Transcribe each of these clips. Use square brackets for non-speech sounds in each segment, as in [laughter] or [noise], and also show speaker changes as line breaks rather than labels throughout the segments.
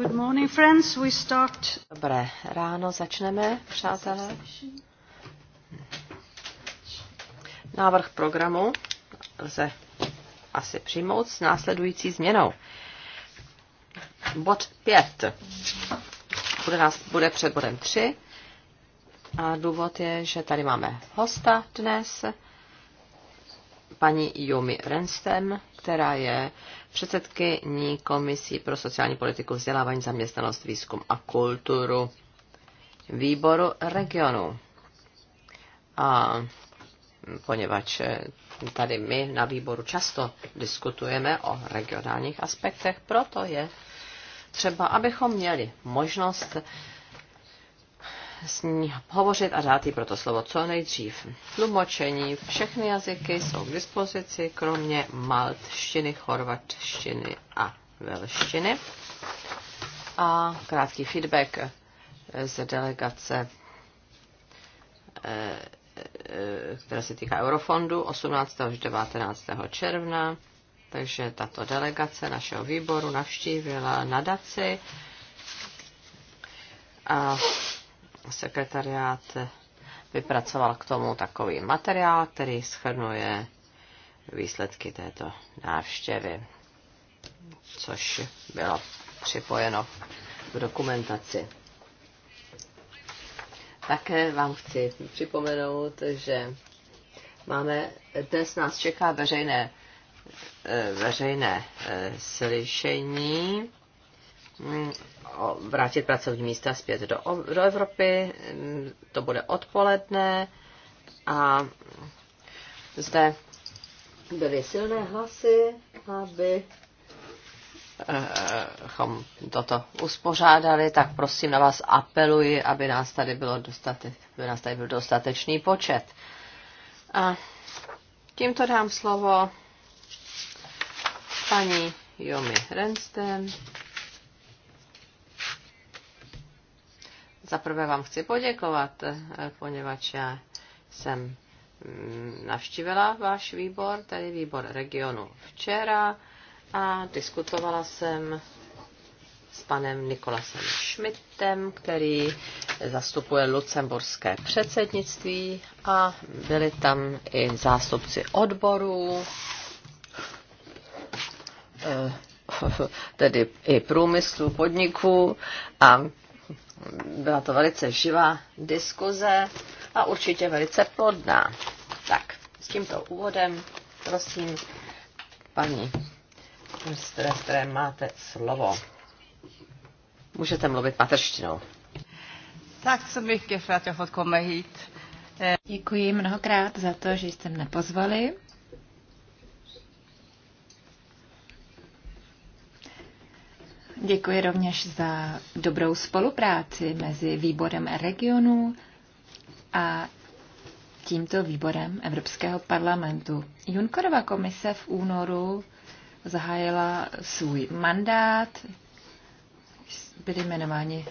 Good morning, friends. We start... Dobré ráno, začneme, přátelé. Návrh programu lze asi přijmout s následující změnou. Bod 5 bude, nás, bude před bodem 3 a důvod je, že tady máme hosta dnes, paní Jumi Renstem, která je předsedkyní Komisí pro sociální politiku, vzdělávání, zaměstnanost, výzkum a kulturu výboru regionu. A poněvadž tady my na výboru často diskutujeme o regionálních aspektech, proto je třeba, abychom měli možnost s ní hovořit a dát jí proto slovo co nejdřív. Tlumočení, všechny jazyky jsou k dispozici, kromě maltštiny, chorvatštiny a velštiny. A krátký feedback eh, z delegace, eh, eh, která se týká Eurofondu 18. až 19. června. Takže tato delegace našeho výboru navštívila nadaci a sekretariát vypracoval k tomu takový materiál, který schrnuje výsledky této návštěvy, což bylo připojeno v dokumentaci. Také vám chci připomenout, že máme, dnes nás čeká veřejné, eh, veřejné eh, slyšení vrátit pracovní místa zpět do, do Evropy. To bude odpoledne a zde byly silné hlasy, aby eh, eh, chom toto uspořádali, tak prosím na vás apeluji, aby nás tady, bylo dostate, aby nás tady byl dostatečný počet. A tímto dám slovo paní Jomi Rensten. Zaprvé vám chci poděkovat, eh, poněvadž já jsem mm, navštívila váš výbor, tedy výbor regionu včera a diskutovala jsem s panem Nikolasem Schmidtem, který zastupuje lucemburské předsednictví a byli tam i zástupci odborů, eh, [laughs] tedy i průmyslu, podniků a byla to velice živá diskuze a určitě velice plodná. Tak, s tímto úvodem, prosím, paní které máte slovo. Můžete mluvit mateřštinou.
Tak så mi för att jag hit. Děkuji mnohokrát za to, že jste mě pozvali. Děkuji rovněž za dobrou spolupráci mezi výborem regionu a tímto výborem Evropského parlamentu. Junkerova komise v únoru zahájila svůj mandát, byli jmenováni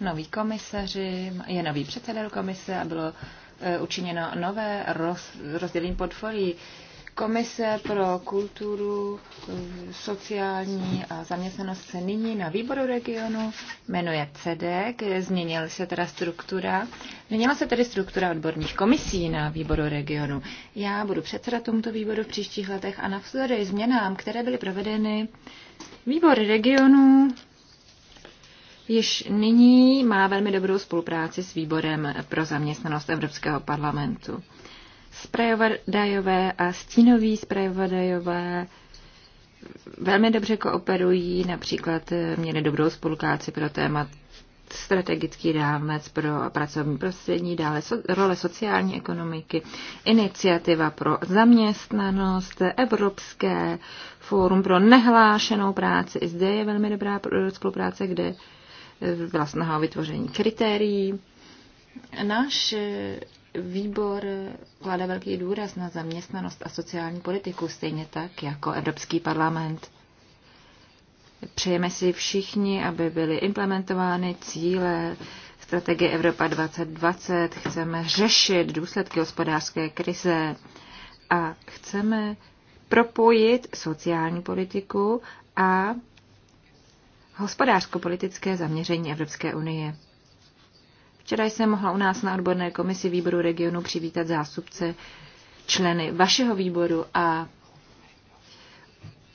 noví komisaři, je nový předseda komise a bylo e, učiněno nové roz, rozdělení portfolií. Komise pro kulturu, sociální a zaměstnanost se nyní na výboru regionu jmenuje CEDEC, e změnila se teda struktura. Změnila se tedy struktura odborných komisí na výboru regionu. Já budu předseda tomuto výboru v příštích letech a navzdory změnám, které byly provedeny, výbor regionu Již nyní má velmi dobrou spolupráci s výborem pro zaměstnanost Evropského parlamentu. Spravodajové a stínoví spravodajové velmi dobře kooperují, například eh, měli dobrou spolupráci pro téma strategický rámec pro pracovní prostředí, dále so, role sociální ekonomiky, iniciativa pro zaměstnanost, Evropské fórum pro nehlášenou práci. I zde je velmi dobrá spolupráce, kde byla snaha o vytvoření kritérií. Náš eh, Výbor kládá velký důraz na zaměstnanost a sociální politiku, stejně tak jako Evropský parlament. Přejeme si všichni, aby byly implementovány cíle strategie Evropa 2020, chceme řešit důsledky hospodářské krize a chceme propojit sociální politiku a hospodářsko-politické zaměření Evropské unie. Včera jsem mohla u nás na odborné komisi výboru regionu přivítat zástupce členy vašeho výboru a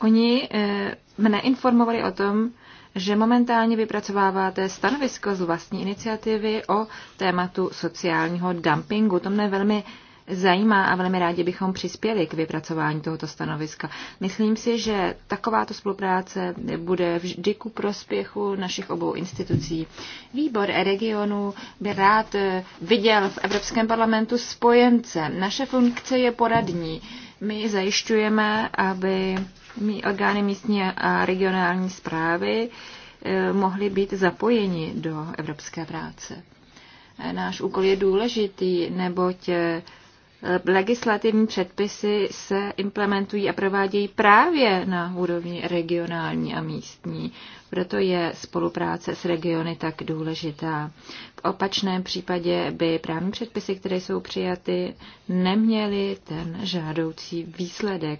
oni eh, mne informovali o tom, že momentálně vypracováváte stanovisko z vlastní iniciativy o tématu sociálního dumpingu. To mne velmi zajímá a velmi rádi bychom přispěli k vypracování tohoto stanoviska. Myslím si, že takováto spolupráce bude vždy ku prospěchu našich obou institucí. Výbor regionu by rád eh, viděl v Evropském parlamentu spojence. Naše funkce je poradní. My zajišťujeme, aby orgány místní a regionální zprávy eh, mohli být zapojeni do evropské práce. Náš úkol je důležitý, neboť eh, Eh, legislativní předpisy se implementují a provádějí právě na úrovni regionální a místní. Proto je spolupráce s regiony tak důležitá. V opačném případě by právní předpisy, které jsou přijaty, neměly ten žádoucí výsledek.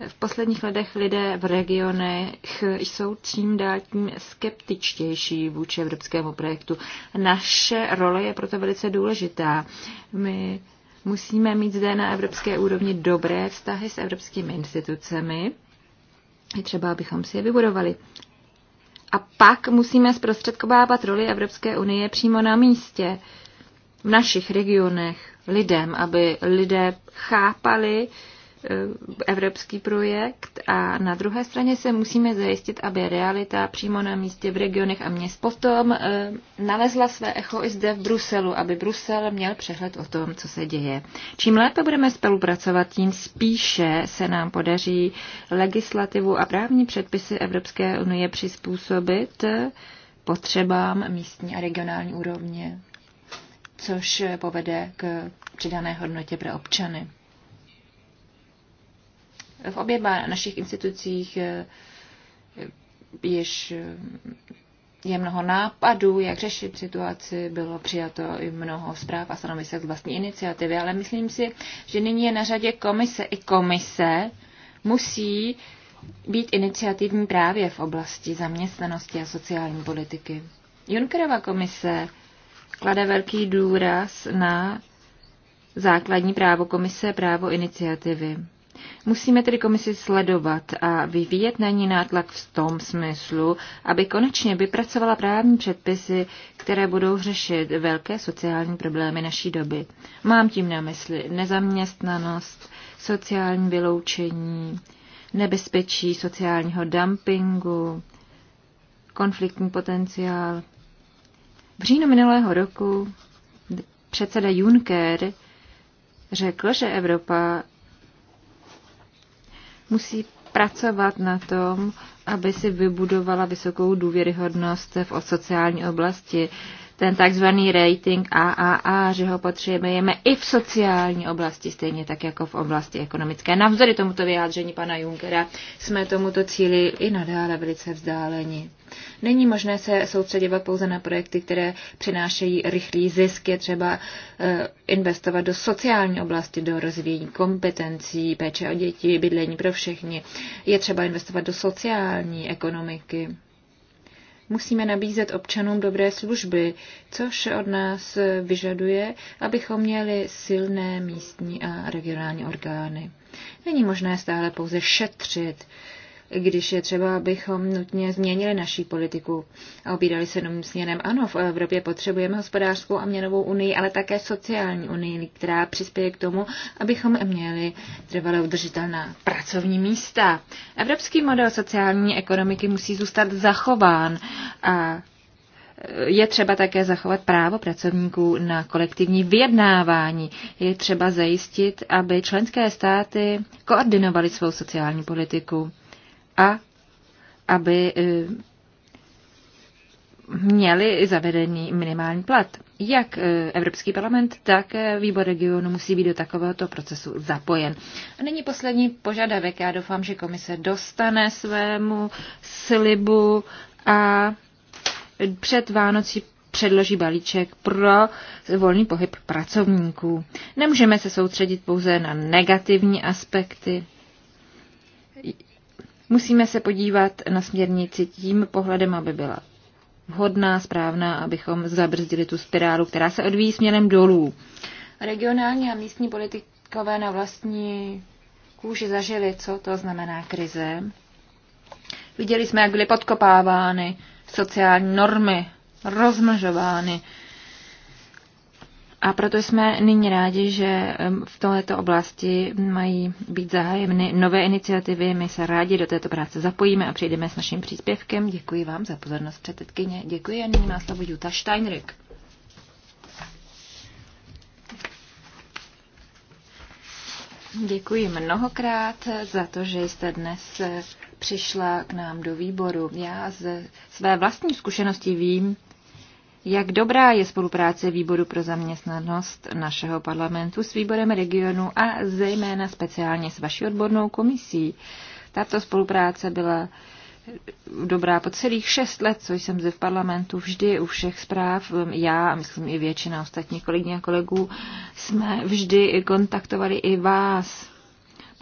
Eh, v posledních letech lidé v regionech jsou tím dál tím skeptičtější vůči evropskému projektu. Naše role je proto velice důležitá. My Musíme mít zde na evropské úrovni dobré vztahy s evropskými institucemi. Je třeba, abychom si je vybudovali. A pak musíme zprostředkovávat roli Evropské unie přímo na místě, v našich regionech, lidem, aby lidé chápali, Eh, evropský projekt a na druhé straně se musíme zajistit, aby realita přímo na místě v regionech a měst potom eh, nalezla své echo i zde v Bruselu, aby Brusel měl přehled o tom, co se děje. Čím lépe budeme spolupracovat, tím spíše se nám podaří legislativu a právní předpisy Evropské unie přizpůsobit eh, potřebám místní a regionální úrovně, což povede k přidané hodnotě pro občany. V oběma našich institucích eh, již eh, je mnoho nápadů, jak řešit situaci, bylo přijato i mnoho zpráv a stanovisek z vlastní iniciativy, ale myslím si, že nyní je na řadě komise. I komise musí být iniciativní právě v oblasti zaměstnanosti a sociální politiky. Junckerova komise klade velký důraz na základní právo komise, právo iniciativy. Musíme tedy komisi sledovat a vyvíjet na ní nátlak v tom smyslu, aby konečně vypracovala právní předpisy, které budou řešit velké sociální problémy naší doby. Mám tím na mysli nezaměstnanost, sociální vyloučení, nebezpečí sociálního dumpingu, konfliktní potenciál. V říjnu minulého roku předseda Juncker řekl, že Evropa musí pracovat na tom, aby si vybudovala vysokou důvěryhodnost v sociální oblasti ten takzvaný rating AAA, že ho potřebujeme i v sociální oblasti, stejně tak jako v oblasti ekonomické. Navzory tomuto vyjádření pana Junckera jsme tomuto cíli i nadále velice vzdáleni. Není možné se soustředěvat pouze na projekty, které přinášejí rychlý zisk. Je třeba eh, investovat do sociální oblasti, do rozvíjení kompetencí, péče o děti, bydlení pro všechny. Je třeba investovat do sociální ekonomiky. Musíme nabízet občanům dobré služby, což od nás vyžaduje, abychom měli silné místní a regionální orgány. Není možné stále pouze šetřit když je třeba, abychom nutně změnili naší politiku a obírali se novým směrem. Ano, v Evropě potřebujeme hospodářskou a měnovou unii, ale také sociální unii, která přispěje k tomu, abychom měli trvale udržitelná pracovní místa. Evropský model sociální ekonomiky musí zůstat zachován a je třeba také zachovat právo pracovníků na kolektivní vyjednávání. Je třeba zajistit, aby členské státy koordinovaly svou sociální politiku a aby eh, měli zavedený minimální plat. Jak eh, Evropský parlament, tak eh, výbor regionu musí být do takovéhoto procesu zapojen. A nyní poslední požadavek. Já doufám, že komise dostane svému slibu a před Vánocí předloží balíček pro volný pohyb pracovníků. Nemůžeme se soustředit pouze na negativní aspekty Musíme se podívat na směrnici tím pohledem, aby byla vhodná, správná, abychom zabrzdili tu spirálu, která se odvíjí směrem dolů. Regionální a místní politikové na vlastní kůži zažili, co to znamená krize. Viděli jsme, jak byly podkopávány sociální normy, rozmnožovány, a proto jsme nyní rádi, že v této oblasti mají být zájemny nové iniciativy. My se rádi do této práce zapojíme a přijdeme s naším příspěvkem. Děkuji vám za pozornost, předsedkyně. Děkuji a nyní má slovo Juta Steinrich. Děkuji mnohokrát za to, že jste dnes eh, přišla k nám do výboru. Já ze své vlastní zkušenosti vím, jak dobrá je spolupráce výboru pro zaměstnanost našeho parlamentu s výborem regionu a zejména speciálně s vaší odbornou komisí. Tato spolupráce byla dobrá po celých šest let, co jsem zde v parlamentu, vždy u všech zpráv, já a myslím i většina ostatních kolegyň a kolegů, jsme vždy kontaktovali i vás,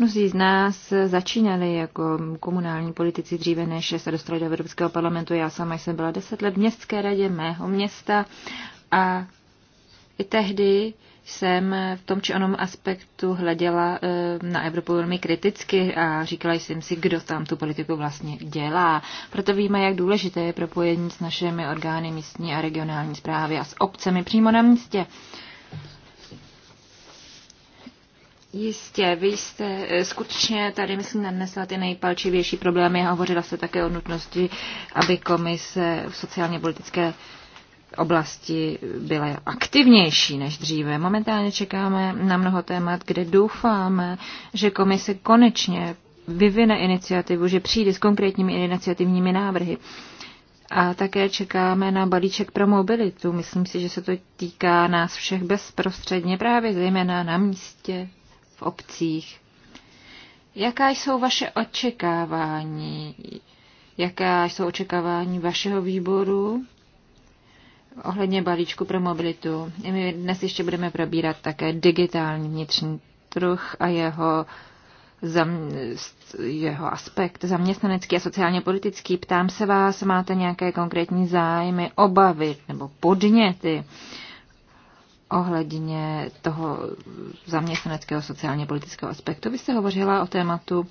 Mnozí z nás začínali jako komunální politici dříve, než se dostali do Evropského parlamentu. Já sama jsem byla deset let v městské radě mého města a i tehdy jsem v tom či onom aspektu hleděla eh, na Evropu velmi kriticky a říkala jsem si, kdo tam tu politiku vlastně dělá. Proto víme, jak důležité je propojení s našimi orgány místní a regionální zprávy a s obcemi přímo na místě. Jistě, vy jste eh, skutečně tady, myslím, nadnesla ty nejpalčivější problémy a hovořila se také o nutnosti, aby komise v sociálně politické oblasti byla aktivnější než dříve. Momentálně čekáme na mnoho témat, kde doufáme, že komise konečně vyvine iniciativu, že přijde s konkrétními iniciativními návrhy. A také čekáme na balíček pro mobilitu. Myslím si, že se to týká nás všech bezprostředně, právě zejména na místě, obcích. Jaká jsou vaše očekávání? Jaká jsou očekávání vašeho výboru ohledně balíčku pro mobilitu? My dnes ještě budeme probírat také digitální vnitřní trh a jeho jeho aspekt zaměstnanecký a sociálně politický. Ptám se vás, máte nějaké konkrétní zájmy, obavy nebo podněty ohledně toho zaměstnaneckého sociálně politického aspektu. Vy jste hovořila o tématu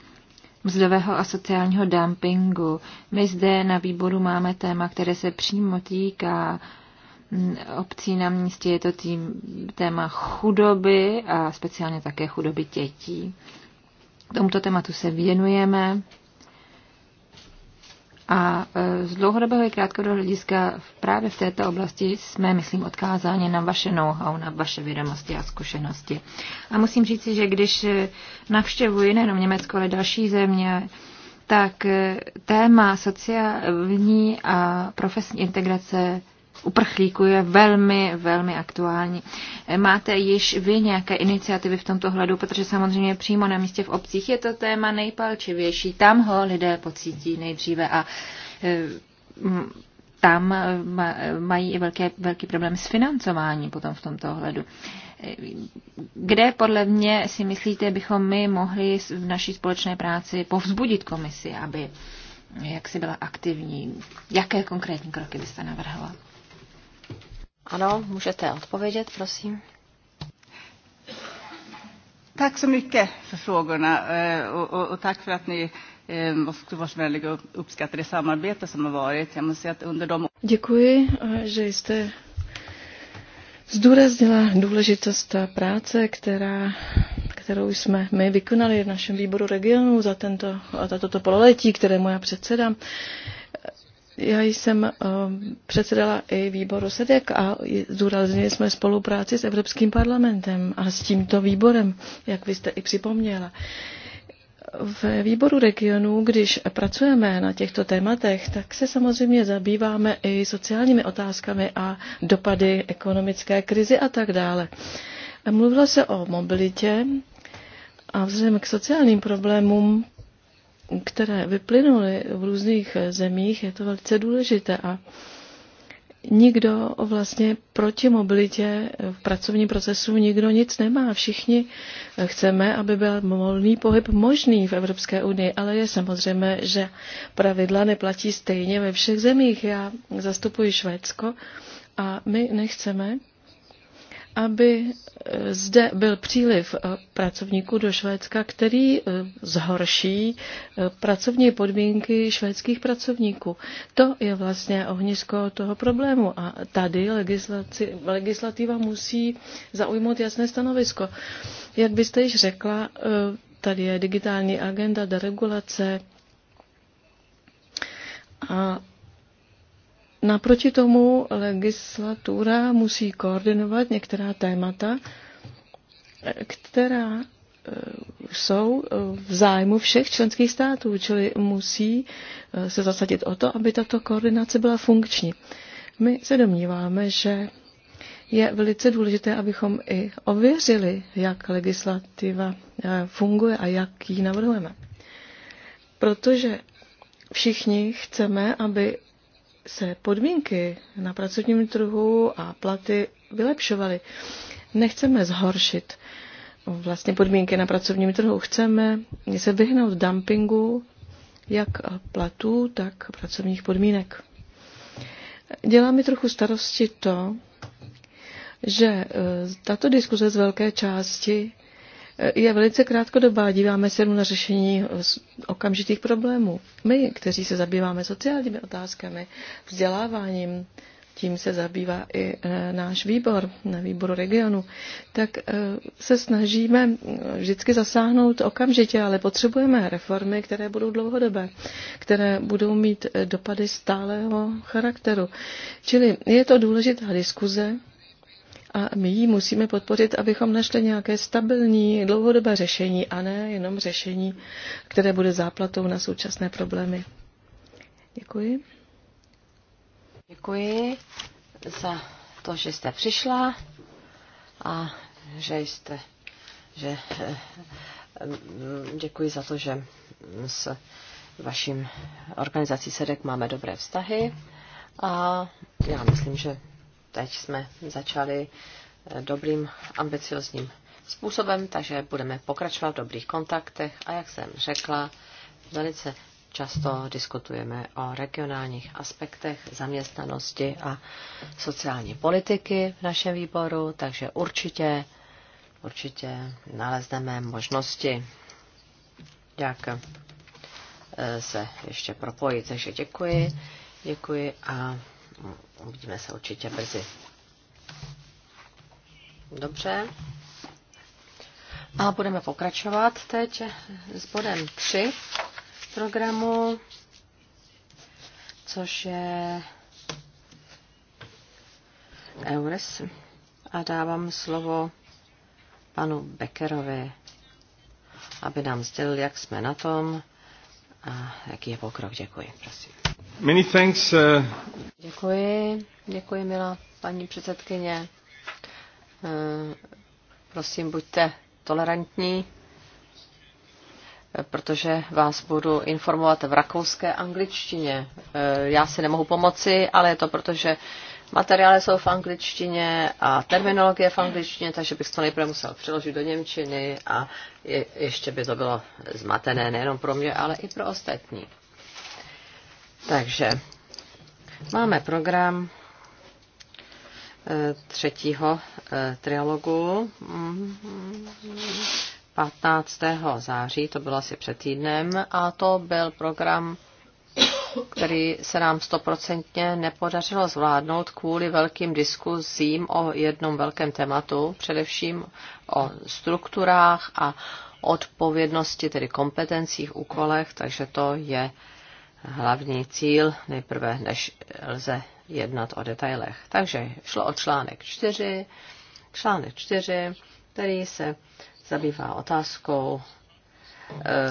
mzdového a sociálního dumpingu. My zde na výboru máme téma, které se přímo týká mm, obcí na místě. Je to tým, téma chudoby a speciálně také chudoby dětí. Tomuto tématu se věnujeme. A e, z dlouhodobého i krátkodobého hlediska právě v této oblasti jsme, myslím, odkázáni na vaše know-how, na vaše vědomosti a zkušenosti. A musím říci, že když e, navštěvuji nejenom Německo, ale další země, tak e, téma sociální a profesní integrace uprchlíků je velmi, velmi aktuální. Máte již vy nějaké iniciativy v tomto hledu, protože samozřejmě přímo na místě v obcích je to téma nejpalčivější. Tam ho lidé pocítí nejdříve a e, tam e, mají i velké, velký problém s financováním potom v tomto ohledu. E, kde podle mě si myslíte, bychom my mohli v naší společné práci povzbudit komisi, aby jak si byla aktivní? Jaké konkrétní kroky byste navrhla? Ano, můžete odpovědět, prosím.
Tak så mycket för frågorna eh, och, och, och tack
för att ni eh, måste vara så vänliga och uppskattade det samarbete som har varit. Jag måste säga att under de... Děkuji, eh, že jste zdůraznila důležitost práce, která, kterou jsme my vykonali v našem výboru regionu za, tento, za toto pololetí, kterému já předsedám. Já jsem eh, předsedala i výboru SEDEK a zdůraznili jsme spolupráci s Evropským parlamentem a s tímto výborem, jak vy jste i připomněla. V výboru regionů, když pracujeme na těchto tématech, tak se samozřejmě zabýváme i sociálními otázkami a dopady ekonomické krizi a tak dále. Mluvila se o mobilitě a vzhledem k sociálním problémům které vyplynuly v různých zemích, je to velice důležité a nikdo vlastně proti mobilitě v pracovním procesu nikdo nic nemá. Všichni chceme, aby byl volný pohyb možný v Evropské unii, ale je samozřejmé, že pravidla neplatí stejně ve všech zemích. Já zastupuji Švédsko a my nechceme, aby eh, zde byl příliv eh, pracovníků do Švédska, který eh, zhorší pracovní podmínky švédských pracovníků. To je vlastně ohnisko toho problému a tady legislativa musí zaujmout jasné stanovisko. Jak byste již řekla, tady je digitální agenda deregulace a Naproti tomu legislatura musí koordinovat některá témata, která e, jsou v zájmu všech členských států, čili musí e, se zasadit o to, aby tato koordinace byla funkční. My se domníváme, že je velice důležité, abychom i ověřili, jak legislativa e, funguje a jak ji navrhujeme. Protože všichni chceme, aby se podmínky na pracovním trhu a platy vylepšovaly. Nechceme zhoršit vlastně podmínky na pracovním trhu. Chceme se vyhnout dumpingu jak platů, tak pracovních podmínek. Dělá mi trochu starosti to, že e, tato diskuze z velké části je velice krátkodobá. Díváme se na řešení okamžitých problémů. My, kteří se zabýváme sociálními otázkami, vzděláváním, tím se zabývá i e, náš výbor, na výboru regionu, tak e, se snažíme e, vždycky zasáhnout okamžitě, ale potřebujeme reformy, které budou dlouhodobé, které budou mít dopady stálého charakteru. Čili je to důležitá diskuze, a my ji musíme podpořit, abychom našli nějaké stabilní dlouhodobé řešení a ne jenom řešení, které bude záplatou na současné problémy. Děkuji. Děkuji za to, že
jste přišla a že jste, že eh, děkuji za to, že s vaším organizací SEDEK máme dobré vztahy a já myslím, že teď jsme začali eh, dobrým ambiciozním způsobem, takže budeme pokračovat v dobrých kontaktech a jak jsem řekla, velice často diskutujeme o regionálních aspektech zaměstnanosti a sociální politiky v našem výboru, takže určitě, určitě nalezneme možnosti, jak eh, se ještě propojit. Takže děkuji, děkuji a No, uvidíme se určitě brzy. Dobře. A budeme pokračovat teď s bodem 3 programu, což je EURES. A dávám slovo panu Beckerovi, aby nám sdělil, jak jsme na tom a jaký je pokrok. Děkuji, prosím. Many thanks. Uh... Děkuji, děkuji, milá paní předsedkyně. Eh, prosím, buďte tolerantní, eh, protože vás budu informovat v rakouské angličtině. Eh, já si nemohu pomoci, ale je to proto, že materiály jsou v angličtině a terminologie v angličtině, takže bych to nejprve musel přeložit do Němčiny a je, ještě by to bylo zmatené nejenom pro mě, ale i pro ostatní. Takže máme program eh, třetího eh, trialogu 15. září, to bylo asi před týdnem, a to byl program, který se nám stoprocentně nepodařilo zvládnout kvůli velkým diskuzím o jednom velkém tématu, především o strukturách a odpovědnosti, tedy kompetencích, úkolech, takže to je hlavní cíl, nejprve než lze jednat o detailech. Takže šlo o článek 4, článek 4, který se zabývá otázkou eh,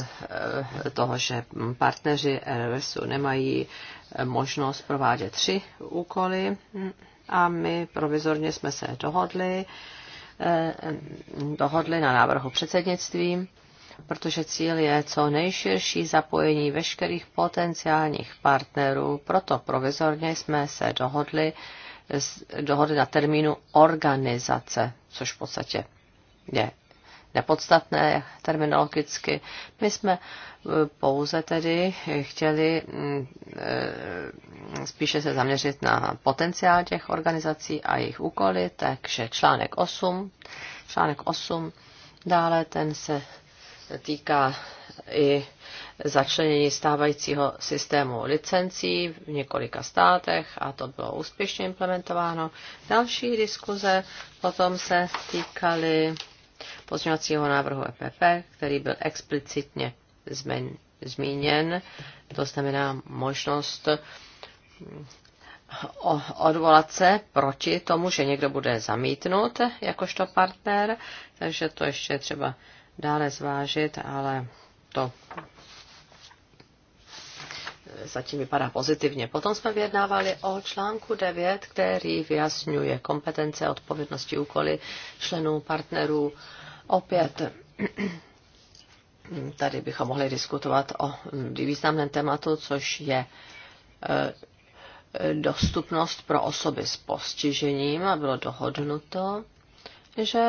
eh, toho, že partneři RSU nemají eh, možnost provádět tři úkoly a my provizorně jsme se dohodli, dohodli na návrhu předsednictví, protože cíl je co nejširší zapojení veškerých potenciálních partnerů, proto provizorně jsme se dohodli, dohodli na termínu organizace, což v podstatě je nepodstatné terminologicky. My jsme eh, pouze tedy chtěli mm, eh, spíše se zaměřit na potenciál těch organizací a jejich úkoly, takže článek 8, článek 8, dále ten se týká i začlenění stávajícího systému licencí v několika státech a to bylo úspěšně implementováno. Další diskuze potom se týkaly pozměňovacího návrhu EPP, který byl explicitně zmen, zmíněn, to znamená možnost mm, odvolat se proti tomu, že někdo bude zamítnut jakožto partner, takže to ještě třeba dále zvážit, ale to zatím vypadá pozitivně. Potom jsme vyjednávali o článku 9, který vyjasňuje kompetence, odpovědnosti, úkoly členů, partnerů. Opět tady bychom mohli diskutovat o významném tématu, což je e, dostupnost pro osoby s postižením a bylo dohodnuto, že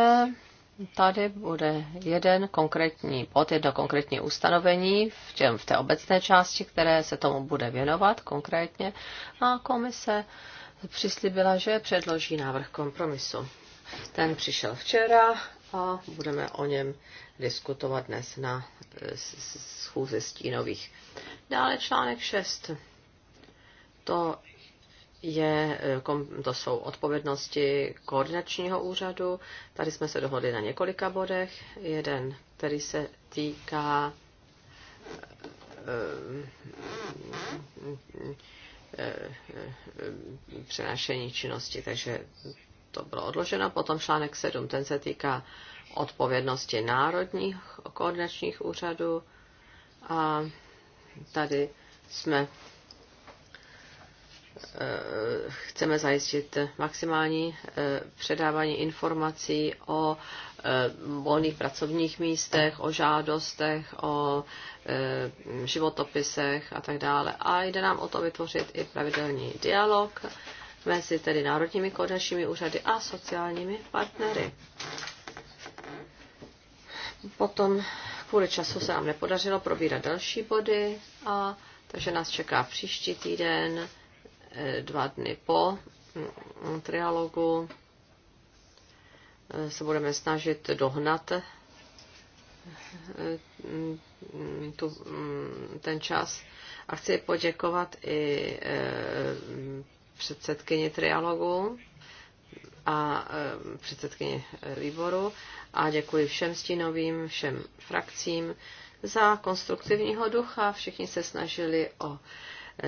Tady bude jeden konkrétní bod, jedno konkrétní ustanovení v, těm, v té obecné části, které se tomu bude věnovat konkrétně. A komise přislíbila, že předloží návrh kompromisu. Ten přišel včera a budeme o něm diskutovat dnes na schůze stínových. Dále článek 6. To je, eh, to jsou odpovědnosti koordinačního úřadu. Tady jsme se dohodli na několika bodech. Jeden, který se týká eh, eh, přenášení činnosti, takže to bylo odloženo. Potom článek 7, ten se týká odpovědnosti národních koordinačních úřadů a tady jsme Eh, chceme zajistit maximální eh, předávání informací o eh, volných pracovních místech, o žádostech, o životopisech a tak dále. A jde nám o to vytvořit i pravidelný dialog mezi tedy národními koordinačními úřady a sociálními partnery. Potom kvůli času se nám nepodařilo probírat další body, a, takže nás čeká příští týden dva dny po mm, trialogu eh, se budeme snažit dohnat eh, mm, tu, mm, ten čas. A chci poděkovat i eh, předsedkyni trialogu a předsedkyni výboru a děkuji všem stínovým, všem frakcím za konstruktivního ducha. Všichni se snažili o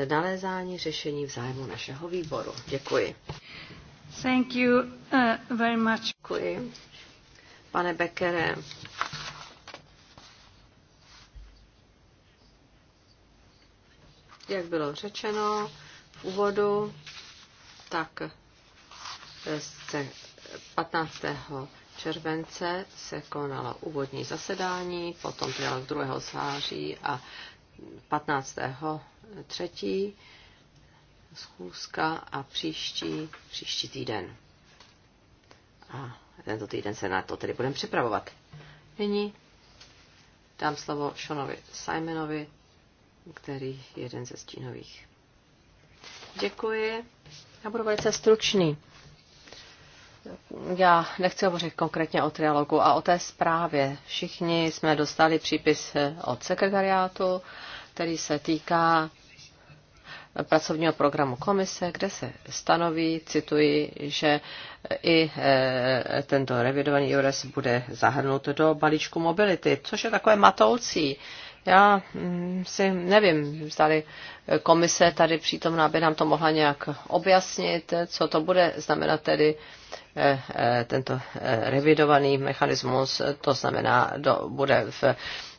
nalézání řešení v zájmu našeho výboru. Děkuji.
Thank you uh, very much. Děkuji.
Pane Beckere, jak bylo řečeno v úvodu, tak eh, se 15. července se konalo úvodní zasedání, potom dialog 2. září a 15. 3. schůzka a příští, příští týden. A tento týden se na to tedy budeme připravovat. Nyní dám slovo Seanovi Simonovi, který je jeden ze stínových. Děkuji. Já budu velice stručný. Já nechci hovořit konkrétně o trialogu a o té zprávě. Všichni jsme dostali přípis od sekretariátu, který se týká pracovního programu komise, kde se stanoví, cituji, že i eh, tento revidovaný IORES bude zahrnut do balíčku mobility, což je takové matoucí. Já mm, si nevím, zdali komise tady přítomná by nám to mohla nějak objasnit, co to bude znamenat tedy Eh, eh, tento eh, revidovaný mechanismus, to znamená, do, bude v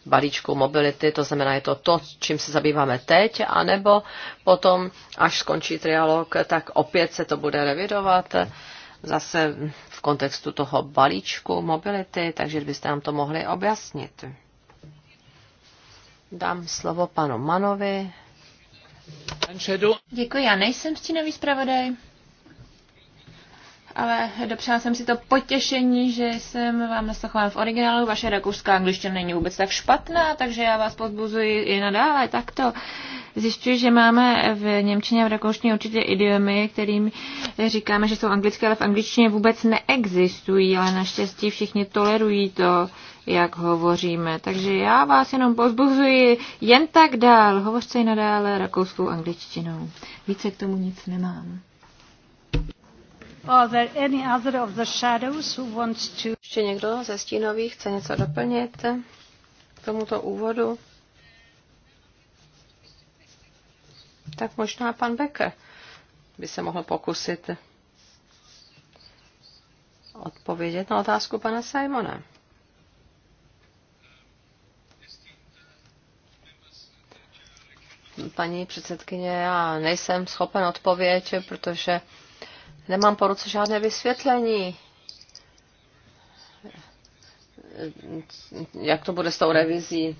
balíčku mobility, to znamená, je to to, čím se zabýváme teď, anebo potom, až skončí trialog, tak opět se to bude revidovat zase v kontextu toho balíčku mobility, takže byste nám to mohli objasnit. Dám slovo panu Manovi.
Děkuji, já nejsem stínový zpravodaj ale dopřála jsem si to potěšení, že jsem vám naslouchala v originálu. Vaše rakouská angličtina není vůbec tak špatná, takže já vás pozbuzuji i nadále takto. Zjišťuji, že máme v Němčině a v Rakouštině určitě idiomy, kterým říkáme, že jsou anglické, ale v angličtině vůbec neexistují, ale naštěstí všichni tolerují to, jak hovoříme. Takže já vás jenom pozbuzuji jen tak dál. Hovořte i nadále rakouskou angličtinou. Více k tomu nic nemám.
Ještě někdo ze stínových chce něco doplnit k tomuto úvodu? Tak možná pan Becker by se mohl pokusit odpovědět na otázku pana Simona. Paní předsedkyně, já nejsem schopen odpověď, protože Nemám po ruce žádné vysvětlení. Jak to bude s tou revizí?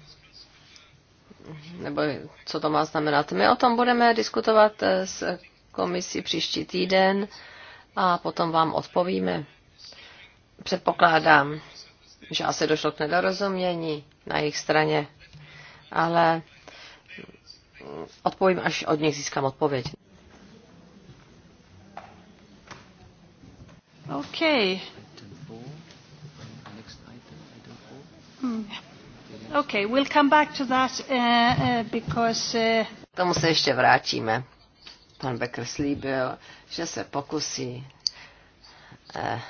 Nebo co to má znamenat? My o tom budeme diskutovat eh, s komisí příští týden a potom vám odpovíme. Předpokládám, že asi došlo k nedorozumění na jejich straně, ale odpovím, až od nich získám odpověď.
Okay. Hmm. Okay, we'll come back to that uh, uh,
because. Uh... Tomu se ještě vrátíme. Pan Becker slíbil, že se pokusí uh,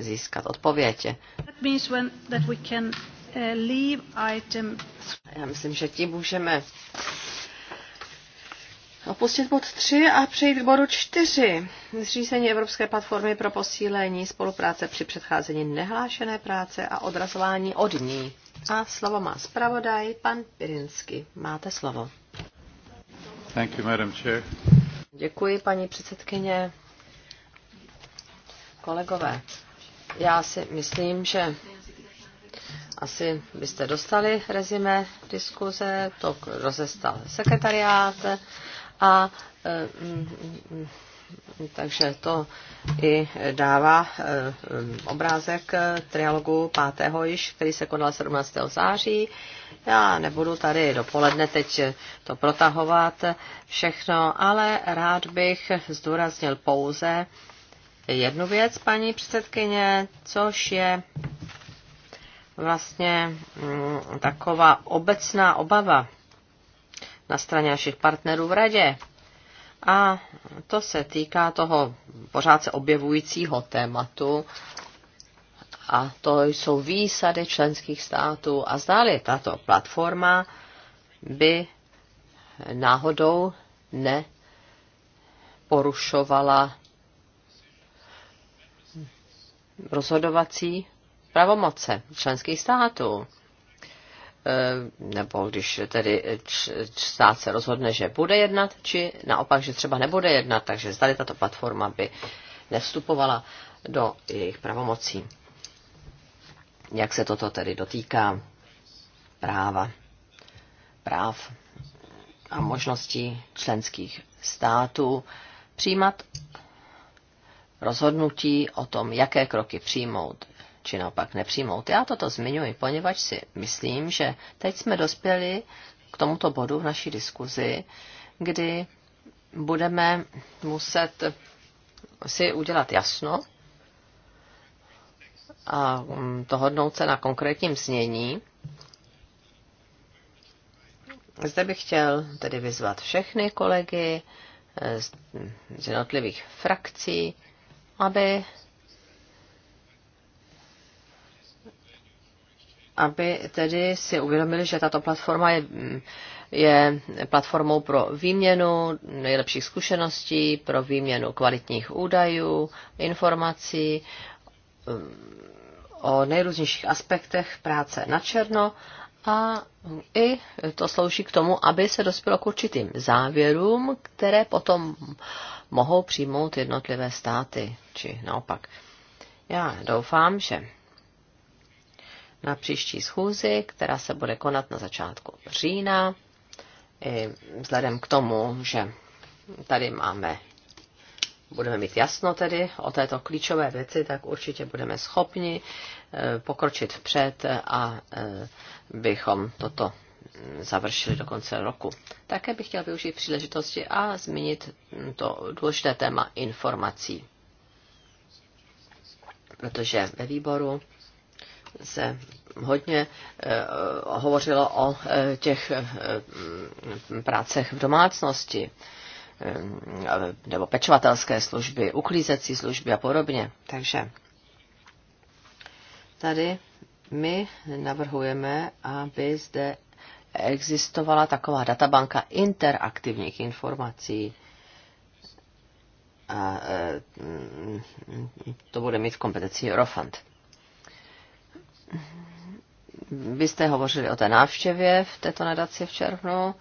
získat odpověď. That means when that we can uh, leave item. Já myslím, že tím můžeme opustit bod 3 a přejít k bodu 4. Zřízení Evropské platformy pro posílení spolupráce při předcházení nehlášené práce a odrazování od ní. A slovo má zpravodaj, pan Pirinsky. Máte slovo.
Thank you, Madam Chair.
Děkuji, paní předsedkyně. Kolegové, já si myslím, že asi byste dostali rezime diskuze, to rozestal sekretariát a e, mm, mm, takže to i dává e, mm, obrázek e, trialogu 5. již, který se konal 17. září. Já nebudu tady dopoledne teď to protahovat všechno, ale rád bych zdůraznil pouze jednu věc, paní předsedkyně, což je vlastně taková obecná obava na straně našich partnerů v radě. A to se týká toho pořád se objevujícího tématu, a to jsou výsady členských států. A zdále tato platforma by náhodou neporušovala rozhodovací pravomoce členských států. Eh, nebo když tedy stát se rozhodne, že bude jednat, či naopak, že třeba nebude jednat, takže zdali tato platforma by nevstupovala do jejich pravomocí. Jak se toto tedy dotýká práva, práv a možností členských států přijímat rozhodnutí o tom, jaké kroky přijmout, či naopak nepřijmout. Já toto zmiňuji, poněvadž si myslím, že teď jsme dospěli k tomuto bodu v naší diskuzi, kdy budeme muset si udělat jasno a dohodnout mm, se na konkrétním znění. Zde bych chtěl tedy vyzvat všechny kolegy eh, mm, z jednotlivých frakcí, aby aby tedy si uvědomili, že tato platforma je, je platformou pro výměnu nejlepších zkušeností, pro výměnu kvalitních údajů, informací um, o nejrůznějších aspektech práce na černo a i to slouží k tomu, aby se dospělo k určitým závěrům, které potom mohou přijmout jednotlivé státy, či naopak. Já doufám, že na příští schůzi, která se bude konat na začátku října. I vzhledem k tomu, že tady máme, budeme mít jasno tedy o této klíčové věci, tak určitě budeme schopni e, pokročit před a e, bychom toto završili do konce roku. Také bych chtěl využít příležitosti a zmínit to důležité téma informací. Protože ve výboru se hodně eh, hovořilo o eh, těch eh, prácech v domácnosti nebo pečovatelské služby, uklízecí služby a podobně. Takže tady my navrhujeme, aby zde existovala taková databanka interaktivních informací. A to bude mít v kompetenci Eurofund. Vy jste hovořili o té návštěvě v této nadaci v červnu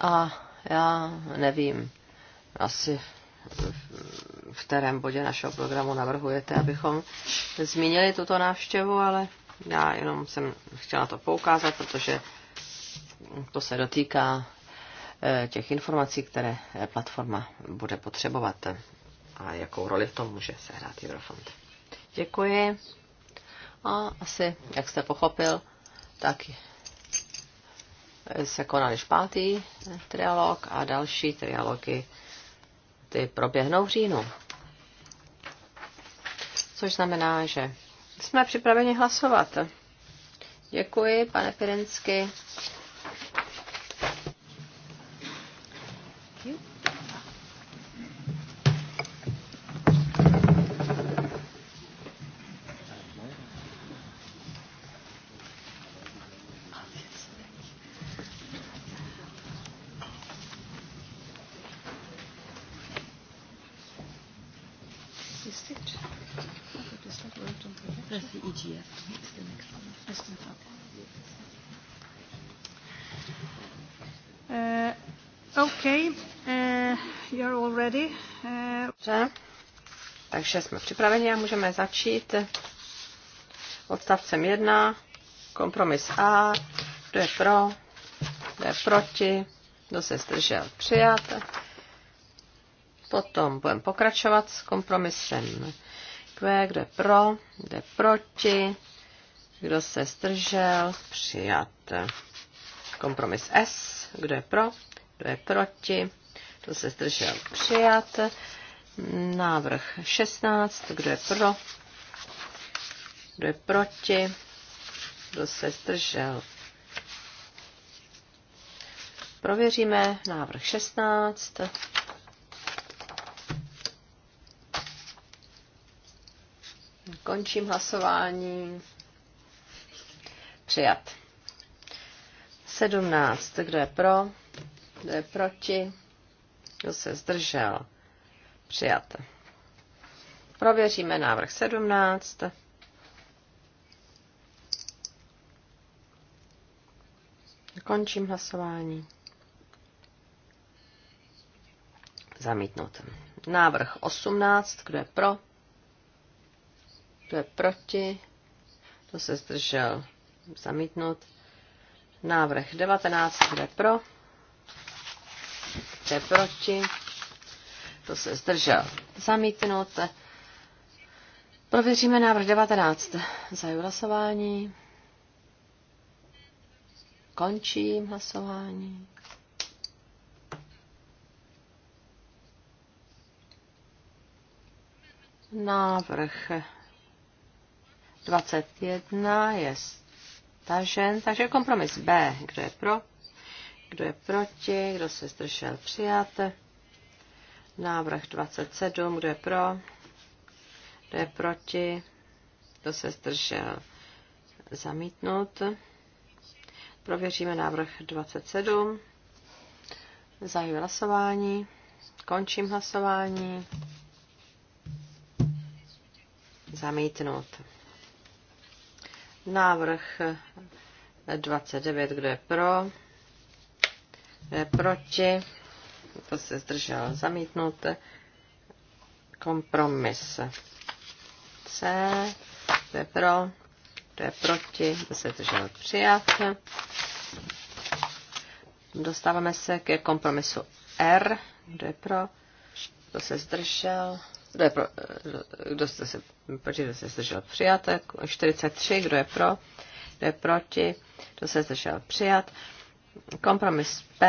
a já nevím, asi v kterém bodě našeho programu navrhujete, abychom zmínili tuto návštěvu, ale já jenom jsem chtěla to poukázat, protože to se dotýká eh, těch informací, které eh, platforma bude potřebovat a jakou roli v tom může sehrát Eurofond. Děkuji. A asi, jak jste pochopil, tak se konal již pátý trialog a další trialogy ty proběhnou v říjnu. Což znamená, že jsme připraveni hlasovat. Děkuji, pane Pirinsky.
Okay, uh, you're all ready. Uh... Dobře,
takže jsme připraveni a můžeme začít odstavcem 1, kompromis A, kdo je pro, kdo je proti, kdo se zdržel, přijat. Potom budeme pokračovat s kompromisem Q, kdo je pro, kdo je proti, kdo se zdržel, přijat. Kompromis S, kdo je pro, kdo je proti, kdo se zdržel přijat. Návrh 16, kdo je pro, kdo je proti, kdo se zdržel. Prověříme návrh 16. Končím hlasování. Přijat. 17. Kdo je pro? Kdo je proti? Kdo se zdržel? Přijat. Prověříme návrh 17. Končím hlasování. Zamítnout. Návrh 18. Kdo je pro? Kdo je proti? Kdo se zdržel? Zamítnout. Návrh 19. Kdo je pro? Kdo proti? To se zdržel? Zamítnout. Prověříme návrh 19. Zajím hlasování. Končím hlasování. Návrh 21 je stažen, takže kompromis B. Kdo je pro? Kdo je proti? Kdo se zdržel? Přijat. Návrh 27. Kdo je pro? Kdo je proti? Kdo se zdržel? Zamítnout. Prověříme návrh 27. Zahajuji hlasování. Končím hlasování. Zamítnout. Návrh 29, kdo je pro, proti, to se zdržel zamítnout, kompromis C, to je pro, to je proti, to se zdržel přijat. Dostáváme se ke kompromisu R, kdo je pro, kdo se zdržel, kdo, je pro, kdo, se, proti, kdo se zdržel přijat, 43, kdo je pro, kdo je proti, kdo se zdržel přijat. Kompromis P,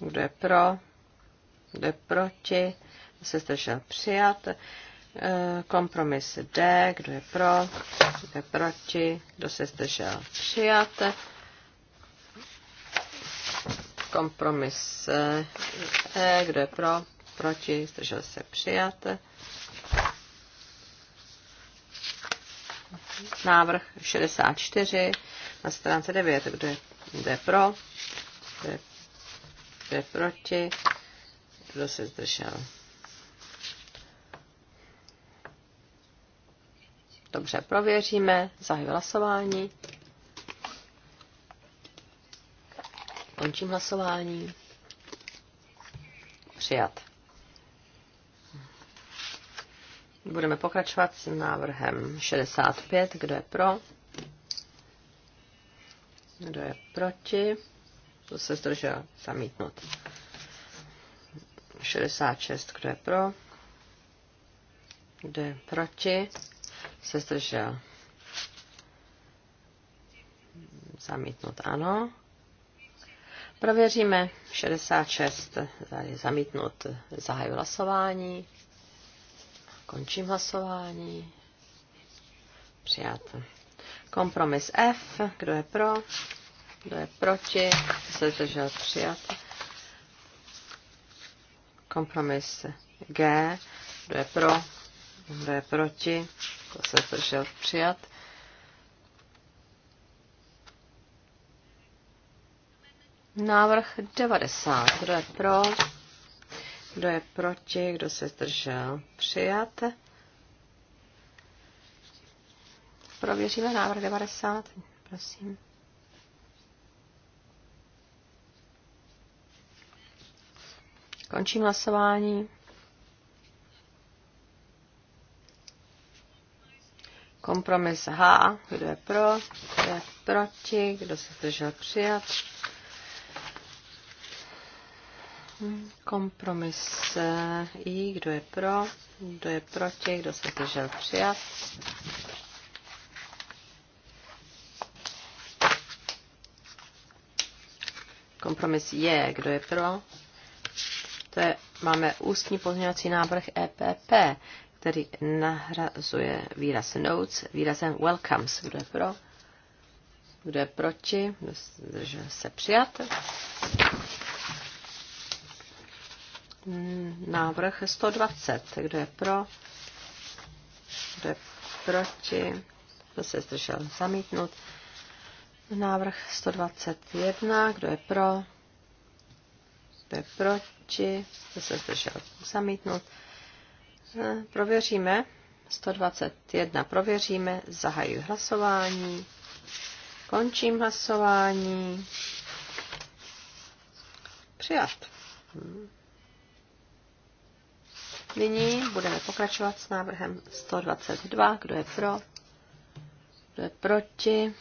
kdo je pro, kdo je proti, se zdržel přijat. E, kompromis D, kdo je pro, kdo je proti, kdo se zdržel přijat. Kompromis E, kdo je pro, proti, zdržel se přijat. Návrh 64 na stránce 9, kdo je jde pro? jde, je proti? Kdo se zdržel? Dobře, prověříme. Zahajuji hlasování. Končím hlasování. Přijat. Budeme pokračovat s návrhem 65. Kdo je pro? Kdo je proti? To se zdržel? Zamítnut. 66. Kdo je pro? Kdo je proti? Se zdržel. Zamítnut. Ano. Prověříme 66, tady zamítnut, zahaju hlasování, končím hlasování, přijat. Kompromis F, kdo je pro, kdo je proti, se zdržel přijat. Kompromis G, kdo je pro, kdo je proti, to se zdržel přijat. Návrh 90. Kdo je pro? Kdo je proti? Kdo se zdržel? Přijat. Prověříme návrh 90, prosím. Končím hlasování. Kompromis H, kdo je pro, kdo je proti, kdo se zdržel přijat. Kompromis I, kdo je pro, kdo je proti, kdo se zdržel přijat. Kompromis je, kdo je pro. To je, máme ústní pozměňovací návrh EPP, který nahrazuje výraz notes výrazem welcomes. Kdo je pro? Kdo je proti? Zdržel se přijat. Hmm, návrh 120. Kdo je pro? Kdo je proti? Kdo se zdržel zamítnut? Návrh 121, kdo je pro? Kdo je proti? Kdo se zdržel? zamítnout? Eh, prověříme. 121 prověříme. Zahajuji hlasování. Končím hlasování. Přijat. Nyní budeme pokračovat s návrhem 122. Kdo je pro? Kdo je proti?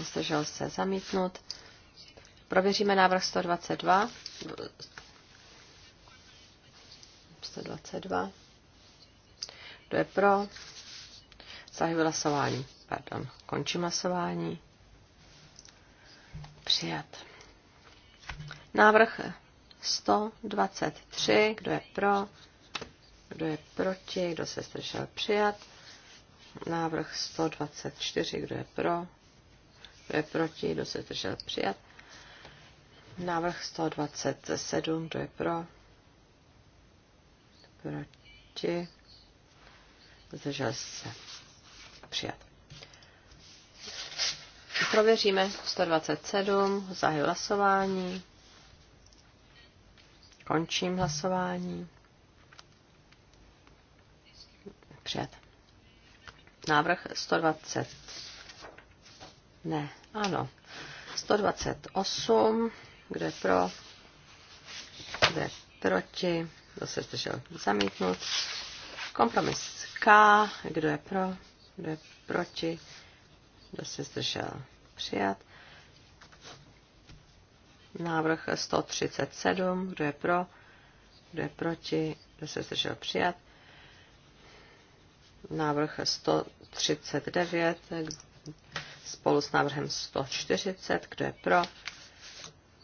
zdržel se zamítnut. Prověříme návrh 122. 122. Kdo je pro? Zahajuji hlasování. Pardon, končím hlasování. Přijat. Návrh 123. Kdo je pro? Kdo je proti? Kdo se zdržel? Přijat. Návrh 124. Kdo je pro? Kdo je proti? Kdo se zdržel? Přijat. Návrh 127. Kdo je pro? Proti? Zdržel se. Přijat. Prověříme 127. zahy hlasování. Končím hlasování. Přijat. Návrh 120. Ne, ano. 128, kde je pro, kde proti, kdo se zdržel zamítnut. Kompromis K, kdo je pro, kdo je proti, kdo se zdržel přijat. Návrh 137, kdo je pro, kdo je proti, kdo se zdržel přijat. Návrh 139, spolu s návrhem 140. Kdo je pro?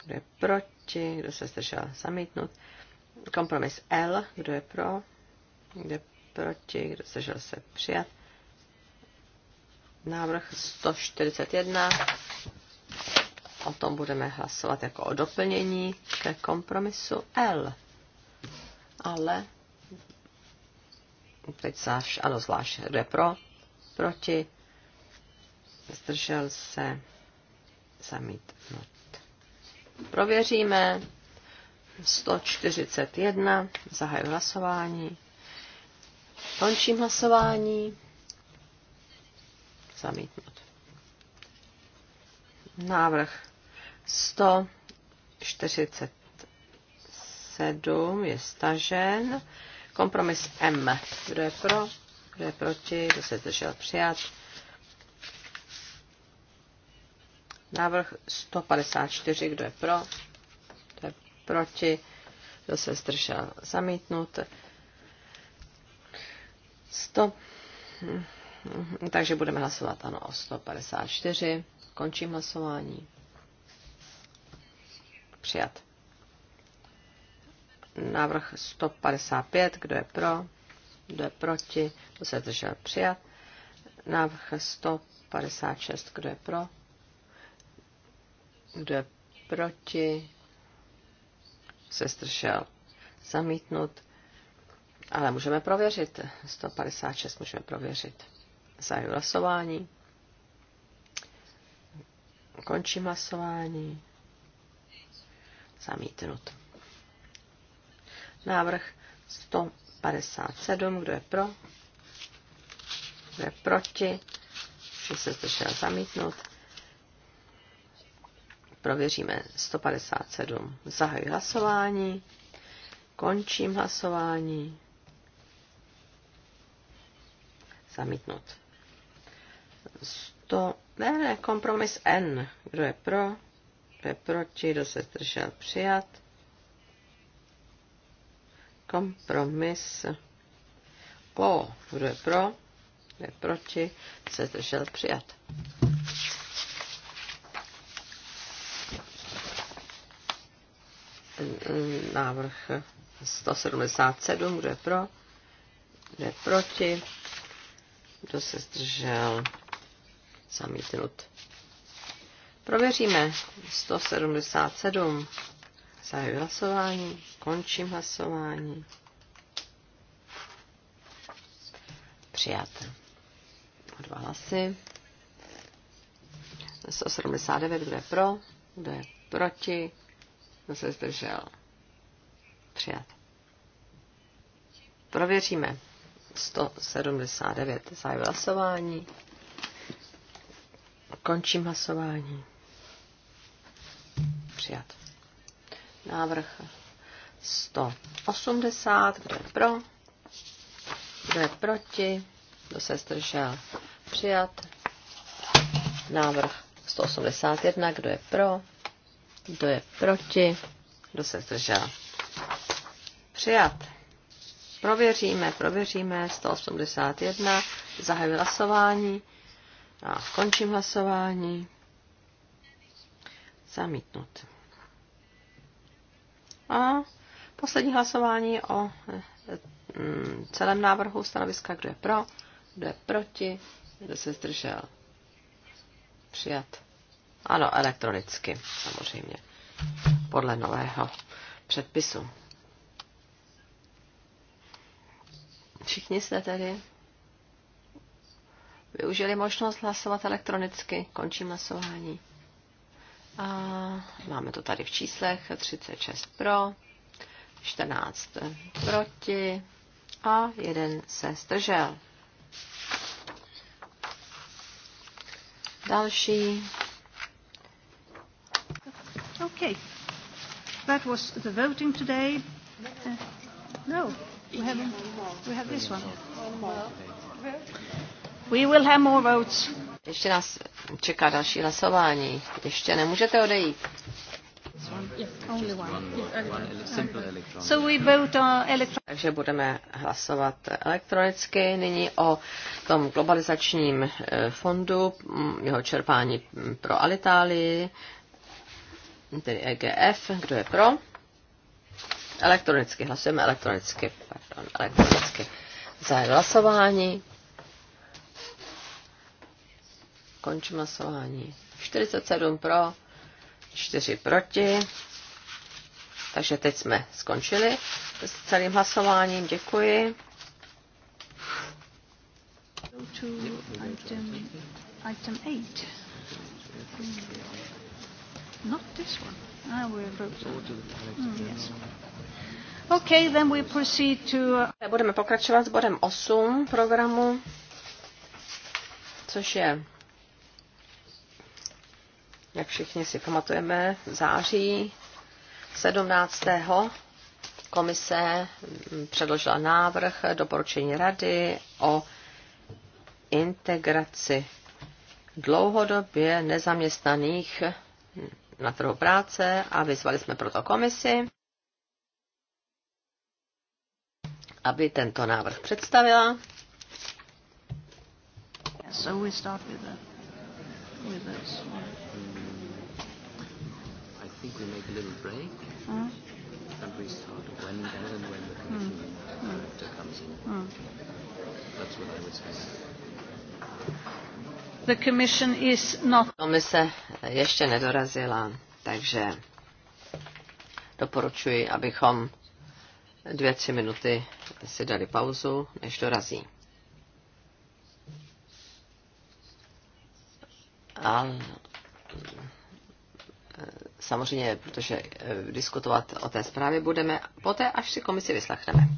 Kdo je proti? Kdo se zdržel zamítnout? Kompromis L. Kdo je pro? Kdo je proti? Kdo se zdržel se přijat? Návrh 141. O tom budeme hlasovat jako o doplnění ke kompromisu L. Ale teď zvlášť, ano, zvlášť, kdo je pro, proti, zdržel se, zamítnut. Prověříme 141, zahaj hlasování, končím hlasování, zamítnut. Návrh 147 je stažen. Kompromis M. Kdo je pro? Kdo je proti? Kdo se zdržel přijat? Návrh 154, kdo je pro, kdo je proti, kdo se zdržel zamítnut. 100. Takže budeme hlasovat ano o 154. Končím hlasování. Přijat. Návrh 155, kdo je pro, kdo je proti, kdo se zdržel přijat. Návrh 156, kdo je pro, jde proti? Se stršel. Zamítnut. Ale můžeme prověřit. 156 můžeme prověřit. Zahajuji hlasování. Končím hlasování. Zamítnut. Návrh 157. Kdo je pro? Kdo je proti? Všichni se zdržel zamítnout. Prověříme 157. Zahaj hlasování. Končím hlasování. Zamítnut. 100, ne, ne, kompromis N. Kdo je pro? Kdo je proti? Kdo se zdržel? Přijat. Kompromis O. Kdo je pro? Kdo je proti? Kdo se zdržel? Přijat. návrh 177, kdo je pro, kdo je proti, kdo se zdržel, zamítnut. Prověříme 177. Zahajuji hlasování, končím hlasování. Přijat. O dva hlasy. 179, kdo je pro, kdo je proti, kdo se zdržel? Přijat. Prověříme. 179. zájem hlasování. Končím hlasování. Přijat. Návrh 180. Kdo je pro? Kdo je proti? Kdo se zdržel? Přijat. Návrh 181. Kdo je pro? Kdo je proti? Kdo se zdržel? Přijat. Prověříme, prověříme. 181. Zahajuji hlasování. A končím hlasování. Zamítnut. A poslední hlasování o mm, celém návrhu stanoviska, kdo je pro, kdo je proti, kdo se zdržel. Přijat. Ano, elektronicky, samozřejmě. Podle nového předpisu. Všichni jste tedy využili možnost hlasovat elektronicky. Končím hlasování. A máme to tady v číslech 36 pro, 14 proti a jeden se zdržel. Další Okay. That was the voting today. Uh, no, we have, we have this one. We will have more votes. Ještě nás čeká další hlasování. Ještě nemůžete odejít. Takže budeme hlasovat elektronicky nyní o tom globalizačním eh, fondu, mm, jeho čerpání mm, pro Alitálii tedy EGF, kdo je pro? Elektronicky, hlasujeme elektronicky, pardon, elektronicky. Za hlasování. Končím hlasování. 47 pro, 4 proti. Takže teď jsme skončili s celým hlasováním. Děkuji.
Go to item, item 8. Not this one. Ah, we wrote mm, yes.
Okay, then we proceed to... Uh, Budeme pokračovat s bodem 8 programu, což je, jak všichni si pamatujeme, v září 17. komise mm, předložila návrh doporučení rady o integraci dlouhodobě nezaměstnaných na trhu práce a vyzvali jsme proto komisi, aby tento návrh představila. So we start with, the,
with this one. I think we make a little break mm. and when and when the hmm. commission mm. director comes in. Mm. That's what I would say. Komise
no, ještě nedorazila, takže doporučuji, abychom dvě, tři minuty si dali pauzu, než dorazí. A samozřejmě, protože eh, diskutovat o té zprávě budeme poté, až si komisi vyslechneme.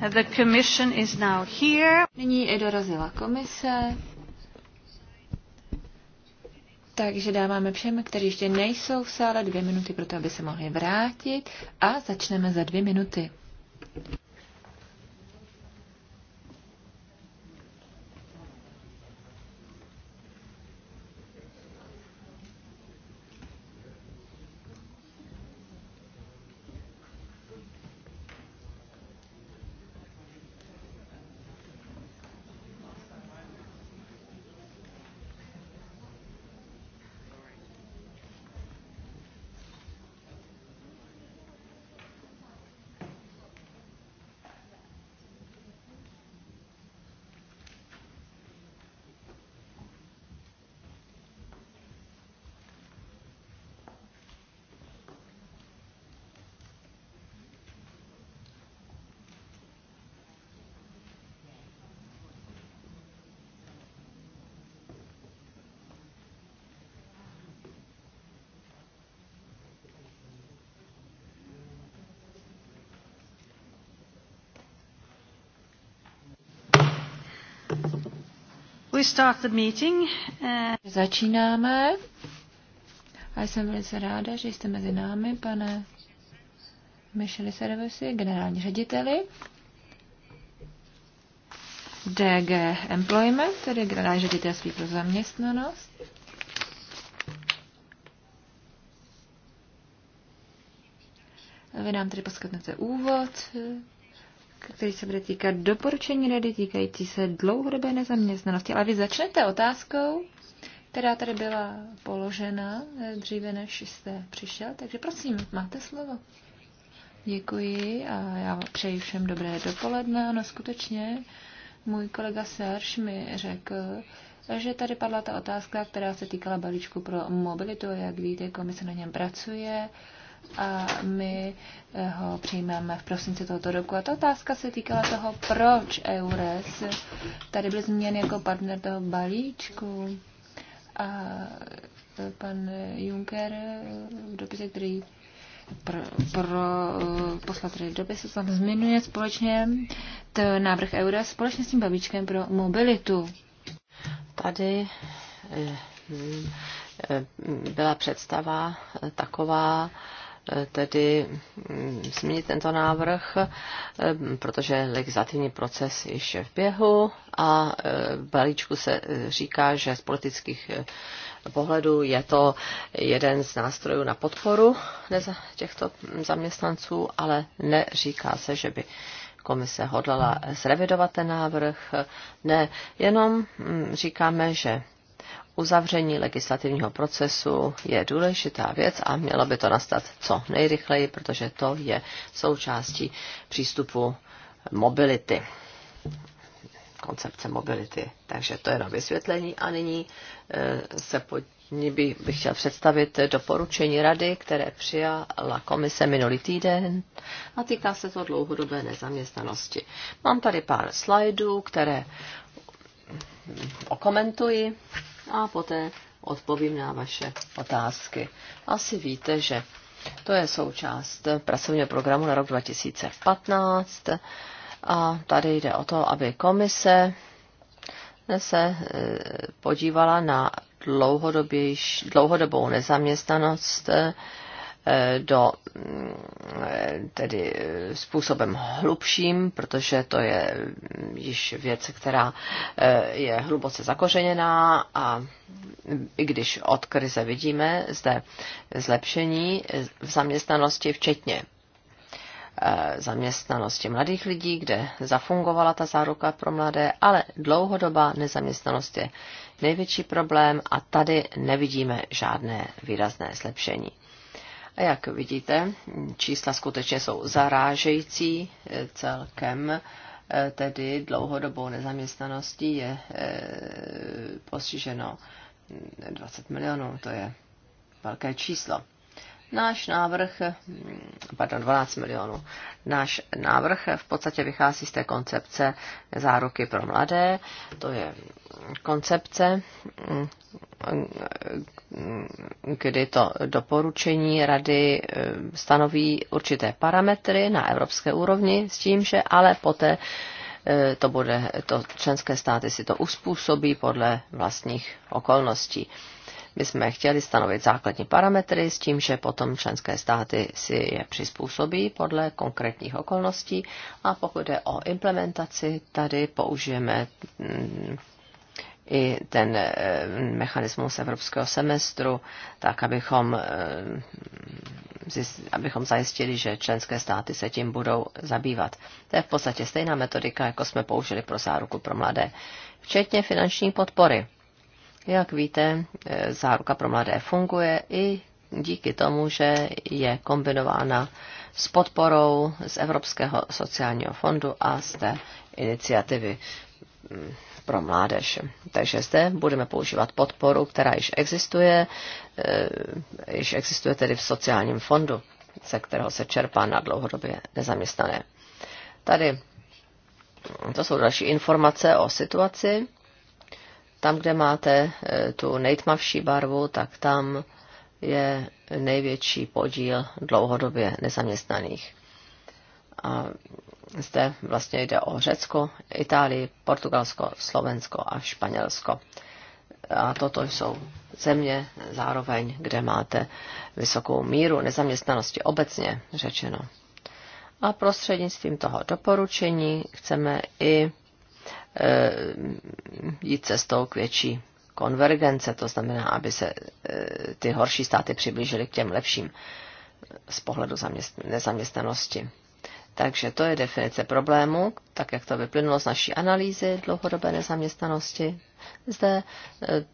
The commission is now here. Nyní i dorazila komise. Takže dáváme všem, kteří ještě nejsou v sále, dvě minuty pro to, aby se mohli vrátit a začneme za dvě minuty. we start the meeting. Uh, Začínáme. A jsem velice ráda, že jste mezi námi, pane Michele Serevesi, generální řediteli DG Employment, tedy generální ředitelství pro zaměstnanost. Vy nám tedy poskytnete úvod který se bude týkat doporučení rady týkající se dlouhodobé nezaměstnanosti. Ale vy začnete otázkou, která tady byla položena eh, dříve, než jste přišel. Takže prosím, máte slovo. Děkuji a já přeji všem dobré dopoledne. No skutečně, můj kolega Serge mi řekl, že tady padla ta otázka, která se týkala balíčku pro mobilitu. Jak víte, komise na něm pracuje. Uh, a my eh, ho přijmeme v prosinci tohoto roku. A ta otázka se týkala toho, proč EURES tady byl změn jako partner toho balíčku. A eh, pan Juncker eh, v dopise, který pro, pro poslat tedy dopis, tam zmiňuje společně t, návrh eures společně s tím babičkem pro mobilitu. Tady hmm, byla představa
taková, tedy mm, změnit tento návrh, eh, protože legislativní proces již je v běhu a eh, v balíčku se eh, říká, že z politických pohledů je to jeden z nástrojů na podporu těchto zaměstnanců, ale neříká se, že by komise hodlala zrevidovat ten návrh. Ne, jenom mm, říkáme, že uzavření legislativního procesu je důležitá věc a mělo by to nastat co nejrychleji, protože to je součástí přístupu mobility koncepce mobility. Takže to je na vysvětlení a nyní eh, se pod Nyní bych chtěl představit doporučení rady, které přijala komise minulý týden a týká se to dlouhodobé nezaměstnanosti. Mám tady pár slajdů, které okomentuji a poté odpovím na vaše otázky. Asi víte, že to je součást pracovního programu na rok 2015 a tady jde o to, aby komise se e, podívala na dlouhodobou nezaměstnanost Eh, do mm, eh, tedy eh, způsobem hlubším, protože to je mm, již věc, která je hluboce zakořeněná a i když od krize vidíme zde zlepšení v zaměstnanosti, včetně zaměstnanosti mladých lidí, kde zafungovala ta záruka pro mladé, ale dlouhodobá nezaměstnanost je největší problém a tady nevidíme žádné výrazné zlepšení. A jak vidíte, čísla skutečně jsou zarážející eh, celkem eh, tedy dlouhodobou nezaměstnaností je eh, postiženo 20 mm, milionů, to je velké číslo. Náš návrh, pardon, 12 milionů, náš návrh v podstatě vychází z té koncepce záruky pro mladé. To je koncepce, kdy to doporučení rady eh, stanoví určité parametry na evropské úrovni s tím, že ale poté eh, to bude, to členské státy si to uspůsobí podle vlastních okolností. My jsme chtěli stanovit základní parametry s tím, že potom členské státy si je přizpůsobí podle konkrétních okolností a pokud je o implementaci, tady použijeme mm, i ten eh, mechanismus evropského semestru, tak abychom, eh, abychom zajistili, že členské státy se tím budou zabývat. To je v podstatě stejná metodika, jako jsme použili pro záruku pro mladé, včetně finanční podpory. Jak víte, eh, záruka pro mladé funguje i díky tomu, že je kombinována s podporou z Evropského sociálního fondu a z té iniciativy mm, pro mládež. Takže zde budeme používat podporu, která již existuje, eh, již existuje tedy v sociálním fondu, ze kterého se čerpá na dlouhodobě nezaměstnané. Tady to jsou další informace o situaci tam, kde máte eh, tu nejtmavší barvu, tak tam je největší podíl dlouhodobě nezaměstnaných. A zde vlastně jde o Řecko, Itálii, Portugalsko, Slovensko a Španělsko. A toto jsou země zároveň, kde máte vysokou míru nezaměstnanosti obecně řečeno. A prostřednictvím toho doporučení chceme i Eh, jít cestou k větší konvergence, to znamená, aby se eh, ty horší státy přiblížily k těm lepším z pohledu nezaměstnanosti. Takže to je definice problému, tak jak to vyplynulo z naší analýzy dlouhodobé nezaměstnanosti. Zde eh,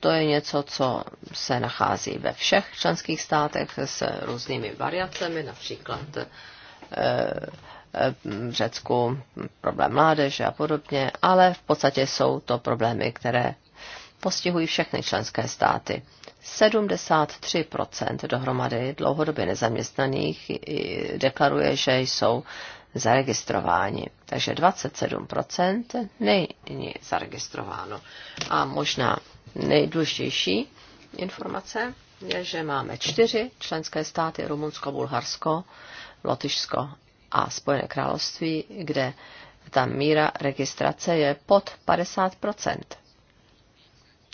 to je něco, co se nachází ve všech členských státech s různými variacemi, například v Řecku problém mládeže a podobně, ale v podstatě jsou to problémy, které postihují všechny členské státy. 73% dohromady dlouhodobě nezaměstnaných deklaruje, že jsou zaregistrováni. Takže 27% není zaregistrováno. A možná nejdůležitější informace je, že máme čtyři členské státy, Rumunsko, Bulharsko, Lotyšsko a Spojené království, kde ta míra registrace je pod 50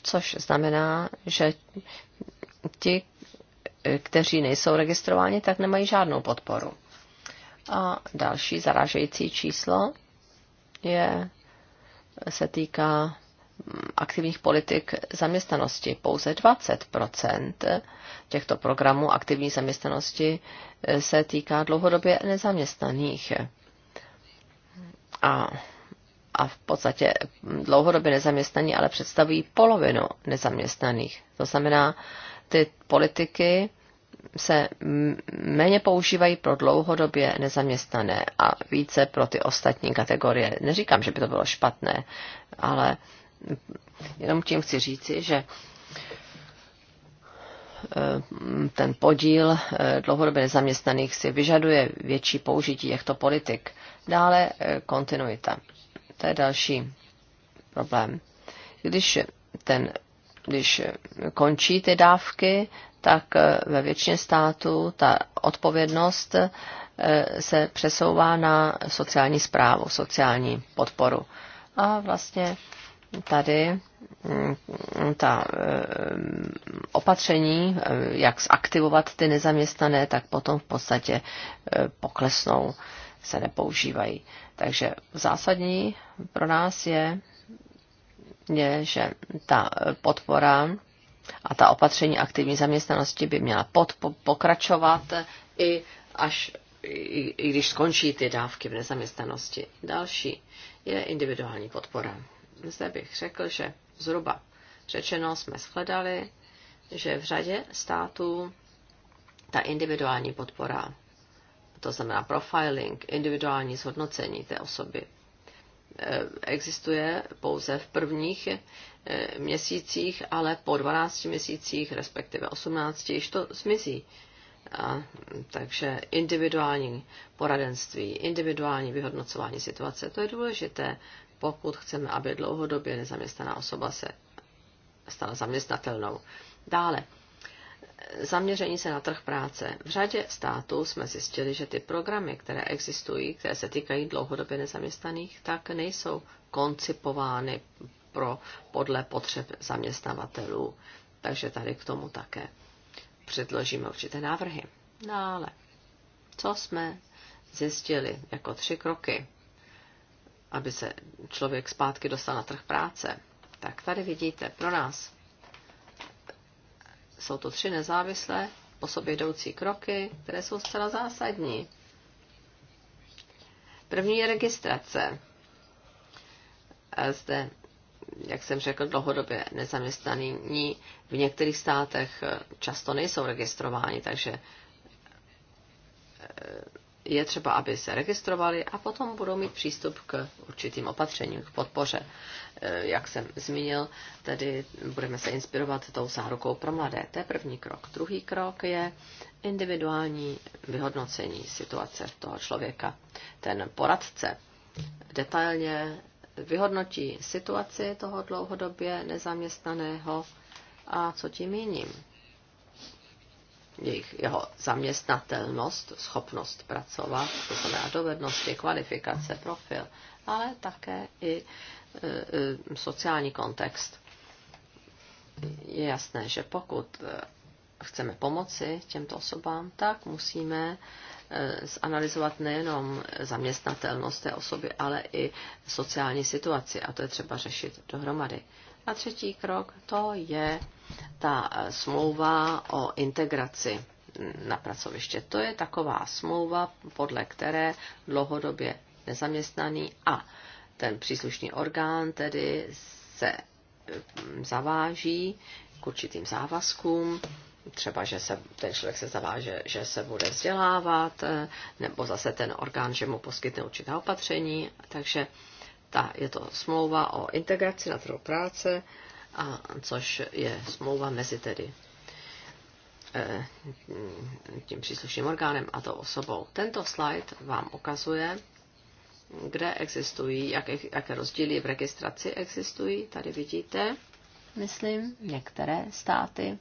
což znamená, že ti, kteří nejsou registrováni, tak nemají žádnou podporu. A další zarážející číslo je, se týká aktivních politik zaměstnanosti. Pouze 20 těchto programů aktivní zaměstnanosti eh, se týká dlouhodobě nezaměstnaných. A, a v podstatě dlouhodobě nezaměstnaní ale představují polovinu nezaměstnaných. To znamená, ty politiky se méně používají pro dlouhodobě nezaměstnané a více pro ty ostatní kategorie. Neříkám, že by to bylo špatné, ale jenom tím chci říci, že eh, ten podíl eh, dlouhodobě nezaměstnaných si vyžaduje větší použití těchto politik. Dále eh, kontinuita. To je další problém. Když, ten, když končí ty dávky, tak ve většině států ta odpovědnost se přesouvá na sociální zprávu, sociální podporu. A vlastně tady mm, ta eh, opatření, eh, jak zaktivovat ty nezaměstnané, tak potom v podstatě eh, poklesnou, se nepoužívají. Takže zásadní pro nás je, je že ta podpora a ta opatření aktivní zaměstnanosti by měla pod, pokračovat i až i, i když skončí ty dávky v nezaměstnanosti. Další je individuální podpora zde bych řekl, že zhruba řečeno jsme shledali, že v řadě států ta individuální podpora, to znamená profiling, individuální zhodnocení té osoby, e, existuje pouze v prvních e, měsících, ale po 12 měsících, respektive 18, již to zmizí. A, takže individuální poradenství, individuální vyhodnocování situace, to je důležité pokud chceme, aby dlouhodobě nezaměstnaná osoba se stala zaměstnatelnou. Dále, zaměření se na trh práce. V řadě států jsme zjistili, že ty programy, které existují, které se týkají dlouhodobě nezaměstnaných, tak nejsou koncipovány pro, podle potřeb zaměstnavatelů. Takže tady k tomu také předložíme určité návrhy. Dále, co jsme zjistili jako tři kroky aby se člověk zpátky dostal na trh práce. Tak tady vidíte, pro nás jsou to tři nezávislé po sobě jdoucí kroky, které jsou zcela zásadní. První je registrace. Eh, zde, jak jsem řekl, dlouhodobě nezaměstnaní v některých státech eh, často nejsou registrováni, takže eh, je třeba, aby se registrovali a potom budou mít přístup k určitým opatřením, k podpoře. E, jak jsem zmínil, tedy budeme se inspirovat tou zárukou pro mladé. To je první krok. Druhý krok je individuální vyhodnocení situace toho člověka. Ten poradce detailně vyhodnotí situaci toho dlouhodobě nezaměstnaného a co tím jiným jejich, jeho zaměstnatelnost, schopnost pracovat, to znamená dovednosti, kvalifikace, profil, ale také i e, e, sociální kontext. Je jasné, že pokud e, chceme pomoci těmto osobám, tak musíme e, zanalizovat nejenom zaměstnatelnost té osoby, ale i sociální situaci. A to je třeba řešit dohromady. A třetí krok, to je ta eh, smlouva o integraci na pracoviště. To je taková smlouva, podle které dlouhodobě nezaměstnaný a ten příslušný orgán tedy se hm, zaváží k určitým závazkům, třeba, že se, ten člověk se zaváže, že se bude vzdělávat, eh, nebo zase ten orgán, že mu poskytne určitá opatření. Takže ta, je to smlouva o integraci na trhu práce a což je smlouva mezi tedy eh, tím příslušným orgánem a tou osobou. Tento slide vám ukazuje, kde existují, jaké, jaké rozdíly v registraci existují. Tady vidíte, myslím, některé státy.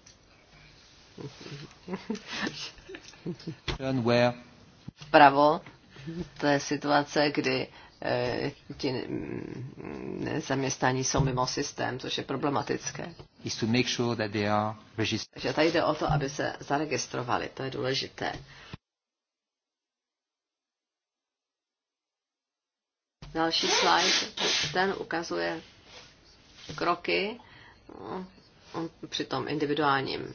Vpravo, to je situace, kdy Eh, ti mm, zaměstnání jsou mimo systém, což je
problematické.
Takže tady jde o to, aby se zaregistrovali, to je důležité. Další slide, ten ukazuje kroky no, při tom individuálním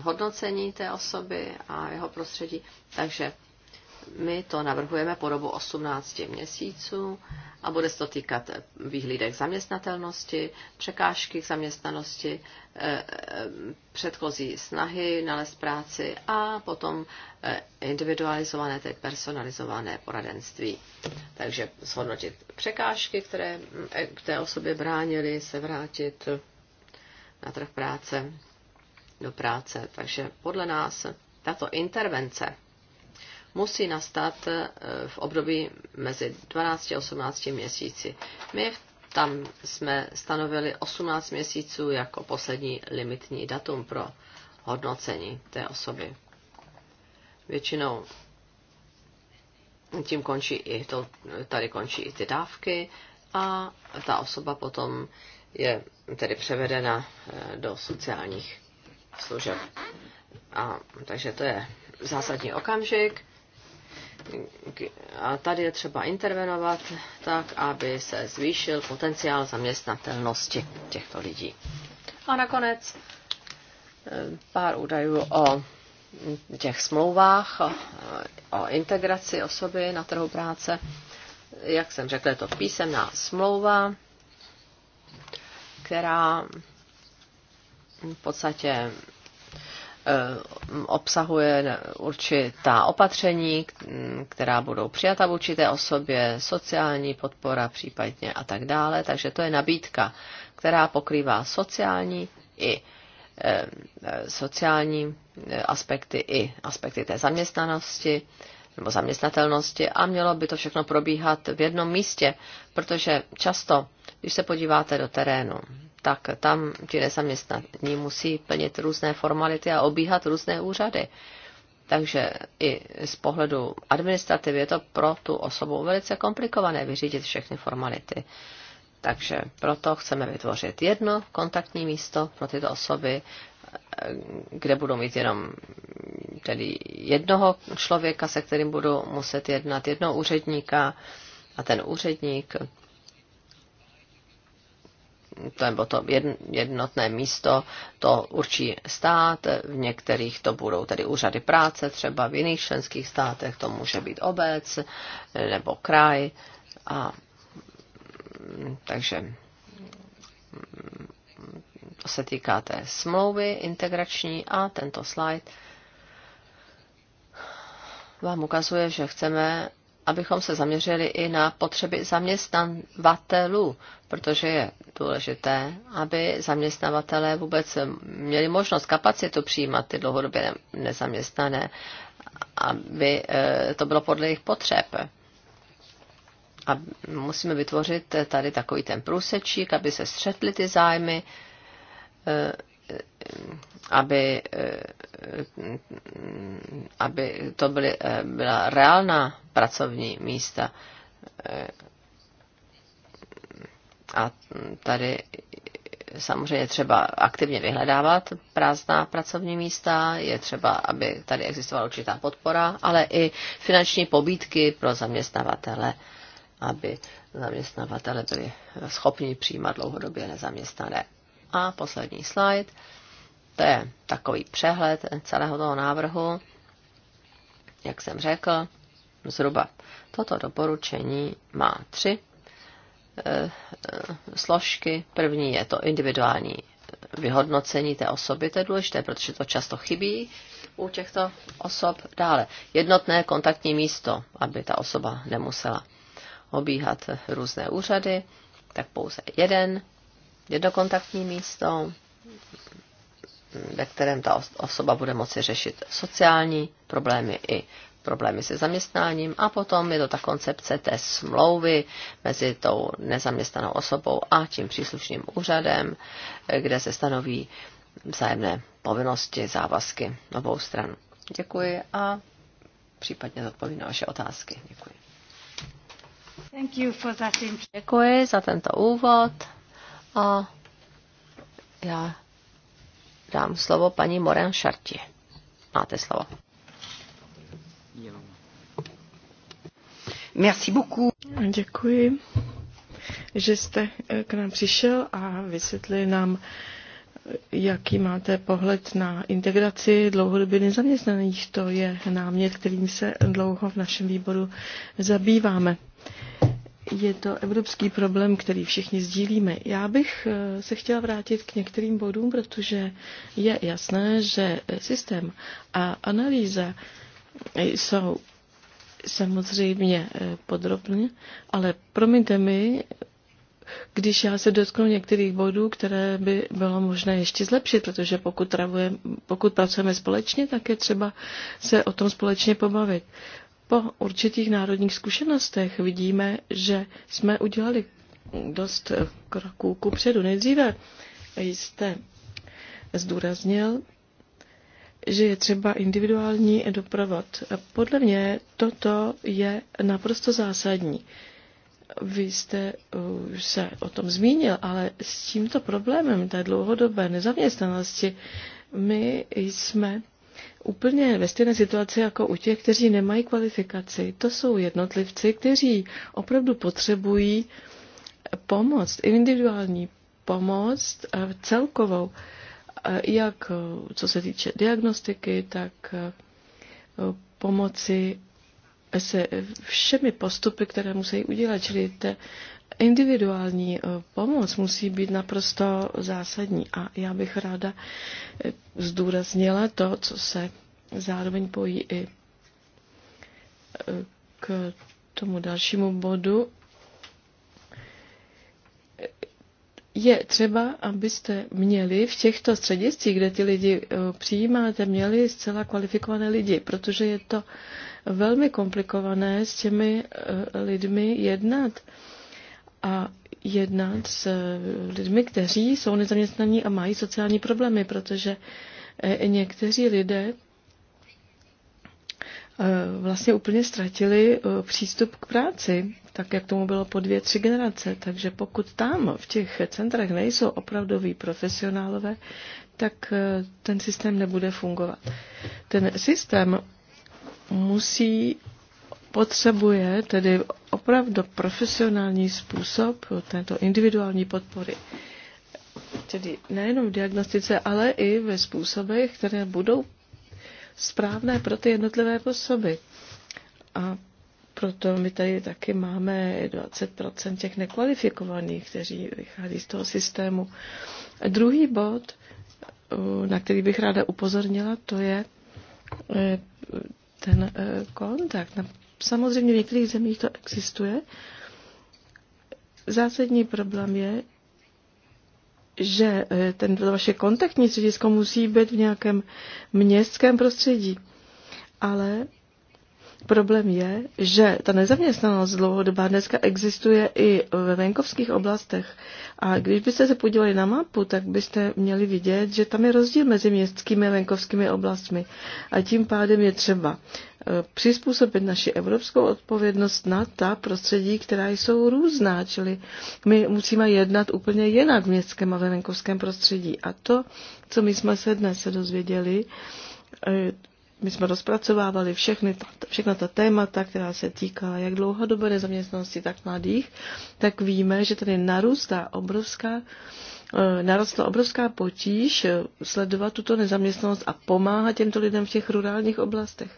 hodnocení té osoby a jeho prostředí. Takže my to navrhujeme po dobu 18 měsíců a bude se to týkat eh, výhlídek zaměstnatelnosti, překážky k zaměstnanosti, eh, eh, předchozí snahy nalézt práci a potom individualizované, tedy personalizované poradenství. Takže shodnotit překážky, které k té osobě bránily se vrátit na trh práce, do práce. Takže podle nás tato intervence musí nastat eh, v období mezi 12 a 18 měsíci. My tam jsme stanovili 18 měsíců jako poslední limitní datum pro hodnocení té osoby. Většinou tím končí i to, tady končí i ty dávky a ta osoba potom je tedy převedena eh, do sociálních služeb. A, takže to je zásadní okamžik a tady je třeba intervenovat tak, aby se zvýšil potenciál zaměstnatelnosti těchto lidí. A nakonec eh, pár údajů o těch smlouvách, eh, o integraci osoby na trhu práce. Jak jsem řekl, je to písemná smlouva, která v podstatě Eh, obsahuje určitá opatření, která budou přijata v určité osobě, sociální podpora případně a tak dále. Takže to je nabídka, která pokrývá sociální i eh, sociální eh, aspekty i aspekty té zaměstnanosti nebo zaměstnatelnosti a mělo by to všechno probíhat v jednom místě, protože často, když se podíváte do terénu, tak tam ti nezaměstnaní musí plnit různé formality a obíhat různé úřady. Takže i z pohledu administrativy je to pro tu osobu velice komplikované vyřídit všechny formality. Takže proto chceme vytvořit jedno kontaktní místo pro tyto osoby, kde budou mít jenom tedy jednoho člověka, se kterým budou muset jednat, jednoho úředníka a ten úředník to, nebo to jednotné místo, to určí stát, v některých to budou tedy úřady práce, třeba v jiných členských státech to může být obec nebo kraj. A, mm, takže mm, to se týká té smlouvy integrační a tento slide vám ukazuje, že chceme abychom se zaměřili i na potřeby zaměstnavatelů, protože je důležité, aby zaměstnavatelé vůbec měli možnost, kapacitu přijímat ty dlouhodobě nezaměstnané, aby eh, to bylo podle jejich potřeb. A musíme vytvořit tady takový ten průsečík, aby se střetly ty zájmy eh, aby, aby to byly, byla reálná pracovní místa. A tady samozřejmě třeba aktivně vyhledávat prázdná pracovní místa, je třeba, aby tady existovala určitá podpora, ale i finanční pobídky pro zaměstnavatele, aby zaměstnavatele byli schopni přijímat dlouhodobě nezaměstnané. A poslední slide, to je takový přehled celého toho návrhu. Jak jsem řekl, zhruba toto doporučení má tři eh, eh, složky. První je to individuální vyhodnocení té osoby, to je důležité, protože to často chybí u těchto osob. Dále jednotné kontaktní místo, aby ta osoba nemusela obíhat různé úřady, tak pouze jeden jednokontaktní místo, ve kterém ta osoba bude moci řešit sociální problémy i problémy se zaměstnáním a potom je to ta koncepce té smlouvy mezi tou nezaměstnanou osobou a tím příslušným úřadem, kde se stanoví vzájemné povinnosti, závazky obou stran. Děkuji a případně zodpovím na vaše otázky. Děkuji. Thank you for that Děkuji za tento úvod. A já dám slovo paní Moran Šartě. Máte slovo.
Merci beaucoup. Děkuji, že jste eh, k nám přišel a vysvětlili nám, jaký máte pohled na integraci dlouhodobě nezaměstnaných. To je námět, kterým se dlouho v našem výboru zabýváme je to evropský problém, který všichni sdílíme. Já bych eh, se chtěla vrátit k některým bodům, protože je jasné, že systém a analýza jsou samozřejmě eh, podrobně, ale promiňte mi, když já se dotknu některých bodů, které by bylo možné ještě zlepšit, protože pokud, travuje, pokud pracujeme společně, tak je třeba se o tom společně pobavit. Po určitých národních zkušenostech vidíme, že jsme udělali dost kroků ku předu. Nejdříve jste zdůraznil, že je třeba individuální doprovod. Podle mě toto je naprosto zásadní. Vy jste už se o tom zmínil, ale s tímto problémem té dlouhodobé nezaměstnanosti my jsme úplně ve stejné situaci jako u těch, kteří nemají kvalifikaci. To jsou jednotlivci, kteří opravdu potřebují pomoc, individuální pomoc, eh, celkovou, eh, jak eh, co se týče diagnostiky, tak pomoci se všemi postupy, které musí udělat, čili te individuální eh, pomoc musí být naprosto zásadní a já bych ráda eh, zdůraznila to, co se zároveň pojí i eh, k tomu dalšímu bodu. Je třeba, abyste měli v těchto střediscích, kde ty lidi přijímáte, měli zcela kvalifikované lidi, protože je to velmi komplikované s těmi lidmi jednat a jednat s eh, lidmi, kteří jsou nezaměstnaní a mají sociální problémy, protože eh, někteří lidé eh, vlastně úplně ztratili přístup k práci, tak jak tomu bylo po dvě, tři generace. Takže pokud tam v těch centrech nejsou opravdoví profesionálové, tak ten systém nebude fungovat. Ten systém musí potřebuje tedy opravdu profesionální způsob této individuální podpory. Tedy nejenom v diagnostice, ale i ve způsobech, které budou správné pro ty jednotlivé osoby. A proto my tady taky máme 20% těch nekvalifikovaných, kteří vychází z toho systému. A druhý bod, na který bych ráda upozornila, to je eh, ten eh, kontakt, samozřejmě v některých zemích to existuje. Zásadní problém je, že eh, ten vaše kontaktní středisko musí být v nějakém městském prostředí. Ale problém je, že ta nezaměstnanost dlouhodobá dneska existuje i ve venkovských oblastech. A když byste se podívali na mapu, tak byste měli vidět, že tam je rozdíl mezi městskými a venkovskými oblastmi. A tím pádem je třeba přizpůsobit naši evropskou odpovědnost na ta prostředí, která jsou různá, čili my musíme jednat úplně jinak v městském a venkovském prostředí. A to, co my jsme se dnes se dozvěděli, eh, my jsme rozpracovávali všechny, všechna ta témata, která se týká jak dlouhodobé nezaměstnanosti, tak mladých, tak víme, že tady narůstá obrovská eh, narostla obrovská potíž eh, sledovat tuto nezaměstnanost a pomáhat těmto lidem v těch rurálních oblastech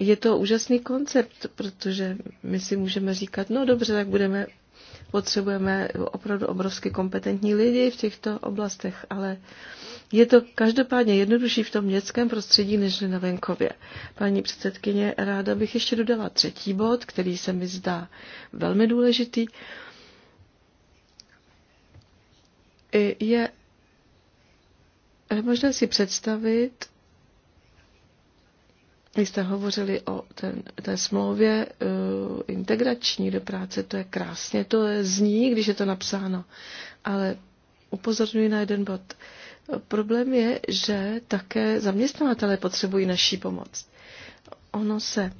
je to úžasný koncept, protože my si můžeme říkat, no dobře, tak budeme, potřebujeme opravdu obrovsky kompetentní lidi v těchto oblastech, ale je to každopádně jednodušší v tom městském prostředí než na venkově. Paní předsedkyně, ráda bych ještě dodala třetí bod, který se mi zdá velmi důležitý. Je možné si představit, vy jste hovořili o ten, té smlouvě uh, integrační do práce, to je krásně, to je zní, když je to napsáno, ale upozorňuji na jeden bod. Problém je, že také zaměstnavatelé potřebují naší pomoc. Ono se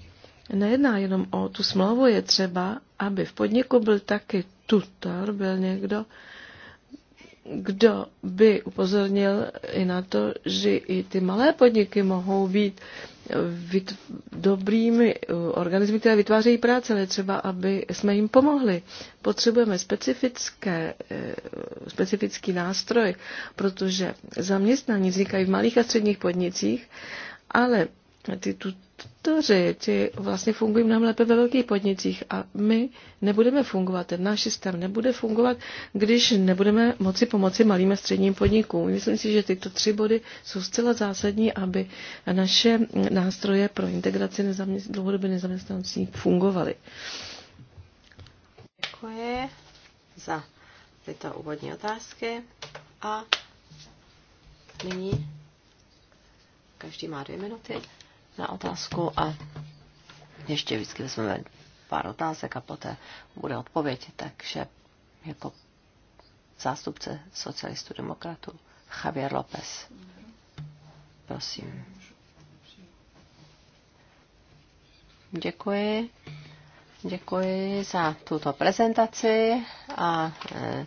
nejedná jenom o tu smlouvu, je třeba, aby v podniku byl taky tutor, byl někdo, kdo by upozornil i na to, že i ty malé podniky mohou být uh, dobrými eh, organismy, které vytvářejí práce, ale třeba, aby jsme jim pomohli. Potřebujeme specifické, eh, specifický nástroj, protože zaměstnání vznikají v malých a středních podnicích, ale ty, tu, investoři, ti vlastně fungují mnohem lépe ve velkých podnicích a my nebudeme fungovat, ten náš systém nebude fungovat, když nebudeme moci pomoci malým a středním podnikům. Myslím si, že tyto tři body jsou zcela zásadní, aby naše nástroje pro integraci nezaměst, dlouhodobě nezaměstnanců fungovaly.
Děkuji za tyto úvodní otázky a nyní každý má dvě minuty na otázku a ještě vždycky vezmeme pár otázek a poté bude odpověď. Takže jako zástupce socialistů demokratů Javier López. Prosím. Děkuji. Děkuji za tuto prezentaci a e,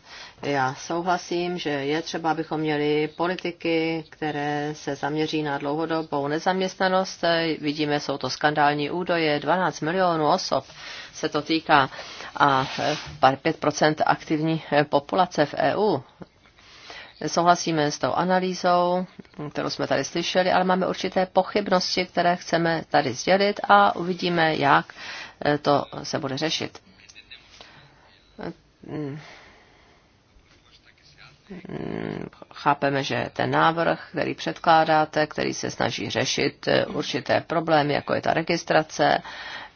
já souhlasím, že je třeba, abychom měli politiky, které se zaměří na dlouhodobou nezaměstnanost. E, vidíme, jsou to skandální údoje, 12 milionů osob se to týká a 5% e, aktivní populace v EU souhlasíme s tou analýzou, kterou jsme tady slyšeli, ale máme určité pochybnosti, které chceme tady sdělit a uvidíme, jak to se bude řešit. Hmm, chápeme, že ten návrh, který předkládáte, který se snaží řešit eh, určité problémy, jako je ta registrace,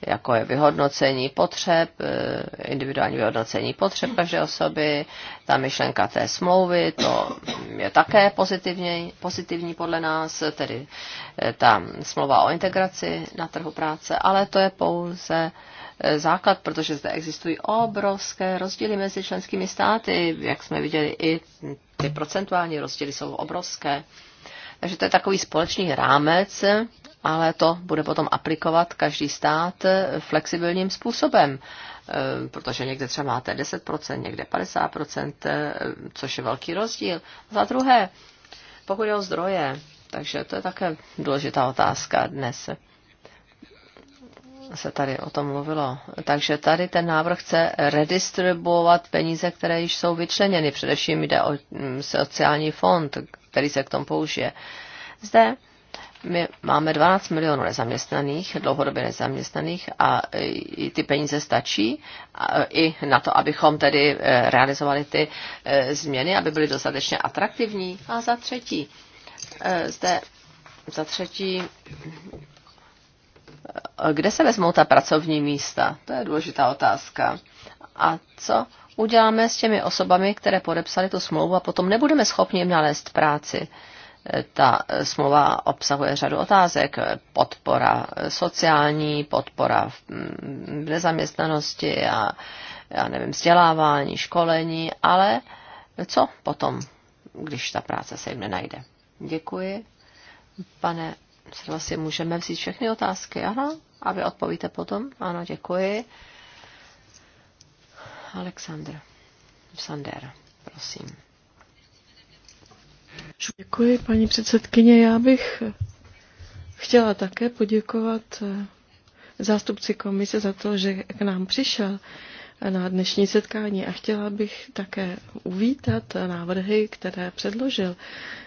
jako je vyhodnocení potřeb, eh, individuální vyhodnocení potřeb každé osoby, ta myšlenka té smlouvy, to je také pozitivně, pozitivní podle nás, tedy eh, ta smlouva o integraci na trhu práce, ale to je pouze Eh, základ, protože zde existují obrovské rozdíly mezi členskými státy, jak jsme viděli i ty procentuální rozdíly jsou obrovské. Takže to je takový společný rámec, ale to bude potom aplikovat každý stát eh, flexibilním způsobem, eh, protože někde třeba máte 10%, někde 50%, což je velký rozdíl. Za druhé, pokud je o zdroje, takže to je také důležitá otázka dnes se tady o tom mluvilo. Takže tady ten návrh chce redistribuovat peníze, které již jsou vyčleněny. Především jde o mm, sociální fond, který se k tomu použije. Zde my máme 12 milionů nezaměstnaných, dlouhodobě nezaměstnaných a i ty peníze stačí i na to, abychom tedy eh, realizovali ty eh, změny, aby byly dostatečně atraktivní. A za třetí, eh, zde za třetí kde se vezmou ta pracovní místa? To je důležitá otázka. A co uděláme s těmi osobami, které podepsali tu smlouvu a potom nebudeme schopni jim nalézt práci? Ta smlouva obsahuje řadu otázek. Podpora sociální, podpora v mm, nezaměstnanosti a já nevím, vzdělávání, školení, ale co potom, když ta práce se jim nenajde? Děkuji, pane Zrovna si můžeme vzít všechny otázky, aha, A vy odpovíte potom? Ano, děkuji. Aleksandr Sander, prosím.
Děkuji, paní předsedkyně. Já bych chtěla také poděkovat eh, zástupci komise za to, že k nám přišel na dnešní setkání a chtěla bych také uvítat návrhy, které předložil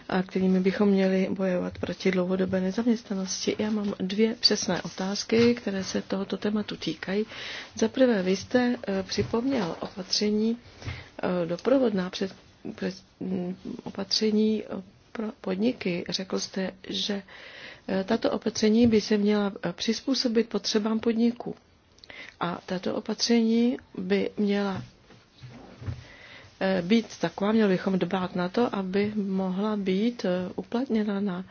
a kterými bychom měli bojovat proti dlouhodobé nezaměstnanosti. Já mám dvě přesné otázky, které se tohoto tématu týkají. Za prvé, vy jste eh, připomněl opatření eh, doprovodná před, před, hm, opatření eh, pro podniky. Řekl jste, že tato opatření by se měla přizpůsobit potřebám podniků. A tato opatření by měla eh, být taková, měli bychom dbát na to, aby mohla být eh, uplatněna na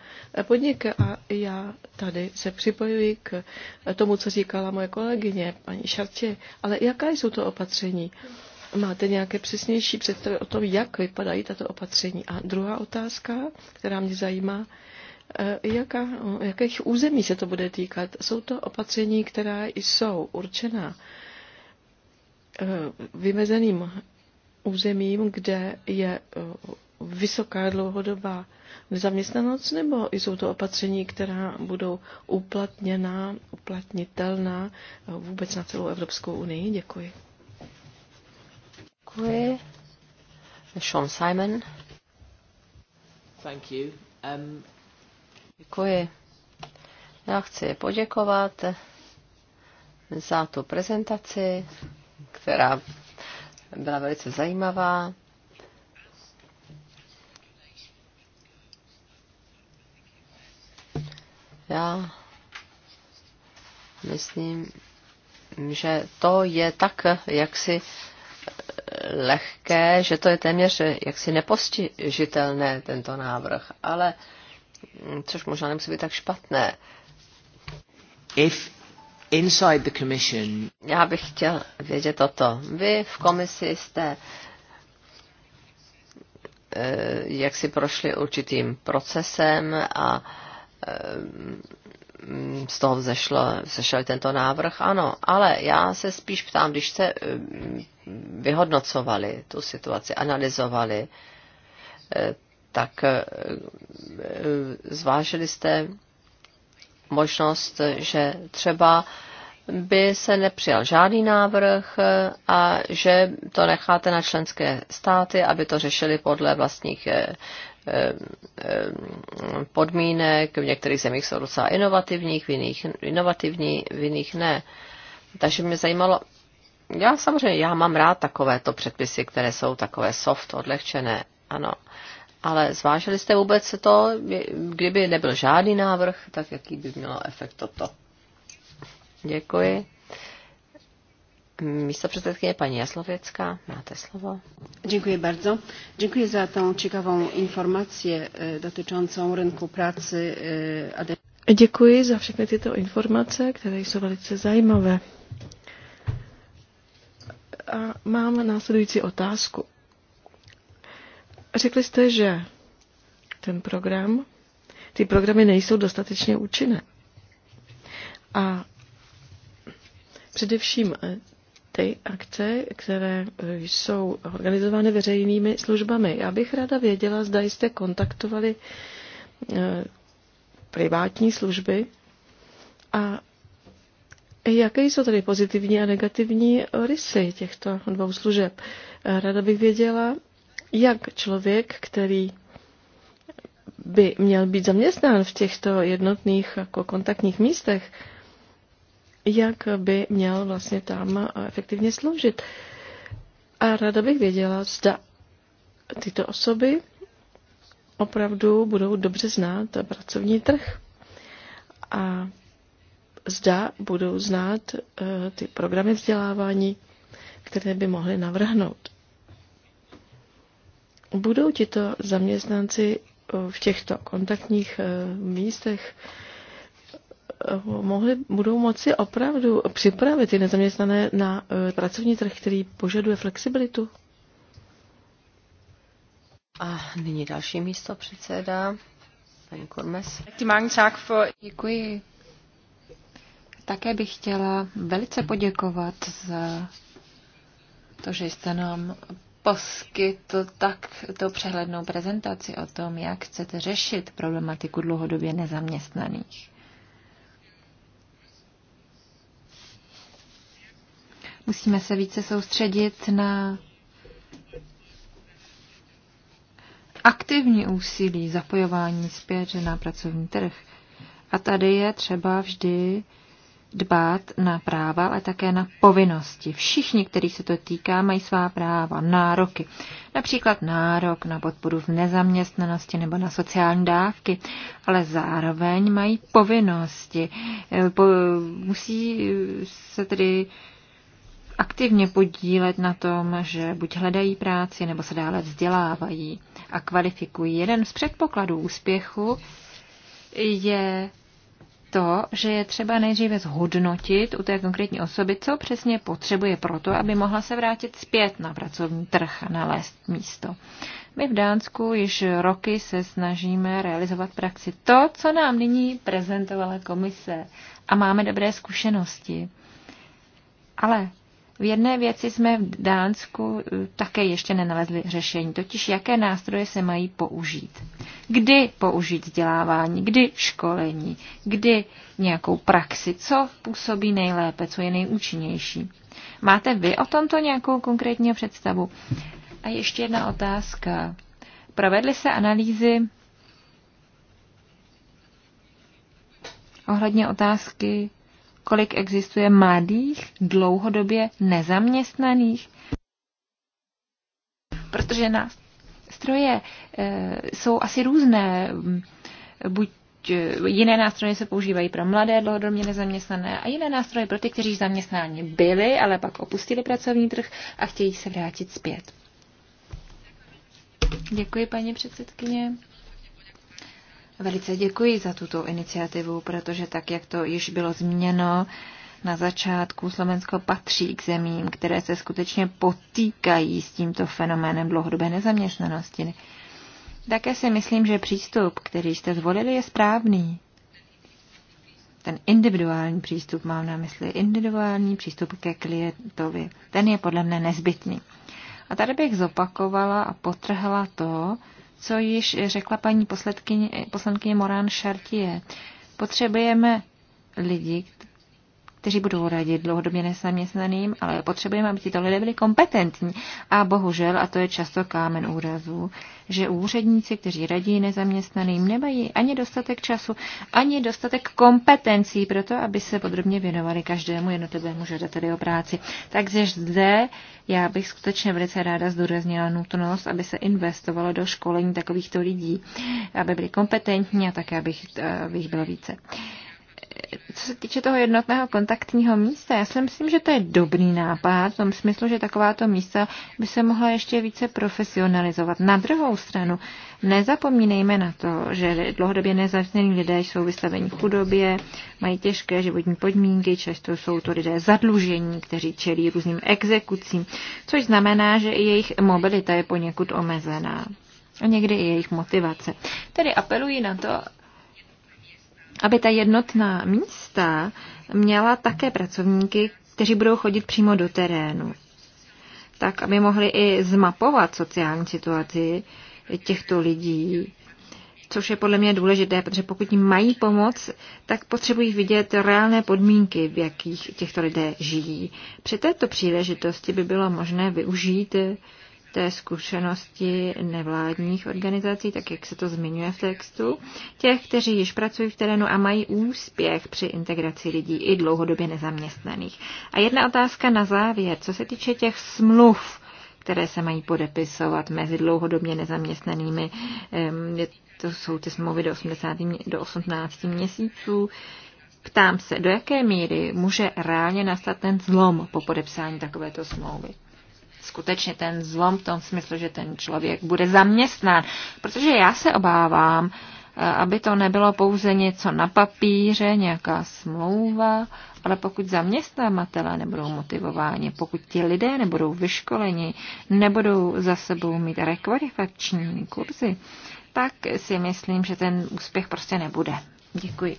podniky. A já tady se připojuji k tomu, co říkala moje kolegyně, paní Šartě. Ale jaká jsou to opatření? Máte nějaké přesnější představy o tom, jak vypadají tato opatření? A druhá otázka, která mě zajímá, Eh, jaká, jakých území se to bude týkat. Jsou to opatření, která jsou určena eh, vymezeným územím, kde je eh, vysoká dlouhodobá nezaměstnanost, nebo jsou to opatření, která budou uplatněná, uplatnitelná vůbec na celou Evropskou unii? Děkuji. Děkuji.
Sean Simon.
Thank you. Um,
Děkuji. Já chci poděkovat za tu prezentaci, která byla velice zajímavá. Já myslím, že to je tak jaksi lehké, že to je téměř jaksi nepostižitelné tento návrh, ale což možná nemusí být tak špatné.
If inside the commission...
Já bych chtěl vědět toto. Vy v komisi jste eh, jak si prošli určitým procesem a eh, z toho vzešlo, vzešel tento návrh, ano, ale já se spíš ptám, když jste eh, vyhodnocovali tu situaci, analyzovali, tak eh, eh, zvážili jste možnost, že třeba by se nepřijal žádný návrh eh, a že to necháte na členské státy, aby to řešili podle vlastních podmínek. V některých zemích jsou docela inovativních, v jiných, inovativní, v jiných ne. Takže mě zajímalo, já samozřejmě, já mám rád takovéto předpisy, které jsou takové soft, odlehčené, ano. Ale zvážili jste vůbec to, kdyby nebyl žádný návrh, tak jaký by mělo efekt toto? Děkuji. Místo předsedkyně paní Jaslověcká, máte slovo. Děkuji bardzo. Děkuji za tą ciekawą informację eh, dotyczącą rynku pracy. Eh,
Děkuji za všechny tyto informace, které jsou velice zajímavé. A mám následující otázku. Řekli jste, že ten program, ty programy nejsou dostatečně účinné. A především eh, ty akce, které eh, jsou organizovány veřejnými službami. Já bych ráda věděla, zda jste kontaktovali eh, privátní služby a jaké jsou tady pozitivní a negativní rysy těchto dvou služeb. Ráda bych věděla, jak člověk, který by měl být zaměstnán v těchto jednotných jako kontaktních místech, jak by měl vlastně tam efektivně sloužit. A ráda bych věděla, zda tyto osoby opravdu budou dobře znát pracovní trh a zda budou znát eh, ty programy vzdělávání, které by mohly navrhnout budou tito zaměstnanci eh, v těchto kontaktních eh, místech eh, mohli, budou moci opravdu připravit ty nezaměstnané na pracovní trh, který požaduje flexibilitu? A nyní další
místo předseda, paní Kormes. Děkuji. Také bych chtěla velice poděkovat za to, že jste nám poskytl tak to přehlednou prezentaci o tom, jak chcete řešit problematiku dlouhodobě nezaměstnaných. Musíme se více soustředit na aktivní úsilí zapojování zpět na pracovní trh. A tady je třeba vždy dbát na práva, ale také na povinnosti. Všichni, kteří se to týká, mají svá práva, nároky. Například nárok na podporu v nezaměstnanosti nebo na sociální dávky, ale zároveň mají povinnosti. E, po, musí se tedy aktivně podílet na tom, že buď hledají práci nebo se dále vzdělávají a kvalifikují. Jeden z předpokladů úspěchu je to, že je třeba nejdříve zhodnotit u té konkrétní osoby, co přesně potřebuje proto, aby mohla se vrátit zpět na pracovní trh a nalézt místo. My v Dánsku již roky se snažíme realizovat praxi to, co nám nyní prezentovala komise a máme dobré zkušenosti. Ale v jedné věci jsme v Dánsku eh, také ještě nenalezli řešení, totiž jaké nástroje se mají použít. Kdy použít vzdělávání, kdy školení, kdy nějakou praxi, co působí nejlépe, co je nejúčinnější. Máte vy o tomto nějakou konkrétní představu? A ještě jedna otázka. Provedly se analýzy ohledně otázky kolik existuje mladých, dlouhodobě nezaměstnaných? Protože nástroje e, eh, jsou asi různé. Buď eh, jiné nástroje se používají pro mladé dlouhodobě nezaměstnané a jiné nástroje pro ty, kteří zaměstnáni byli, ale pak opustili pracovní trh a chtějí se vrátit zpět. Děkuji, paní předsedkyně. Velice děkuji za tuto iniciativu, protože tak, jak to již bylo zmíněno, na začátku, Slovensko patří k zemím, které se skutečně potýkají s tímto fenoménem dlouhodobé nezaměstnanosti. Také si myslím, že přístup, který jste zvolili, je správný. Ten individuální přístup mám na mysli, individuální přístup ke klientovi. Ten je podle mne nezbytný. A tady bych zopakovala a potrhla to, co již řekla paní poslankyně Morán Šartie. Potřebujeme lidi, kteří budou radit dlouhodobě nezaměstnaným, ale potřebujeme, aby tyto lidé byli kompetentní. A bohužel, a to je často kámen úrazu, že úředníci, kteří radí nezaměstnaným, nemají ani dostatek času, ani dostatek kompetencí pro to, aby se podrobně věnovali každému jednotlivému žadateli o práci. Takže zde já bych skutečně velice ráda zdůraznila nutnost, aby se investovalo do školení takovýchto lidí, aby byli kompetentní a také, aby jich eh, bylo více co se týče toho jednotného kontaktního místa, já si myslím, že to je dobrý nápad, v tom smyslu, že takováto místa by se mohla ještě více profesionalizovat. Na druhou stranu, nezapomínejme na to, že dlouhodobě nezavření lidé jsou vystaveni chudobě, mají těžké životní podmínky, často jsou to lidé zadlužení, kteří čelí různým exekucím, což znamená, že i jejich mobilita je poněkud omezená a někdy i jejich motivace. Tedy apeluji na to, aby ta jednotná místa měla také pracovníky, kteří budou chodit přímo do terénu. Tak, aby mohli i zmapovat sociální situaci těchto lidí, což je podle mě důležité, protože pokud jim mají pomoc, tak potřebují vidět reálné podmínky, v jakých těchto lidé žijí. Při této příležitosti by bylo možné využít té zkušenosti nevládních organizací, tak jak se to zmiňuje v textu, těch, kteří již pracují v terénu a mají úspěch při integraci lidí i dlouhodobě nezaměstnaných. A jedna otázka na závěr, co se týče těch smluv, které se mají podepisovat mezi dlouhodobě nezaměstnanými, to jsou ty smlouvy do, 80, do 18 měsíců, Ptám se, do jaké míry může reálně nastat ten zlom po podepsání takovéto smlouvy? skutečně ten zlom v tom smyslu, že ten člověk bude zaměstnán. Protože já se obávám, eh, aby to nebylo pouze něco na papíře, nějaká smlouva, ale pokud zaměstnavatele nebudou motivováni, pokud ti lidé nebudou vyškoleni, nebudou za sebou mít rekvalifikační kurzy, tak si myslím, že ten úspěch prostě nebude. Děkuji.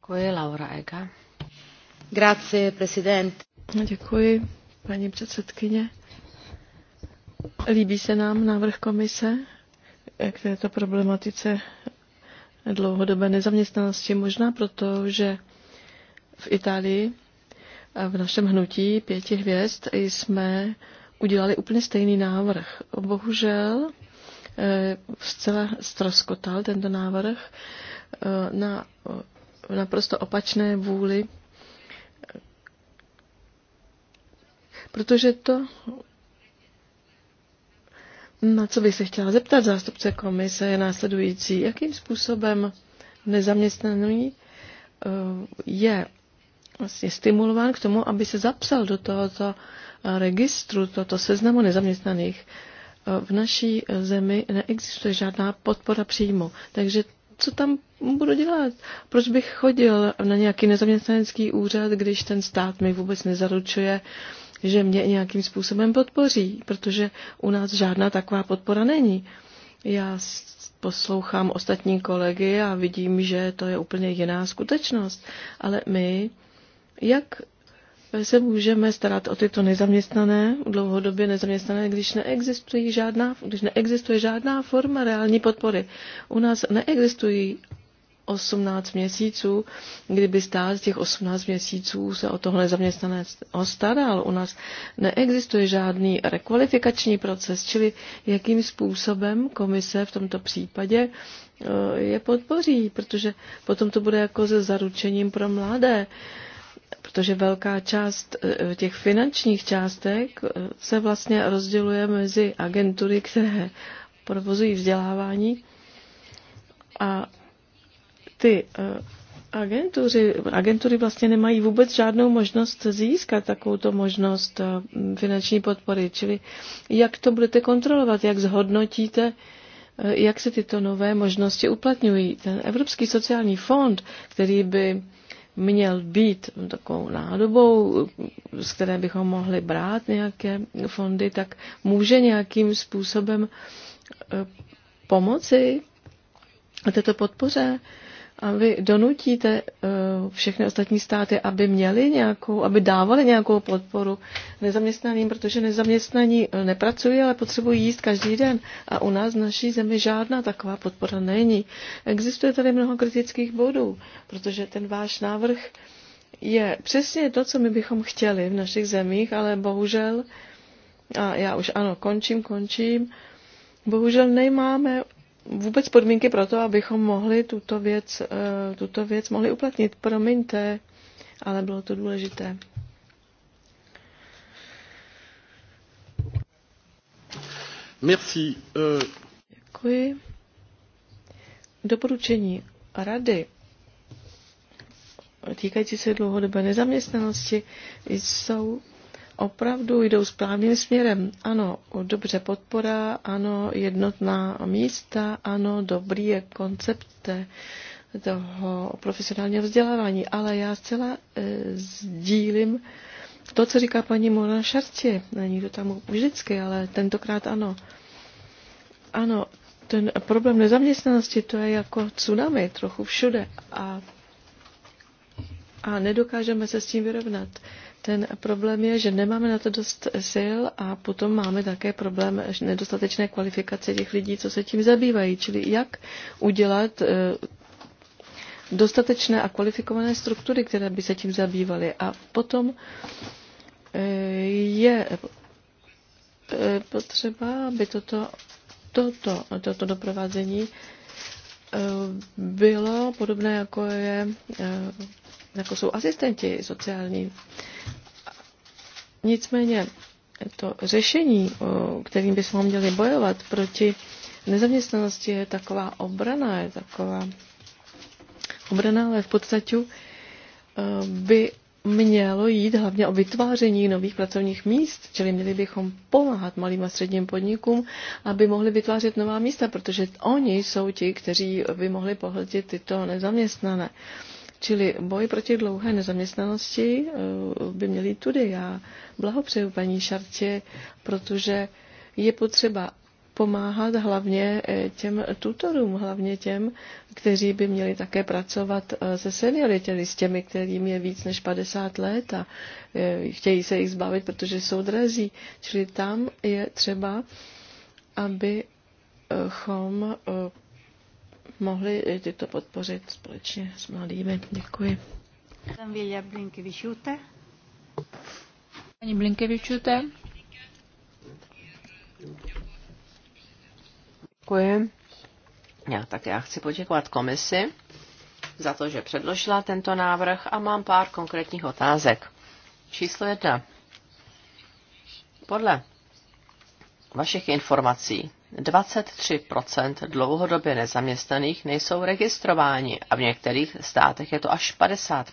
Děkuji, Laura Ega. Děkuji, paní předsedkyně. Líbí se nám návrh komise k této problematice dlouhodobé nezaměstnanosti. Možná proto, že v Itálii a v našem hnutí pěti hvězd jsme udělali úplně stejný návrh. Bohužel eh, zcela ztroskotal tento návrh eh, na naprosto opačné vůli protože to, na co bych se chtěla zeptat zástupce komise, je následující. Jakým způsobem nezaměstnaný eh, je vlastně stimulován k tomu, aby se zapsal do tohoto eh, registru, toto seznamu nezaměstnaných. Eh, v naší zemi neexistuje žádná podpora příjmu, takže co tam budu dělat? Proč bych chodil na nějaký nezaměstnanecký úřad, když ten stát mi vůbec nezaručuje uh, že mě nějakým způsobem podpoří, protože u nás žádná taková podpora není. Já poslouchám ostatní kolegy a vidím, že to je úplně jiná skutečnost. Ale my, jak se můžeme starat o tyto nezaměstnané, dlouhodobě nezaměstnané, když, neexistují žádná, když neexistuje žádná forma reální podpory. U nás neexistují 18 měsíců, kdyby stát z těch 18 měsíců se o tohle zaměstnaného staral. U nás neexistuje žádný rekvalifikační proces, čili jakým způsobem komise v tomto případě eh, je podpoří, protože potom to bude jako se zaručením pro mladé, protože velká část eh, těch finančních částek eh, se vlastně rozděluje mezi agentury, které provozují vzdělávání a ty eh, agentury, agentury vlastně nemají vůbec žádnou možnost získat takovouto možnost eh, finanční podpory. Čili jak to budete kontrolovat, jak zhodnotíte, eh, jak se tyto nové možnosti uplatňují. Ten Evropský sociální fond, který by měl být takovou nádobou, z které bychom mohli brát nějaké fondy, tak může nějakým způsobem pomoci této podpoře a vy donutíte eh, všechny ostatní státy, aby měli nějakou, aby dávali nějakou podporu nezaměstnaným, protože nezaměstnaní eh, nepracují, ale potřebují jíst každý den. A u nás v naší zemi žádná taková podpora není. Existuje tady mnoho kritických bodů, protože ten váš návrh je přesně to, co my bychom chtěli v našich zemích, ale bohužel, a já už ano, končím, končím, bohužel nemáme vůbec podmínky pro to, abychom mohli tuto věc, eh, tuto věc mohli uplatnit. Promiňte, ale bylo to důležité. Merci. Eh. Děkuji. Doporučení rady týkající se dlouhodobé nezaměstnanosti jsou opravdu jdou správným směrem. Ano, dobře podpora, ano, jednotná místa, ano, dobrý je koncept eh, toho profesionálního vzdělávání, ale já zcela e, sdílím to, co říká paní Mona Šartě. Není to tam vždycky, ale tentokrát ano. Ano, ten problém nezaměstnanosti, to je jako tsunami trochu všude a, a nedokážeme se s tím vyrovnat. Ten problém je, že nemáme na to dost sil a potom máme také problém nedostatečné kvalifikace těch lidí, co se tím zabývají. Čili jak udělat eh, dostatečné a kvalifikované struktury, které by se tím zabývaly. A potom eh, je eh, potřeba, aby toto, toto, toto doprovázení bylo podobné, jako je jako jsou asistenti sociální. Nicméně to řešení, kterým bychom měli bojovat proti nezaměstnanosti, je taková obrana, je taková obrana, ale v podstatě by mělo jít hlavně o vytváření nových pracovních míst, čili měli bychom pomáhat malým a středním podnikům, aby mohli vytvářet nová místa, protože oni jsou ti, kteří by mohli pohltit tyto nezaměstnané. Uh, Čili boj proti dlouhé nezaměstnanosti eh, by měl jít tudy. Já blahopřeju paní Šartě, protože je potřeba pomáhat hlavně eh, těm tutorům, hlavně těm, kteří by měli také pracovat eh, se seniory, tedy s těmi, kterým je víc než 50 let a chtějí se jich zbavit, protože jsou drazí. Čili tam je třeba, abychom mohli tyto podpořit společně s mladými. Děkuji. Pani Blinkevičute. Děkuji.
Já tak já chci poděkovat komisi za to, že předložila tento návrh a mám pár konkrétních otázek. Číslo jedna. Podle vašich informací, 23 dlouhodobě nezaměstnaných nejsou registrováni a v některých státech je to až 50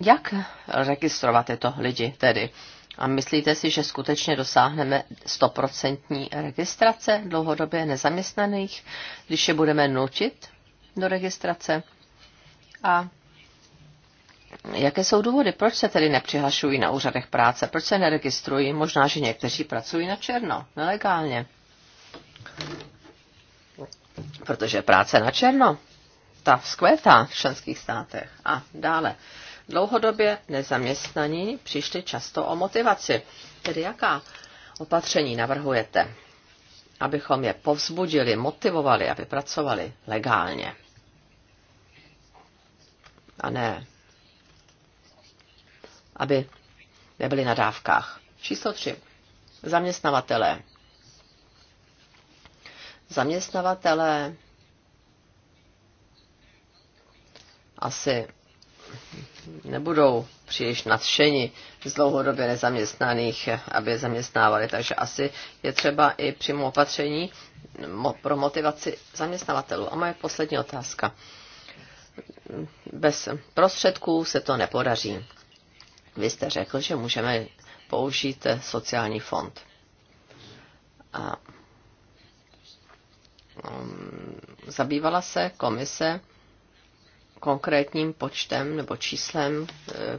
Jak registrovat tyto lidi tedy? A myslíte si, že skutečně dosáhneme 100% registrace dlouhodobě nezaměstnaných, když je budeme nutit do registrace? A Jaké jsou důvody, proč se tedy nepřihlašují na úřadech práce, proč se neregistrují? Možná, že někteří pracují na černo, nelegálně. Protože práce na černo, ta vzkvétá v členských státech. A dále, dlouhodobě nezaměstnaní přišli často o motivaci. Tedy jaká opatření navrhujete, abychom je povzbudili, motivovali, aby pracovali legálně? A ne aby nebyli na dávkách. Číslo tři: Zaměstnavatelé. Zaměstnavatelé asi nebudou příliš nadšeni z dlouhodobě nezaměstnaných, aby je zaměstnávali. Takže asi je třeba i přímo opatření pro motivaci zaměstnavatelů. A moje poslední otázka. Bez prostředků se to nepodaří. Vy jste řekl, že můžeme použít eh, sociální fond. A mm, zabývala se komise konkrétním počtem nebo číslem, eh,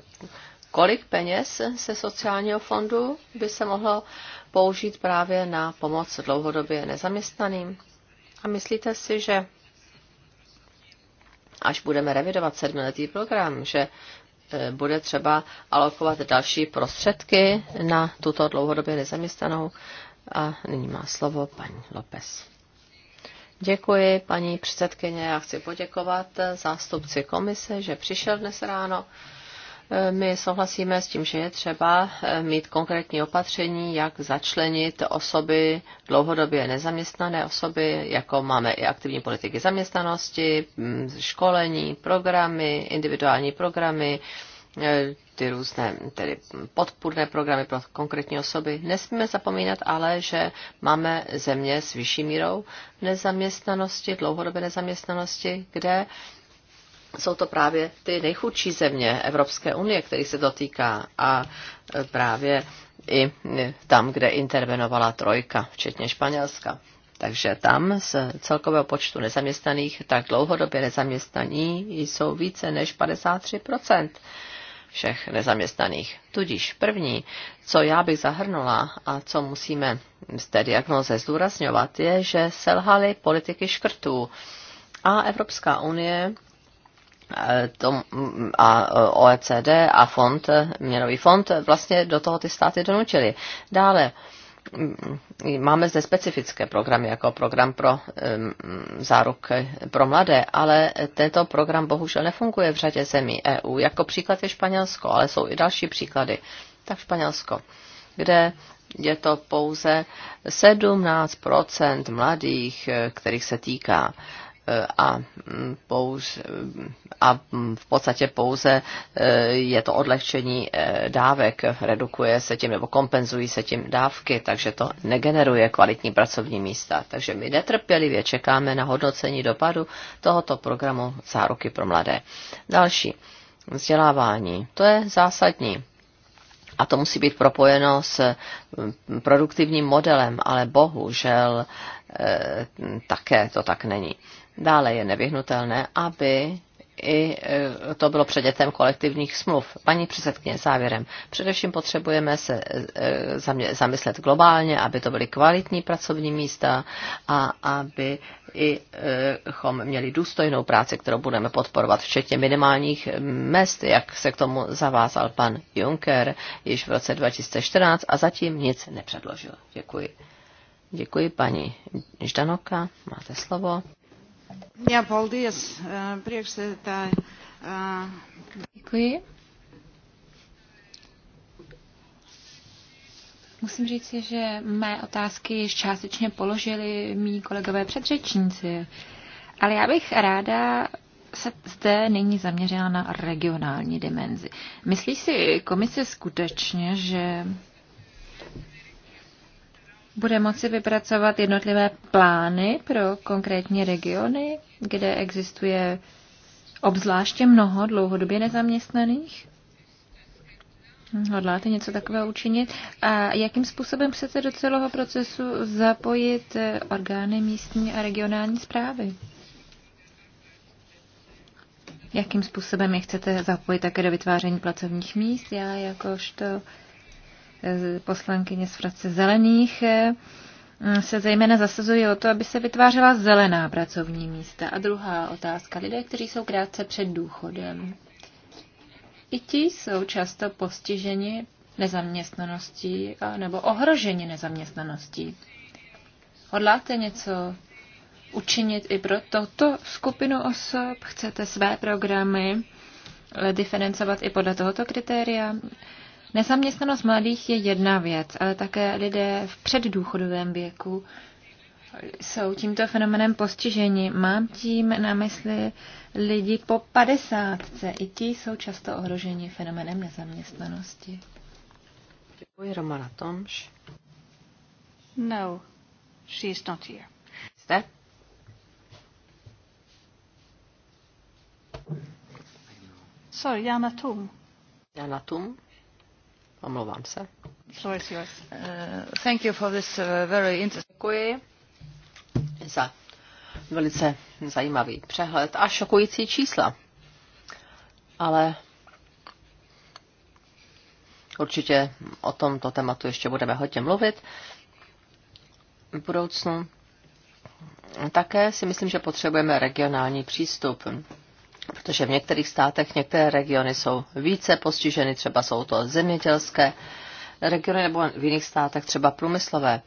kolik peněz se sociálního fondu by se mohlo použít právě na pomoc dlouhodobě nezaměstnaným. A myslíte si, že až budeme revidovat sedmiletý program, že E, bude třeba alokovat další prostředky na tuto dlouhodobě nezaměstnanou. A nyní má slovo paní López. Děkuji, paní předsedkyně. Já chci poděkovat zástupci komise, že přišel dnes ráno my souhlasíme s tím, že je třeba eh, mít konkrétní opatření, jak začlenit osoby, dlouhodobě nezaměstnané osoby, jako máme i aktivní politiky zaměstnanosti, mm, školení, programy, individuální programy, eh, ty různé tedy podpůrné programy pro konkrétní osoby. Nesmíme zapomínat ale, že máme země s vyšší mírou nezaměstnanosti, dlouhodobé nezaměstnanosti, kde jsou to právě ty nejchudší země Evropské unie, který se dotýká a e, právě i e, tam, kde intervenovala trojka, včetně Španělska. Takže tam z celkového počtu nezaměstnaných, tak dlouhodobě nezaměstnaní jsou více než 53% všech nezaměstnaných. Tudíž první, co já bych zahrnula a co musíme z té diagnoze zdůrazňovat, je, že selhaly politiky škrtů. A Evropská unie Eh, tom, mm, a eh, OECD a fond, eh, měnový fond vlastně do toho ty státy donutili. Dále mm, mm, máme zde specifické programy, jako program pro um, záruk pro mladé, ale tento program bohužel nefunguje v řadě zemí EU. Jako příklad je Španělsko, ale jsou i další příklady. Tak Španělsko, kde je to pouze 17 mladých, kterých se týká uh, a, mm, pouze, a mm, v podstatě pouze e, je to odlehčení e, dávek, redukuje se tím nebo kompenzují se tím dávky, takže to negeneruje kvalitní pracovní místa. Takže my netrpělivě čekáme na hodnocení dopadu tohoto programu záruky pro mladé. Další, vzdělávání. To je zásadní. A to musí být propojeno s mm, produktivním modelem, ale bohužel e, také to tak není. Dále je nevyhnutelné, aby i e, to bylo předětem kolektivních smluv. Paní předsedkyně, závěrem. Především potřebujeme se e, zamyslet globálně, aby to byly kvalitní pracovní místa a aby i e, chom měli důstojnou práci, kterou budeme podporovat, včetně minimálních mest, jak se k tomu zavázal pan Juncker již v roce 2014 a zatím nic nepředložil. Děkuji. Děkuji paní Ždanoka, máte slovo.
Děkuji.
Musím říct, že mé otázky již částečně položili mý kolegové předřečníci, ale já bych ráda se zde nyní zaměřila na regionální dimenzi. Myslí si komise skutečně, že bude moci vypracovat jednotlivé plány pro konkrétní regiony, kde existuje obzvláště mnoho dlouhodobě nezaměstnaných? Hodláte něco takového učinit? A jakým způsobem chcete do celého procesu zapojit eh, orgány místní a regionální zprávy? Jakým způsobem je chcete zapojit také do vytváření pracovních míst? Já jakožto poslankyně z frakce zelených, eh, se zejména zasazují o to, aby se vytvářela zelená pracovní místa. A druhá otázka. Lidé, kteří jsou krátce před důchodem. I ti jsou často postiženi nezaměstnaností a, nebo ohroženi nezaměstnaností. Hodláte něco učinit i pro toto skupinu osob? Chcete své programy eh, diferencovat i podle tohoto kritéria? Nezaměstnanost mladých je jedna věc, ale také lidé v předdůchodovém věku jsou tímto fenomenem postiženi. Mám tím na mysli lidi po padesátce. I ti jsou často ohroženi fenomenem nezaměstnanosti.
Děkuji, Romana
Tomš. No, she is not here. Jste?
Sorry, Jana Tum. Jana Tum. Omlouvám se. Uh, uh, Děkuji za velice zajímavý přehled a šokující čísla. Ale určitě o tomto tématu ještě budeme hodně mluvit v budoucnu. Také si myslím, že potřebujeme regionální přístup protože v některých státech některé regiony jsou více postiženy, třeba jsou to zemědělské regiony nebo v jiných státech třeba průmyslové.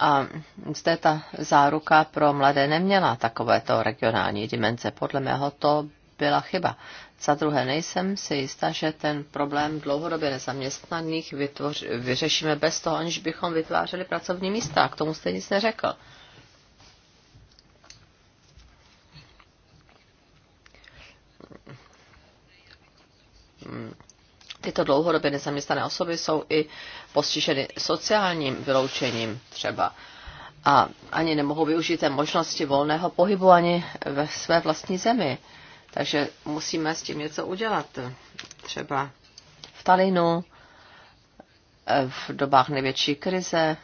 A zde ta záruka pro mladé neměla takovéto regionální dimenze. Podle mého to byla chyba. Za druhé, nejsem si jistá, že ten problém dlouhodobě nezaměstnaných vytvoř, vyřešíme bez toho, aniž bychom vytvářeli pracovní místa. K tomu jste nic neřekl. tyto dlouhodobě nezaměstnané osoby jsou i postiženy sociálním vyloučením třeba a ani nemohou využít té možnosti volného pohybu ani ve své vlastní zemi. Takže musíme s tím něco udělat. Třeba v Talinu, eh, v dobách největší krize,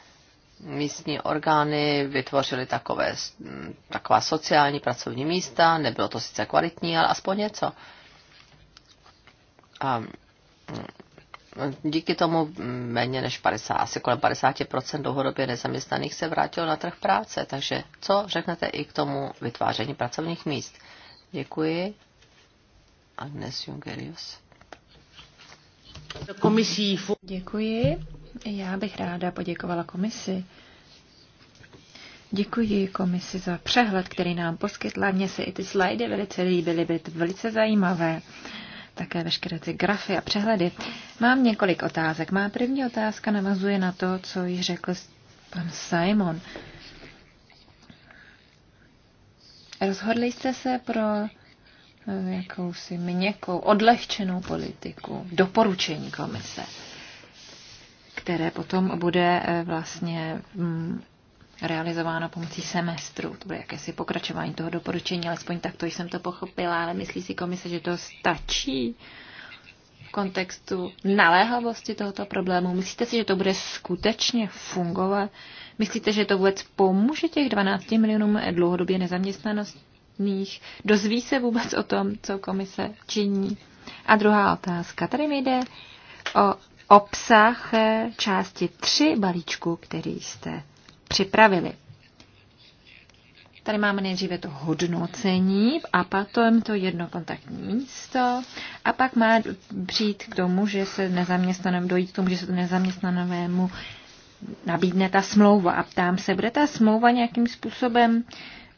místní orgány vytvořily takové, taková sociální pracovní místa, nebylo to sice kvalitní, ale aspoň něco. A mm, díky tomu méně než 50, asi kolem 50% dlouhodobě nezaměstnaných se vrátilo na trh práce. Takže co řeknete i k tomu vytváření pracovních míst? Děkuji. Agnes Jungerius.
Děkuji. Já bych ráda poděkovala komisi. Děkuji komisi za přehled, který nám poskytla. Mně se i ty slajdy velice líbily, byly velice zajímavé. Uh, také veškeré ty grafy a přehledy. Mám několik otázek. Má první otázka navazuje na to, co již řekl pan Simon. Rozhodli jste se pro eh, jakousi měkkou, odlehčenou politiku, doporučení komise, které potom bude eh, vlastně mm, realizováno pomocí semestru. To bude jakési pokračování toho doporučení, alespoň takto jsem to pochopila, ale myslí si komise, že to stačí v kontextu naléhavosti tohoto problému. Myslíte si, že to bude skutečně fungovat? Myslíte, že to vůbec pomůže těch 12 milionům dlouhodobě nezaměstnaných? Dozví se vůbec o tom, co komise činí? A druhá otázka. Tady mi jde o obsah části 3 balíčku, který jste připravili. Tady máme nejdříve to hodnocení a potom to jedno kontaktní místo a pak má přijít k tomu, že se nezaměstnanému, dojít k tomu, že se to nezaměstnanému nabídne ta smlouva. A ptám se, bude ta smlouva nějakým způsobem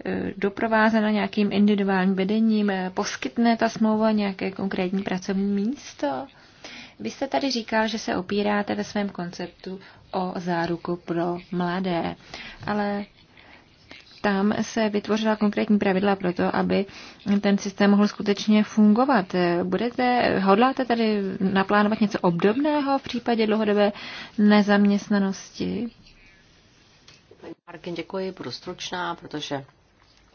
e, doprovázena nějakým individuálním vedením, e, poskytne ta smlouva nějaké konkrétní pracovní místo? Vy jste tady říkal, že se opíráte ve svém konceptu o záruku pro mladé. Ale tam se vytvořila konkrétní pravidla pro to, aby ten systém mohl skutečně fungovat. Budete, hodláte tady naplánovat něco obdobného v případě dlouhodobé nezaměstnanosti?
Paní Markin, děkuji, budu stručná, protože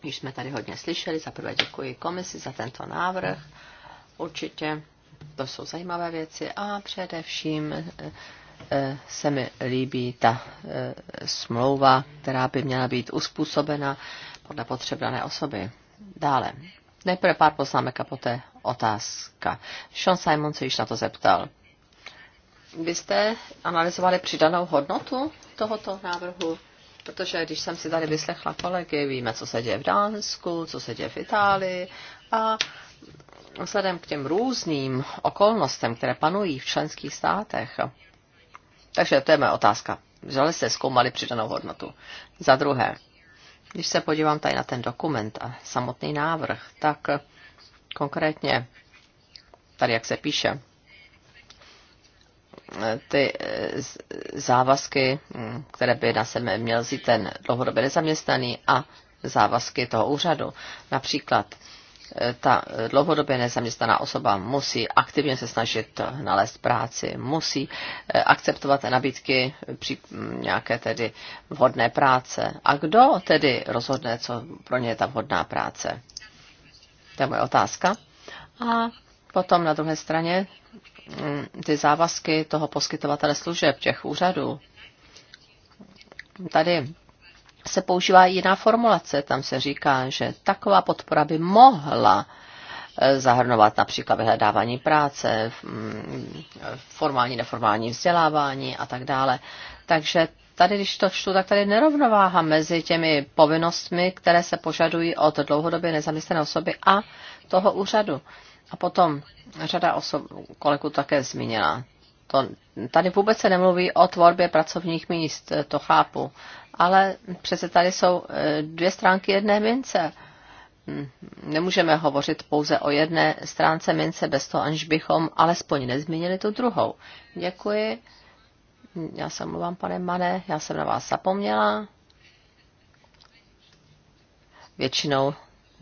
již jsme tady hodně slyšeli. Za prvé děkuji komisi za tento návrh. Určitě to jsou zajímavé věci a především eh, Eh, se mi líbí ta eh, smlouva, která by měla být uspůsobena podle potřeb dané osoby. Dále. Nejprve pár poznámek a poté otázka. Sean Simon se již na to zeptal. Vy jste analyzovali přidanou hodnotu tohoto návrhu? Protože když jsem si tady vyslechla kolegy, víme, co se děje v Dánsku, co se děje v Itálii a vzhledem k těm různým okolnostem, které panují v členských státech, takže to je moje otázka. Vzali jste zkoumali přidanou hodnotu. Za druhé, když se podívám tady na ten dokument a samotný návrh, tak konkrétně tady, jak se píše, ty eh, závazky, hm, které by na sebe měl zít ten dlouhodobě nezaměstnaný a závazky toho úřadu. Například ta dlouhodobě nezaměstnaná osoba musí aktivně se snažit nalézt práci, musí eh, akceptovat nabídky při mm, nějaké tedy vhodné práce. A kdo tedy rozhodne, co pro ně je ta vhodná práce? To je moje otázka. A potom na druhé straně mm, ty závazky toho poskytovatele služeb, těch úřadů. Tady se používá jiná formulace. Tam se říká, že taková podpora by mohla eh, zahrnovat například vyhledávání práce, mm, formální, neformální vzdělávání a tak dále. Takže tady, když to čtu, tak tady nerovnováha mezi těmi povinnostmi, které se požadují od dlouhodobě nezaměstnané osoby a toho úřadu. A potom řada osob, kolegů také zmínila to, tady vůbec se nemluví o tvorbě pracovních míst, eh, to chápu. Ale přece tady jsou eh, dvě stránky jedné mince. Hmm, nemůžeme hovořit pouze o jedné stránce mince bez toho, aniž bychom alespoň nezmínili tu druhou. Děkuji. Já se mluvám, pane Mane, já jsem na vás zapomněla. Většinou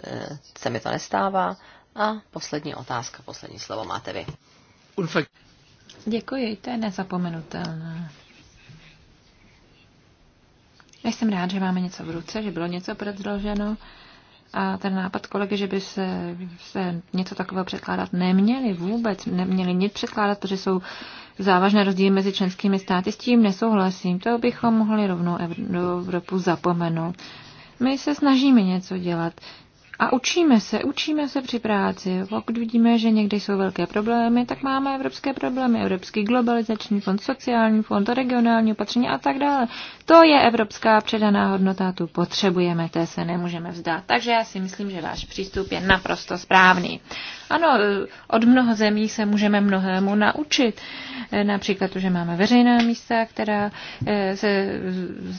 eh, se mi to nestává. A poslední otázka, poslední slovo máte
vy.
Děkuji, to je nezapomenutelné. Já jsem rád, že máme něco v ruce, že bylo něco předloženo. A ten nápad kolegy, že by se, se něco takového předkládat neměli vůbec, neměli nic předkládat, protože jsou závažné rozdíly mezi členskými státy, s tím nesouhlasím. To bychom mohli rovnou Evropu zapomenout. My se snažíme něco dělat. A učíme se, učíme se při práci. Pokud vidíme, že někde jsou velké problémy, tak máme evropské problémy, Evropský globalizační fond, sociální fond, regionální opatření a tak dále. To je evropská předaná hodnota, tu potřebujeme, té se nemůžeme vzdát. Takže já si myslím, že váš přístup je naprosto správný. Ano, od mnoho zemí se můžeme mnohému naučit. Například, že máme veřejná místa, která se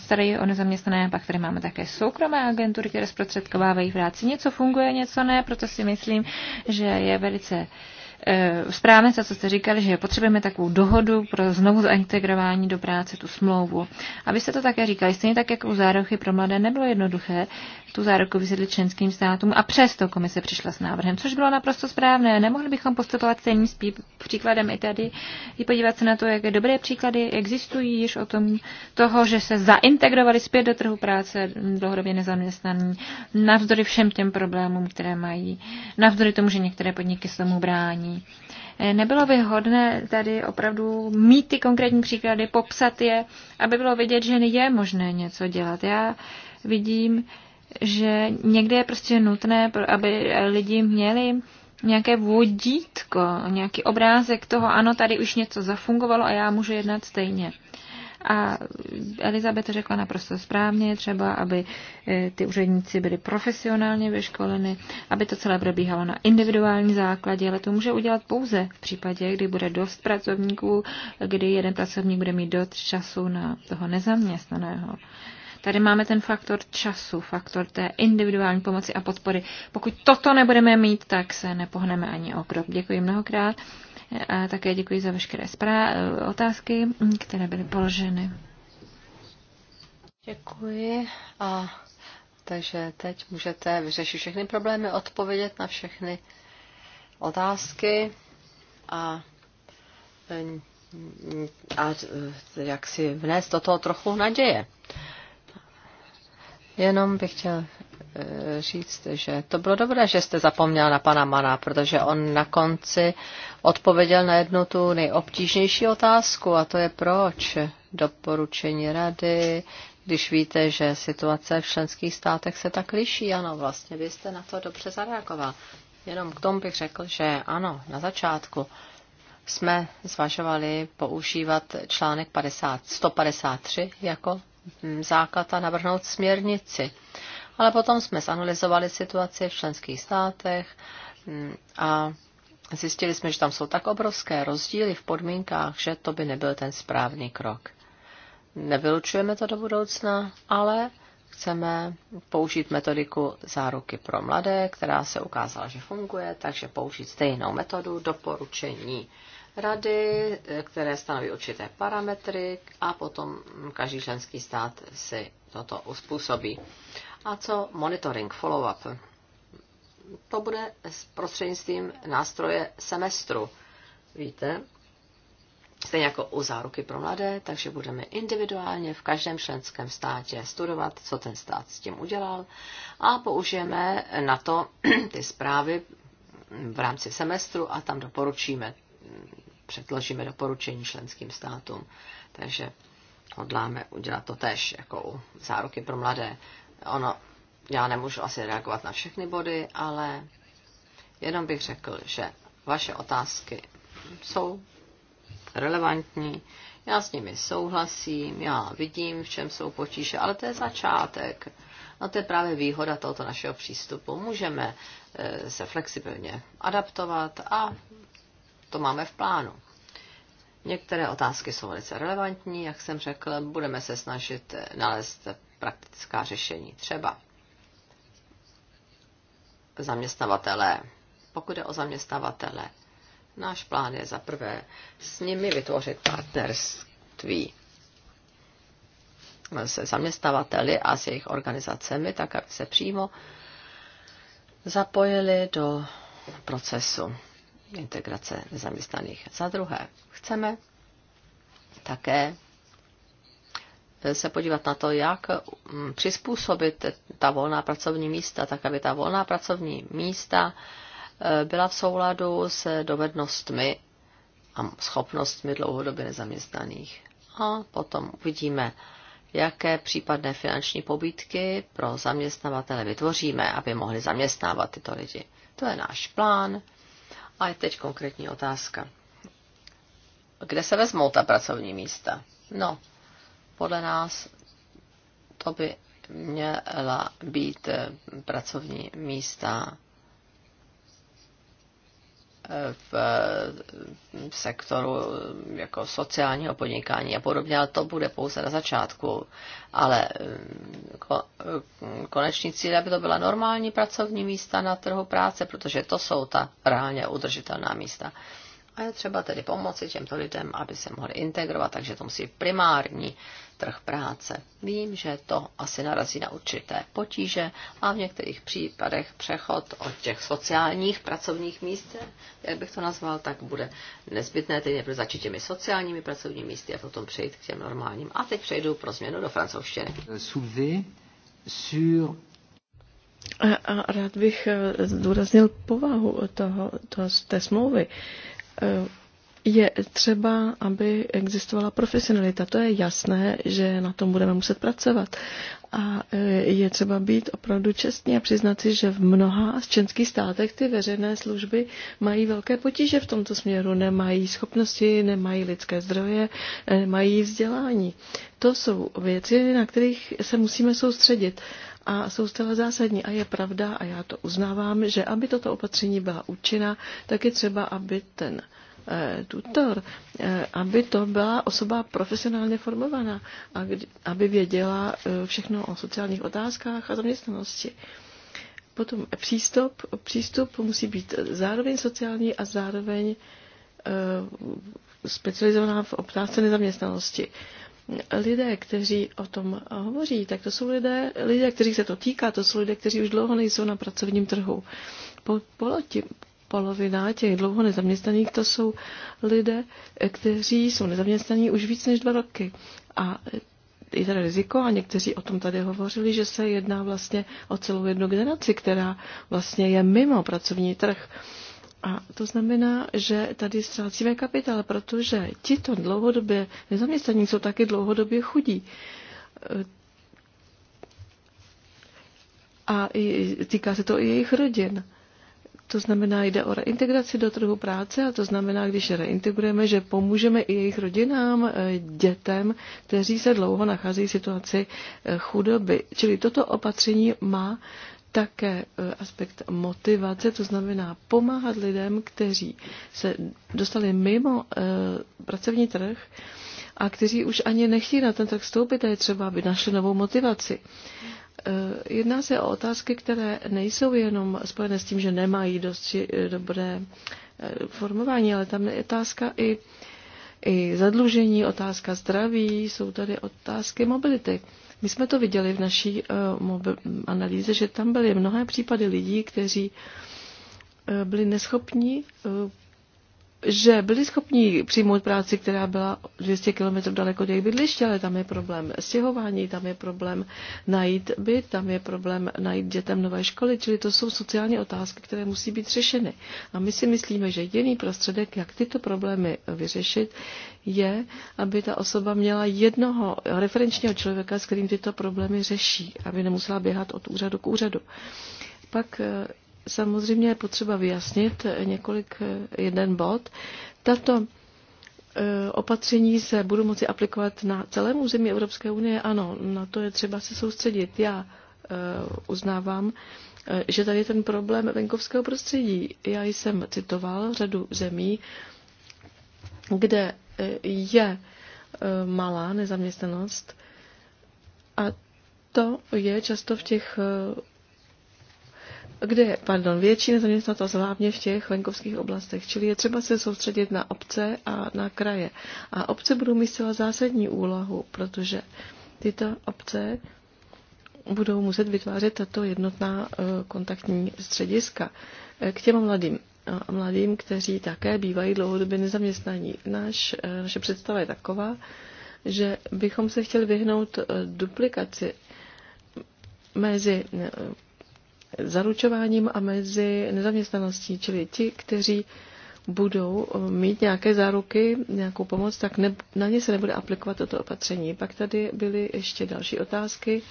starají o nezaměstnané, pak tady máme také soukromé agentury, které zprostředkovávají práci. Něco něco funguje, něco ne, proto si myslím, že je velice eh, správně se, co jste říkali, že potřebujeme takovou dohodu pro znovu zaintegrování do práce tu smlouvu. Aby se to také říkali, stejně tak jako u zárochy pro mladé nebylo jednoduché tu záruku vyzvedli členským státům a přesto komise přišla s návrhem, což bylo naprosto správné. Nemohli bychom postupovat stejným příkladem i tady i podívat se na to, jaké dobré příklady existují již o tom toho, že se zaintegrovali zpět do trhu práce dlouhodobě nezaměstnaní, navzdory všem těm problémům, které mají, navzdory tomu, že některé podniky se tomu brání. E, nebylo by hodné tady opravdu mít ty konkrétní příklady, popsat je, aby bylo vidět, že je možné něco dělat. Já vidím, že někdy je prostě nutné, aby lidi měli nějaké vodítko, nějaký obrázek toho, ano, tady už něco zafungovalo a já můžu jednat stejně. A Elizabeth řekla naprosto správně, třeba aby eh, ty úředníci byly profesionálně vyškoleny, aby to celé probíhalo na individuální základě, ale to může udělat pouze v případě, kdy bude dost pracovníků, kdy jeden pracovník bude mít dost času na toho nezaměstnaného. Tady máme ten faktor času, faktor té individuální pomoci a podpory. Pokud toto nebudeme mít, tak se nepohneme ani o krok. Děkuji mnohokrát. A také děkuji za veškeré otázky, které byly položeny.
Děkuji. A takže teď můžete vyřešit všechny problémy, odpovědět na všechny otázky a, a jak si vnést do toho trochu naděje. Jenom bych chtěl eh, říct, že to bylo dobré, že jste zapomněl na pana Mana, protože on na konci odpověděl na jednu tu nejobtížnější otázku a to je proč doporučení rady, když víte, že situace v členských státech se tak liší. Ano, vlastně vy jste na to dobře zareagoval. Jenom k tomu bych řekl, že ano, na začátku jsme zvažovali používat článek 50, 153 jako Mm, základ a navrhnout směrnici. Ale potom jsme zanalizovali situaci v členských státech mm, a zjistili jsme, že tam jsou tak obrovské rozdíly v podmínkách, že to by nebyl ten správný krok. Nevylučujeme to do budoucna, ale chceme použít metodiku záruky pro mladé, která se ukázala, že funguje, takže použít stejnou metodu doporučení rady, které stanoví určité parametry a potom každý členský stát si toto uspůsobí. A co monitoring, follow-up? To bude s prostřednictvím nástroje semestru. Víte, stejně jako u záruky pro mladé, takže budeme individuálně v každém členském státě studovat, co ten stát s tím udělal a použijeme na to [clears throat] ty zprávy v rámci semestru a tam doporučíme předložíme doporučení členským státům. Takže hodláme udělat to tež, jako u záruky pro mladé. Ono, já nemůžu asi reagovat na všechny body, ale jenom bych řekl, že vaše otázky jsou relevantní, já s nimi souhlasím, já vidím, v čem jsou potíže, ale to je začátek. No to je právě výhoda tohoto našeho přístupu. Můžeme eh, se flexibilně adaptovat a to máme v plánu. Některé otázky jsou velice relevantní, jak jsem řekl, budeme se snažit nalézt praktická řešení. Třeba zaměstnavatelé. Pokud je o zaměstnavatele, náš plán je zaprvé s nimi vytvořit partnerství se zaměstnavateli a s jejich organizacemi, tak aby se přímo zapojili do procesu integrace nezaměstnaných. Za druhé, chceme také eh, se podívat na to, jak mm, přizpůsobit ta volná pracovní místa, tak aby ta volná pracovní místa eh, byla v souladu s dovednostmi a schopnostmi dlouhodobě nezaměstnaných. A potom uvidíme, jaké případné finanční pobídky pro zaměstnavatele vytvoříme, aby mohli zaměstnávat tyto lidi. To je náš plán a je teď konkrétní otázka. Kde se vezmou ta pracovní místa? No, podle nás to by měla být eh, pracovní místa v sektoru jako sociálního podnikání a podobně, ale to bude pouze na začátku. Ale mm, mm, konečný cíl, aby to byla normální pracovní místa na trhu práce, protože to jsou ta reálně udržitelná místa. A je třeba tedy pomoci těmto lidem, aby se mohli integrovat, takže to musí primární trh práce. Vím, že to asi narazí na určité potíže a v některých případech přechod od těch sociálních pracovních míst, jak bych to nazval, tak bude nezbytné tedy nejprve začít těmi sociálními pracovními místy a potom přejít k těm normálním. A teď přejdu pro změnu do francouzštiny.
Sur a, a rád bych eh, zdůraznil povahu toho, toho, té smlouvy. Eh, je třeba, aby existovala profesionalita. To je jasné, že na tom budeme muset pracovat. A eh, je třeba být opravdu čestný a přiznat si, že v mnoha z členských státech ty veřejné služby mají velké potíže v tomto směru. Nemají schopnosti, nemají lidské zdroje, eh, mají vzdělání. To jsou věci, na kterých se musíme soustředit a jsou zcela zásadní. A je pravda, a já to uznávám, že aby toto opatření byla účinná, tak je třeba, aby ten eh, tutor, eh, aby to byla osoba profesionálně formovaná a aby věděla eh, všechno o sociálních otázkách a zaměstnanosti. Potom přístup, přístup musí být zároveň sociální a zároveň specializovaná v otázce nezaměstnanosti lidé, kteří o tom hovoří, tak to jsou lidé, lidé, kteří se to týká, to jsou lidé, kteří už dlouho nejsou na pracovním trhu. Po, poloti, polovina těch dlouho nezaměstnaných, to jsou lidé, kteří jsou nezaměstnaní už víc než dva roky. A je tady riziko, a někteří o tom tady hovořili, že se jedná vlastně o celou jednu generaci, která vlastně je mimo pracovní trh. A to znamená, že tady ztrácíme kapitál, protože tito dlouhodobě nezaměstnaní jsou taky dlouhodobě chudí. A týká se to i jejich rodin. To znamená, jde o reintegraci do trhu práce a to znamená, když je reintegrujeme, že pomůžeme i jejich rodinám, eh, dětem, kteří se dlouho nacházejí v situaci eh, chudoby. Čili toto opatření má také e, aspekt motivace, to znamená pomáhat lidem, kteří se dostali mimo e, pracovní trh a kteří už ani nechtějí na ten trh vstoupit a je třeba, aby našli novou motivaci. E, jedná se o otázky, které nejsou jenom spojené s tím, že nemají dost dobré formování, ale tam je otázka i, i zadlužení, otázka zdraví, jsou tady otázky mobility. My jsme to viděli v naší eh, analýze, že tam byly mnohé případy lidí, kteří eh, byli neschopni eh, že byli schopni přijmout práci, která byla 200 km daleko od jejich bydliště, ale tam je problém stěhování, tam je problém najít byt, tam je problém najít dětem nové školy, čili to jsou sociální otázky, které musí být řešeny. A my si myslíme, že jediný prostředek, jak tyto problémy vyřešit, je, aby ta osoba měla jednoho referenčního člověka, s kterým tyto problémy řeší, aby nemusela běhat od úřadu k úřadu. Pak samozřejmě je potřeba vyjasnit několik eh, jeden bod. Tato eh, opatření se budou moci aplikovat na celém území Evropské unie? Ano, na to je třeba se soustředit. Já eh, uznávám, že tady je ten problém venkovského prostředí. Já jsem citoval řadu zemí, kde je malá nezaměstnanost a to je často v těch kde pardon, větší nezaměstnanost, hlavně v těch venkovských oblastech. Čili je třeba se soustředit na obce a na kraje. A obce budou mít zcela zásadní úlohu, protože tyto obce budou muset vytvářet tato jednotná eh, kontaktní střediska eh, k těm mladým. A eh, mladým, kteří také bývají dlouhodobě nezaměstnaní. Naš, naše představa je taková, že bychom se chtěli vyhnout duplikaci mezi zaručováním a mezi nezaměstnaností, čili ti, kteří budou eh, mít nějaké záruky, nějakou pomoc, tak ne, na ně se nebude aplikovat toto opatření. Pak tady byly ještě další otázky.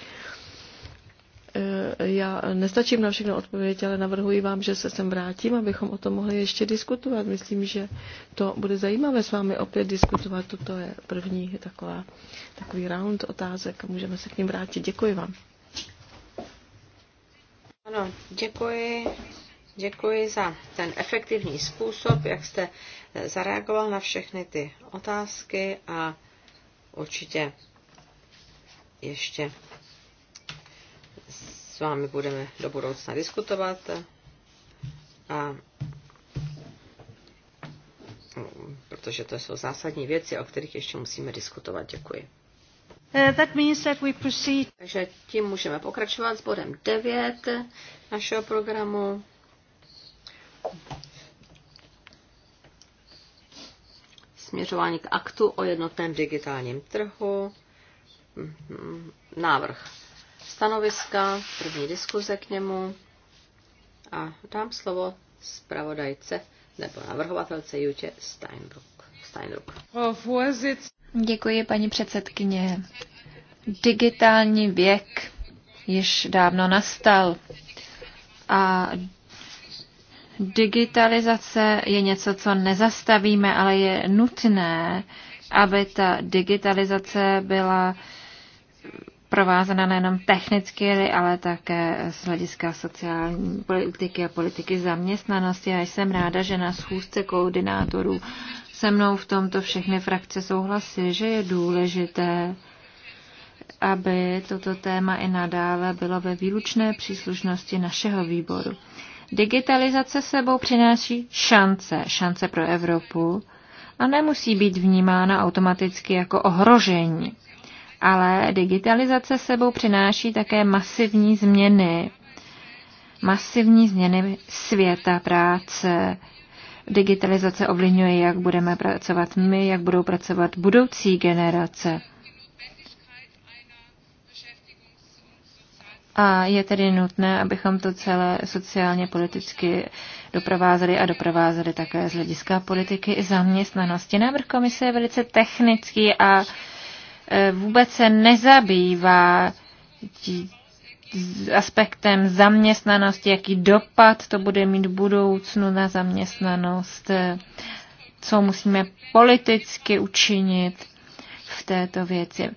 Eh, já nestačím na všechno odpovědět, ale navrhuji vám, že se sem vrátím, abychom o tom mohli ještě diskutovat. Myslím, že to bude zajímavé s vámi opět diskutovat. Toto je první taková, takový round otázek a můžeme se k ním vrátit. Děkuji vám. Ano,
děkuji. Děkuji za ten efektivní způsob, jak jste eh, zareagoval na všechny ty otázky a určitě ještě s vámi budeme do budoucna diskutovat a mm, protože to jsou zásadní věci, o kterých ještě musíme diskutovat. Děkuji. Uh, Takže tím můžeme pokračovat s bodem 9 našeho programu. Směřování k aktu o jednotném digitálním trhu. Mhm. Návrh stanoviska, první diskuze k němu. A dám slovo zpravodajce nebo navrhovatelce Jutě Steinbruck. Steinruck.
Děkuji, paní předsedkyně. Digitální věk již dávno nastal a digitalizace je něco, co nezastavíme, ale je nutné, aby ta digitalizace byla provázena nejenom technicky, ale také z hlediska sociální politiky a politiky zaměstnanosti. Já jsem ráda, že na schůzce koordinátorů se mnou v tomto všechny frakce souhlasí, že je důležité, aby toto téma i nadále bylo ve výlučné příslušnosti našeho výboru. Digitalizace sebou přináší šance, šance pro Evropu a nemusí být vnímána automaticky jako ohrožení. Ale digitalizace sebou přináší také masivní změny. Masivní změny světa práce, digitalizace ovlivňuje, jak budeme pracovat my, jak budou pracovat budoucí generace. A je tedy nutné, abychom to celé sociálně politicky doprovázeli a doprovázeli také z hlediska politiky i zaměstnanosti. Návrh komise je velice technický a e, vůbec se nezabývá aspektem zaměstnanosti, jaký dopad to bude mít v budoucnu na zaměstnanost, eh, co musíme politicky učinit v této věci.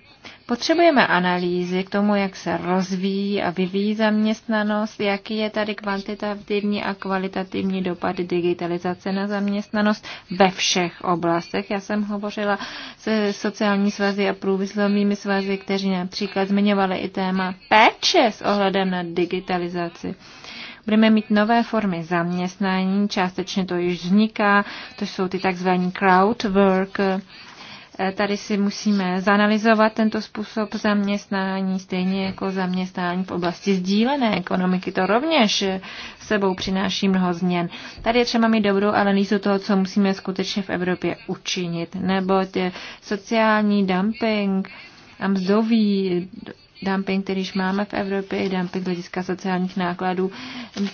Potřebujeme analýzy k tomu, jak se rozvíjí a vyvíjí zaměstnanost, jaký je tady kvantitativní a kvalitativní dopad digitalizace na zaměstnanost ve všech oblastech. Já jsem hovořila se sociální svazy a průmyslovými svazy, kteří například zmiňovali i téma péče s ohledem na digitalizaci. Budeme mít nové formy zaměstnání, částečně to již vzniká, to jsou ty takzvané crowd work, Eh, tady si musíme zanalizovat tento způsob zaměstnání, stejně jako zaměstnání v oblasti sdílené ekonomiky. To rovněž eh, sebou přináší mnoho změn. Tady je třeba mít dobrou analýzu toho, co musíme skutečně v Evropě učinit, nebo eh, sociální dumping, a mzdový dumping, kterýž máme v Evropě, i dumping hlediska sociálních nákladů.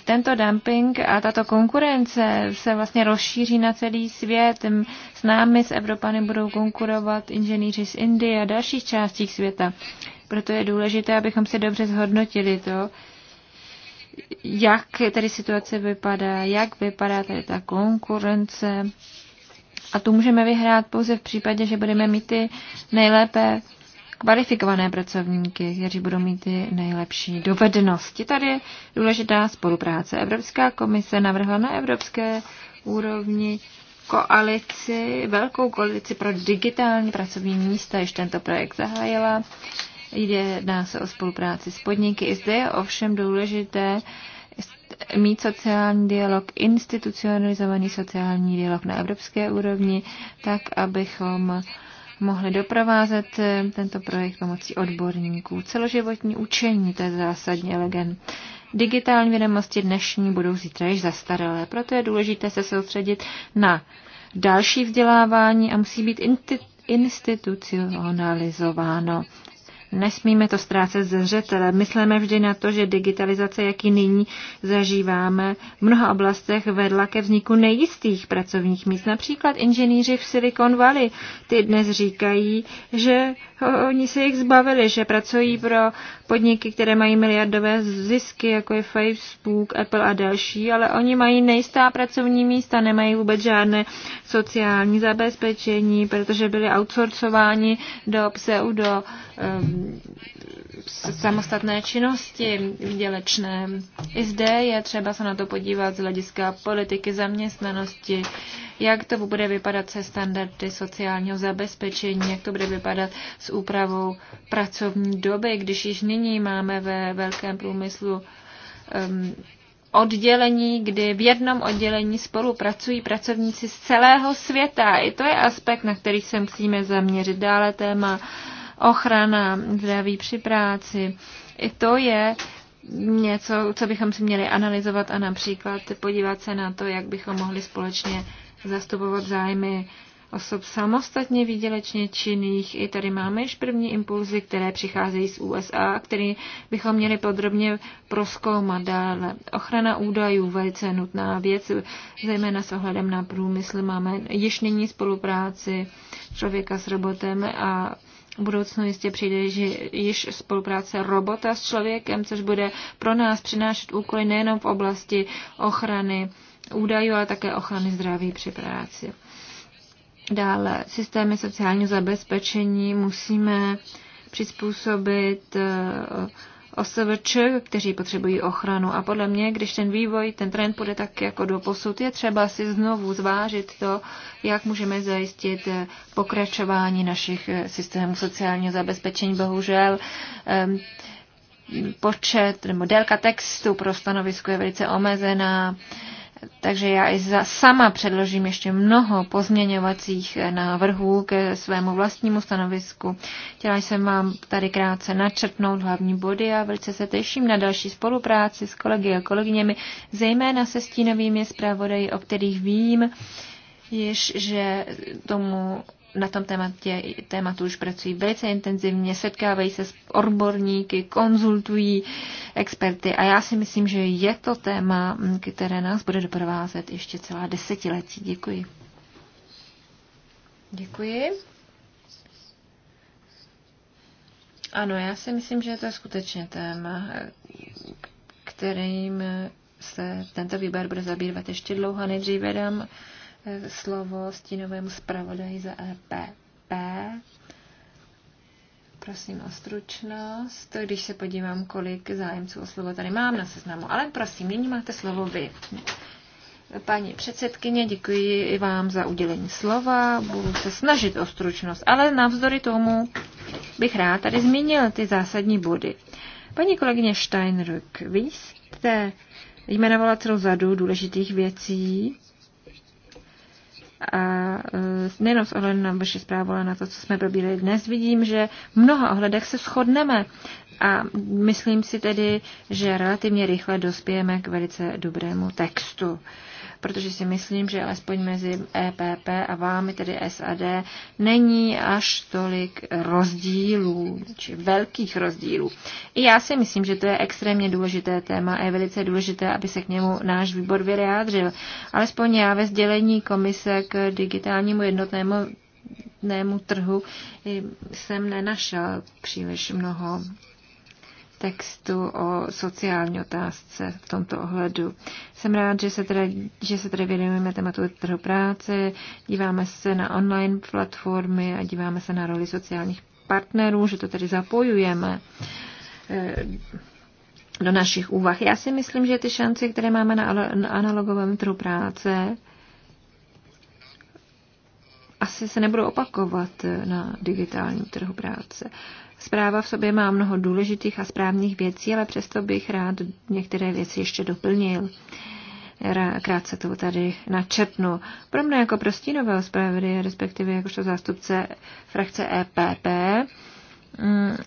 Tento dumping a tato konkurence se vlastně rozšíří na celý svět. S námi, s Evropany, budou konkurovat inženýři z Indie a dalších částí světa. Proto je důležité, abychom si dobře zhodnotili to, jak tedy situace vypadá, jak vypadá tady ta konkurence. A tu můžeme vyhrát pouze v případě, že budeme mít ty nejlépe kvalifikované pracovníky, kteří budou mít ty nejlepší dovednosti. Tady je důležitá spolupráce. Evropská komise navrhla na evropské úrovni koalici, velkou koalici pro digitální pracovní místa, již tento projekt zahájila. Jedná se o spolupráci s podniky. I zde je ovšem důležité mít sociální dialog, institucionalizovaný sociální dialog na evropské úrovni, tak abychom mohli doprovázet eh, tento projekt pomocí odborníků. Celoživotní učení, to je zásadně legend. Digitální vědomosti dnešní budou zítra již zastaralé, proto je důležité se soustředit na další vzdělávání a musí být institucionalizováno. Nesmíme to ztrácet ze zřetele. Myslíme vždy na to, že digitalizace, jaký nyní zažíváme, v mnoha oblastech vedla ke vzniku nejistých pracovních míst. Například inženýři v Silicon Valley, ty dnes říkají, že oni se jich zbavili, že pracují pro podniky, které mají miliardové zisky, jako je Facebook, Apple a další, ale oni mají nejistá pracovní místa, nemají vůbec žádné sociální zabezpečení, protože byli outsourcováni do pseudo um,
Eh,
samostatné činnosti výdělečné. I zde je třeba se na to podívat z hlediska politiky zaměstnanosti, jak to bude vypadat se standardy sociálního zabezpečení, jak to bude vypadat s úpravou pracovní doby, když již nyní máme ve velkém průmyslu um, oddělení, kdy v jednom oddělení spolupracují pracovníci z celého světa. I to je aspekt, na který se musíme zaměřit. Dále téma uh, ochrana zdraví při práci. I to je něco, co bychom si měli analyzovat a například podívat se na to, jak bychom mohli společně zastupovat zájmy osob samostatně výdělečně činných. I tady máme již první impulzy, které přicházejí z USA, které bychom měli podrobně proskoumat dále. Ochrana údajů velice nutná věc, zejména s ohledem na průmysl. Máme již nyní spolupráci člověka s robotem a v budoucnu jistě přijde že již spolupráce robota s člověkem, což bude pro nás přinášet úkoly nejenom v oblasti ochrany údajů, ale také ochrany zdraví při práci. Dále systémy sociálního zabezpečení musíme přizpůsobit eh, OSVČ, kteří potřebují ochranu. A podle mě, když ten vývoj, ten trend půjde tak jako do posud, je třeba si znovu zvážit to, jak můžeme zajistit pokračování našich eh, systémů sociálního zabezpečení. Bohužel ehm, počet nebo délka textu pro stanovisko je velice omezená. Takže já i za, sama předložím ještě mnoho pozměňovacích eh, návrhů ke svému vlastnímu stanovisku. Chtěla jsem vám tady krátce načrtnout hlavní body a velice se těším na další spolupráci s kolegy a kolegyněmi, zejména se stínovými zpravodaji, o kterých vím, již, že tomu na tom tématě, tématu už pracují velice intenzivně, setkávají se s odborníky, konzultují experty a já si myslím, že je to téma, které nás bude doprovázet ještě celá desetiletí. Děkuji. Děkuji. Ano, já si myslím, že to je skutečně téma, kterým se tento výběr bude zabývat ještě dlouho. Nejdříve dám slovo stínovému zpravodaji za EPP. Prosím o stručnost, když se podívám, kolik zájemců o slovo tady mám na seznamu. Ale prosím, nyní máte slovo vy. Paní předsedkyně, děkuji i vám za udělení slova. Budu se snažit o stručnost, ale navzdory tomu bych rád tady zmínil ty zásadní body. Paní kolegyně Steinrück, vy jste jmenovala celou zadu důležitých věcí, a e, nejenom s ohledem na vaši zprávu, ale na to, co jsme probírali dnes, vidím, že v mnoha ohledech se shodneme. A myslím si tedy, že relativně rychle dospějeme k velice dobrému textu protože si myslím, že alespoň mezi EPP a vámi, tedy SAD, není až tolik rozdílů, či velkých rozdílů. I já si myslím, že to je extrémně důležité téma a je velice důležité, aby se k němu náš výbor vyjádřil. Alespoň já ve sdělení komise k digitálnímu jednotnému jednotnému trhu jsem nenašel příliš mnoho textu o sociální otázce v tomto ohledu. Jsem rád, že se tady, že se tady věnujeme tématu trhu práce, díváme se na online platformy a díváme se na roli sociálních partnerů, že to tedy zapojujeme eh, do našich úvah. Já si myslím, že ty šance, které máme na analogovém trhu práce, asi se nebudou opakovat na digitálním trhu práce. Zpráva v sobě má mnoho důležitých a správných věcí, ale přesto bych rád některé věci ještě doplnil. Krátce to tady načetnu. Pro mě jako prostínového zprávy, respektive jakožto zástupce frakce EPP, mm,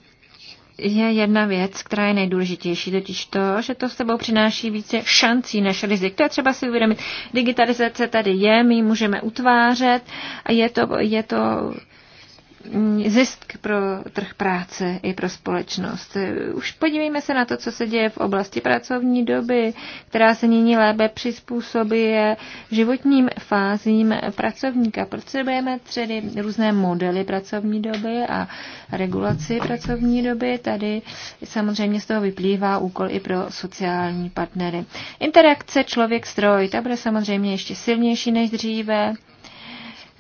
je jedna věc, která je nejdůležitější, totiž to, že to s sebou přináší více šancí než rizik. To je třeba si uvědomit. Digitalizace tady je, my ji můžeme utvářet a je to, je to zisk pro trh práce i pro společnost. Už podívejme se na to, co se děje v oblasti pracovní doby, která se nyní lépe přizpůsobuje životním fázím pracovníka. Potřebujeme tedy různé modely pracovní doby a regulaci pracovní doby. Tady samozřejmě z toho vyplývá úkol i pro sociální partnery. Interakce člověk-stroj, ta bude samozřejmě ještě silnější než dříve.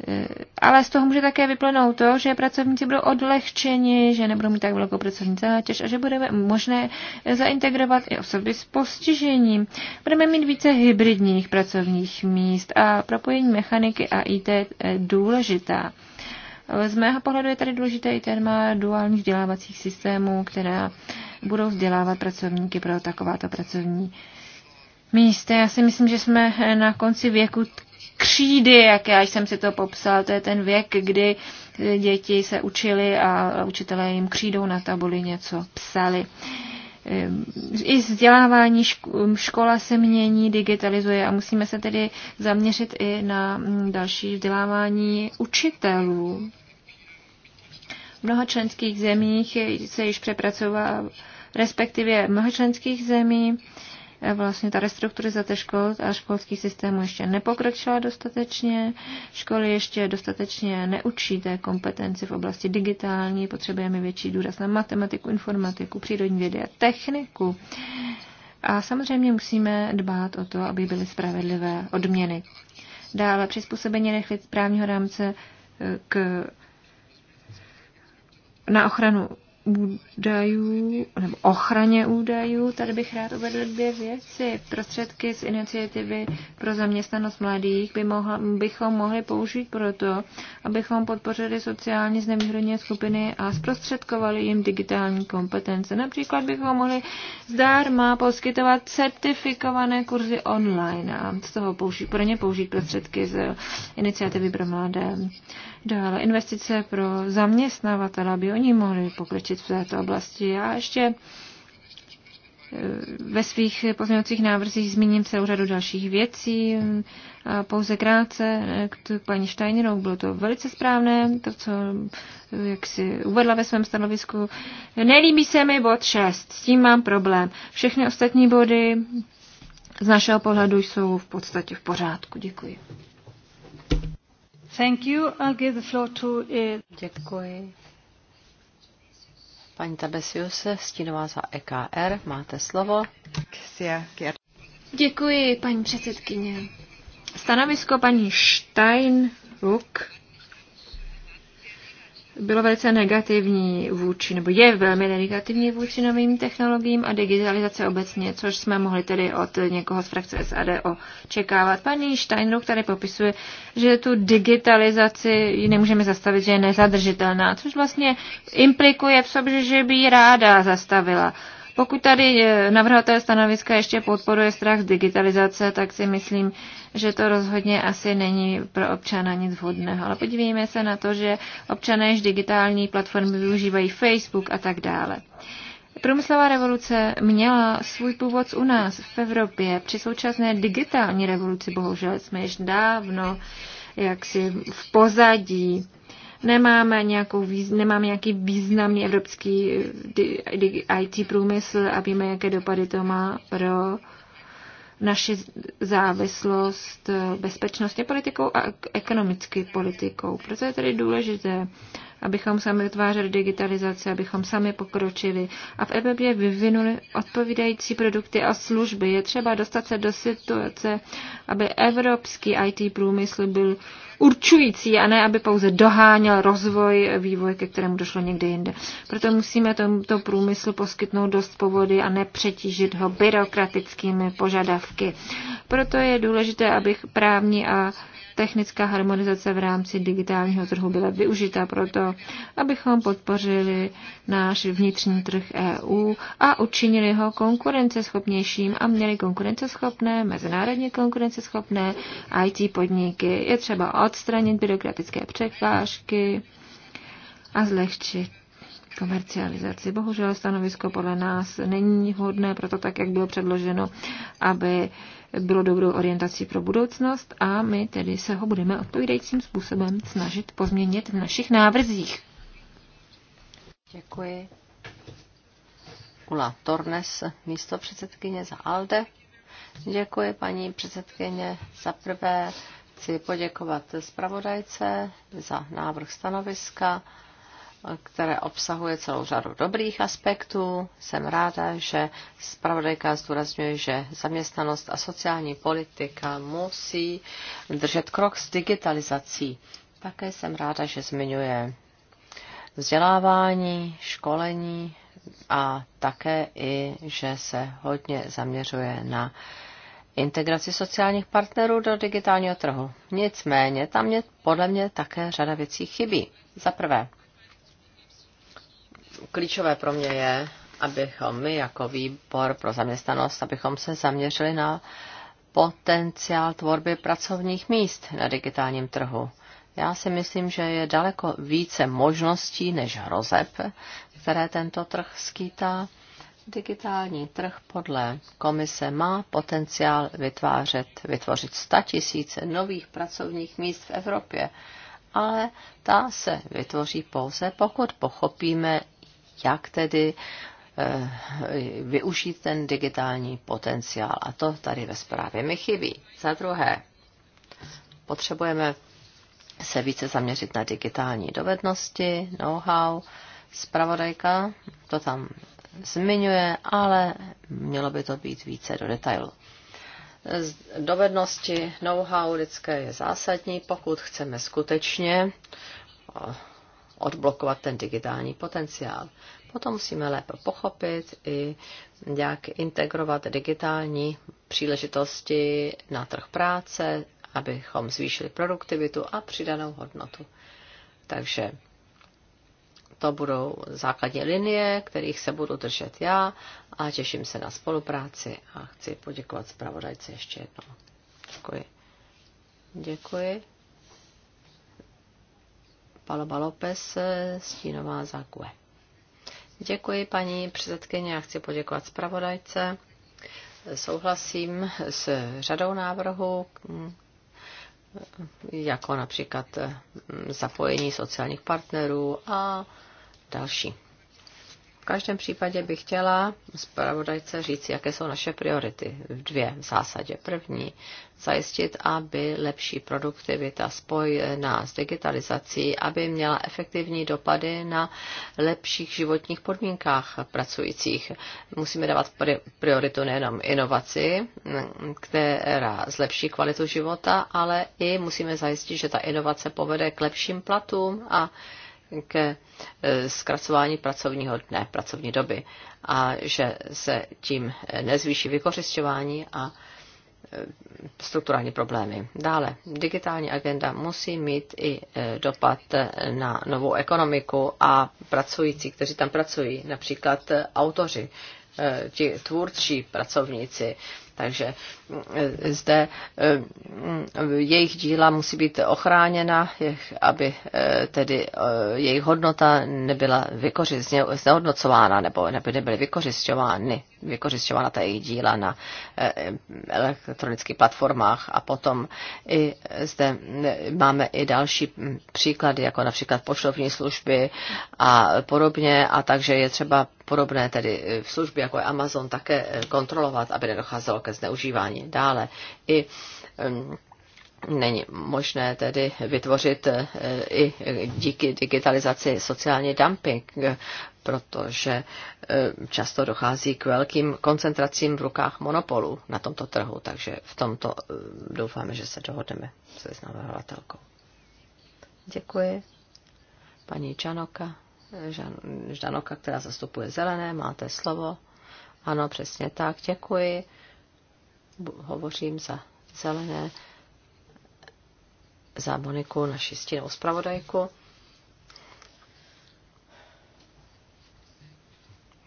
Eh, ale z toho může také vyplnout to, že pracovníci budou odlehčeni, že nebudou mít tak velkou pracovní zátěž a že budeme možné zaintegrovat i osoby s postižením. Budeme mít více hybridních pracovních míst a propojení mechaniky a IT je důležitá. Z mého pohledu je tady důležité i téma duálních vzdělávacích systémů, která budou vzdělávat pracovníky pro takováto pracovní místa. Já si myslím, že jsme na konci věku křídy, jak já jsem si to popsal, to je ten věk, kdy eh, děti se učili a učitelé jim křídou na tabuli něco psali. Ehm, I vzdělávání škola se mění, digitalizuje a musíme se tedy zaměřit i na mm, další vzdělávání učitelů. V mnoha členských zemích se již přepracovává, respektive v mnoha členských zemí vlastně ta restrukturizace škol a školských systémů ještě nepokročila dostatečně, školy ještě dostatečně neučí té kompetenci v oblasti digitální, potřebujeme větší důraz na matematiku, informatiku, přírodní vědy a techniku. A samozřejmě musíme dbát o to, aby byly spravedlivé odměny. Dále přizpůsobení rychlit právního rámce eh, k, na ochranu údajů nebo ochraně údajů, tady bych rád uvedl dvě věci. Prostředky z iniciativy pro zaměstnanost mladých by mohla, bychom mohli použít proto, abychom podpořili sociálně znevýhodněné skupiny a zprostředkovali jim digitální kompetence. Například bychom mohli zdarma poskytovat certifikované kurzy online a z toho použít, pro ně použít prostředky z iniciativy pro mladé. Dále investice pro zaměstnavatele, aby oni mohli pokročit v této oblasti. Já ještě e, ve svých pozměňovacích návrzích zmíním celou řadu dalších věcí. A pouze krátce e, k paní Steinerovou bylo to velice správné, to, co e, jak si uvedla ve svém stanovisku. Nelíbí se mi bod 6, s tím mám problém. Všechny ostatní body z našeho pohledu jsou v podstatě v pořádku. Děkuji.
Thank you.
I'll give the floor to... Eh, Děkuji.
Paní Tabesiuse, stínová za EKR, máte slovo.
Děkuji, paní předsedkyně. Stanovisko paní Steinruck bylo velice negativní vůči, nebo je velmi negativní vůči novým technologiím a digitalizace obecně, což jsme mohli tedy od někoho z frakce SAD očekávat. Paní Steinru, tady popisuje, že tu digitalizaci ji nemůžeme zastavit, že je nezadržitelná, což vlastně implikuje v sobě, že by ji ráda zastavila. Pokud tady eh, navrhovatel stanoviska ještě podporuje strach z digitalizace, tak si myslím, že to rozhodně asi není pro občana nic vhodného. Ale podívejme se na to, že občané již digitální platformy využívají Facebook a tak dále. Průmyslová revoluce měla svůj původ u nás v Evropě. Při současné digitální revoluci bohužel jsme již dávno jaksi v pozadí nemáme, nějakou, nemáme nějaký významný evropský IT průmysl a víme, jaké dopady to má pro naši závislost eh, bezpečnostně politikou a ekonomicky politikou. Proto je tedy důležité, abychom sami vytvářeli digitalizaci, abychom sami pokročili a v Evropě vyvinuli odpovídající produkty a služby. Je třeba dostat se do situace, aby evropský IT průmysl byl určující a ne, aby pouze doháněl rozvoj, vývoj, ke kterému došlo někde jinde. Proto musíme tomuto průmyslu poskytnout dost povody a nepřetížit ho byrokratickými požadavky. Proto je důležité, abych právní a technická harmonizace v rámci digitálního trhu byla využita proto, abychom podpořili náš vnitřní trh EU a učinili ho konkurenceschopnějším a měli konkurenceschopné, mezinárodně konkurenceschopné IT podniky. Je třeba odstranit byrokratické překážky a zlehčit komercializaci. Bohužel stanovisko podle nás není vhodné, proto tak, jak bylo předloženo, aby bylo dobrou orientací pro budoucnost a my tedy se ho budeme odpovídajícím způsobem snažit pozměnit v našich návrzích. Děkuji.
Ula Tornes, místo předsedkyně za ALDE. Děkuji, paní předsedkyně. Za prvé chci poděkovat zpravodajce za návrh stanoviska které obsahuje celou řadu dobrých aspektů. Jsem ráda, že zpravodajka zdůrazňuje, že zaměstnanost a sociální politika musí držet krok s digitalizací. Také jsem ráda, že zmiňuje vzdělávání, školení a také i, že se hodně zaměřuje na integraci sociálních partnerů do digitálního trhu. Nicméně tam mě podle mě také řada věcí chybí. Za prvé, klíčové pro mě je, abychom my jako výbor pro zaměstnanost, abychom se zaměřili na potenciál tvorby pracovních míst na digitálním trhu. Já si myslím, že je daleko více možností než hrozeb, které tento trh skýtá. Digitální trh podle komise má potenciál vytvářet, vytvořit 100 tisíce nových pracovních míst v Evropě, ale ta se vytvoří pouze, pokud pochopíme jak tedy eh, využít ten digitální potenciál. A to tady ve zprávě mi chybí. Za druhé, potřebujeme se více zaměřit na digitální dovednosti, know-how. Spravodajka to tam zmiňuje, ale mělo by to být více do detailu. Dovednosti, know-how lidské je zásadní, pokud chceme skutečně eh, odblokovat ten digitální potenciál. Potom musíme lépe pochopit i, jak integrovat digitální příležitosti na trh práce, abychom zvýšili produktivitu a přidanou hodnotu. Takže to budou základní linie, kterých se budu držet já a těším se na spolupráci a chci poděkovat zpravodajce ještě jednou. Děkuji. Děkuji. Paloma López, Stínová Zague. Děkuji paní předsedkyně, já chci poděkovat zpravodajce. Souhlasím s řadou návrhů, jako například zapojení sociálních partnerů a další. V každém případě bych chtěla zpravodajce říct, jaké jsou naše priority. V dvě v zásadě. První, zajistit, aby lepší produktivita spojená s digitalizací, aby měla efektivní dopady na lepších životních podmínkách pracujících. Musíme dávat prioritu nejenom inovaci, která zlepší kvalitu života, ale i musíme zajistit, že ta inovace povede k lepším platům a ke e, zkracování pracovního dne, pracovní doby a že se tím nezvýší vykořišťování a e, strukturální problémy. Dále, digitální agenda musí mít i e, dopad na novou ekonomiku a pracující, kteří tam pracují, například autoři, ti tvůrčí pracovníci, takže eh, zde eh, jejich díla musí být ochráněna, aby eh, tedy jejich hodnota nebyla znehodnocována nebo nebyly vykořišťovány, vykořišťována ta jejich díla na elektronických platformách. A potom i zde máme i další příklady, jako například poštovní služby a podobně. A takže je třeba podobné tedy v službě, jako je Amazon, také kontrolovat, aby nedocházelo ke zneužívání. Dále i není možné tedy vytvořit eh, i díky digitalizaci sociální dumping, protože eh, často dochází k velkým koncentracím v rukách monopolů na tomto trhu, takže v tomto eh, doufáme, že se dohodneme se s navrhovatelkou. Děkuji. Paní Čanoka, Žanoka, která zastupuje zelené, máte slovo. Ano, přesně tak, děkuji hovořím za zelené, za Moniku, naši stínovou zpravodajku.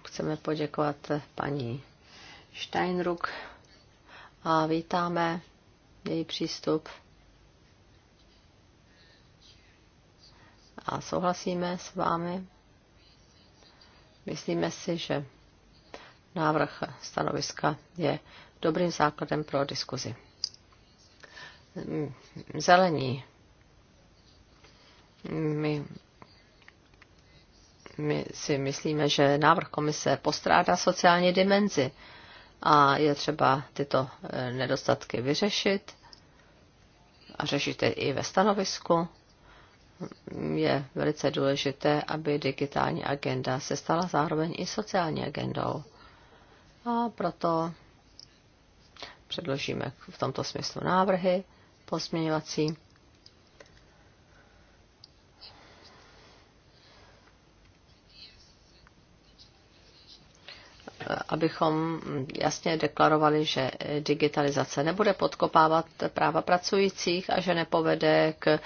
Chceme poděkovat paní Steinruck a vítáme její přístup. A souhlasíme s vámi. Myslíme si, že návrh stanoviska je dobrým základem pro diskuzi. Zelení. My, my si myslíme, že návrh komise postrádá sociální dimenzi a je třeba tyto eh, nedostatky vyřešit a řešíte i ve stanovisku. Je velice důležité, aby digitální agenda se stala zároveň i sociální agendou. A proto předložíme v tomto smyslu návrhy pozměňovací. abychom jasně deklarovali, že digitalizace nebude podkopávat práva pracujících a že nepovede k,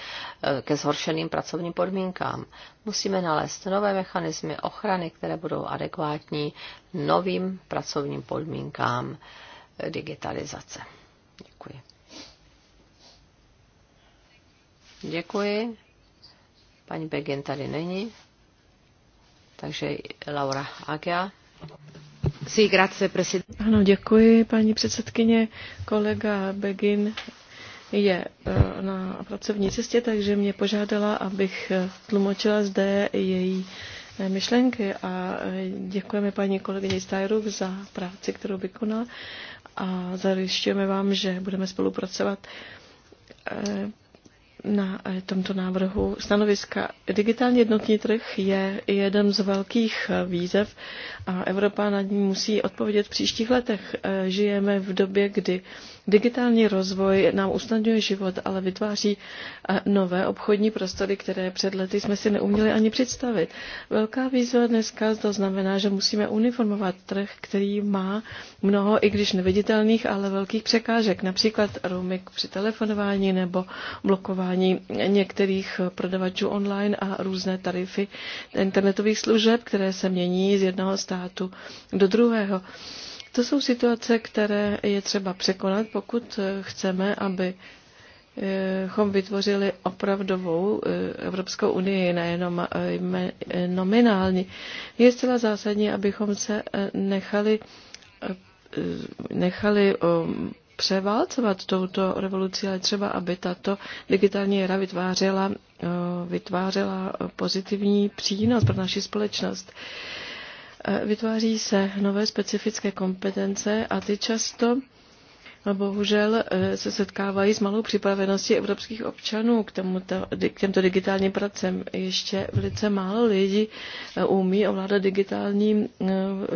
ke zhoršeným pracovním podmínkám. Musíme nalézt nové mechanismy ochrany, které budou adekvátní novým pracovním podmínkám digitalizace. Děkuji. Děkuji. Paní Begin tady není. Takže Laura Agia.
Sí, grazie, president. Ano, děkuji, paní předsedkyně. Kolega Begin je eh, na pracovní cestě, takže mě požádala, abych eh, tlumočila zde její eh, myšlenky a děkujeme paní kolegyni Stajruk za práci, kterou vykonala a zajišťujeme vám, že budeme spolupracovat eh, na eh, tomto návrhu stanoviska. Digitální jednotný trh je jeden z velkých eh, výzev a Evropa na ní musí odpovědět v příštích letech. Žijeme v době, kdy Digitální rozvoj nám usnadňuje život, ale vytváří eh, nové obchodní prostory, které před lety jsme si neuměli ani představit. Velká výzva dneska to znamená, že musíme uniformovat trh, který má mnoho, i když neviditelných, ale velkých překážek, například roaming při telefonování nebo blokování některých prodavačů online a různé tarify internetových služeb, které se mění z jednoho státu do druhého. To jsou situace, které je třeba překonat, pokud chceme, aby eh, chom vytvořili opravdovou eh, Evropskou unii, nejenom eh, nominální. Je zcela zásadní, abychom se nechali, nechali převálcovat touto revoluci, ale třeba, aby tato digitální era vytvářela, vytvářela pozitivní přínos pro naši společnost. Vytváří se nové specifické kompetence a ty často bohužel eh, se setkávají s malou připraveností evropských občanů k, tomuto, k těmto digitálním pracem. Ještě velice málo lidí eh, umí ovládat digitální eh,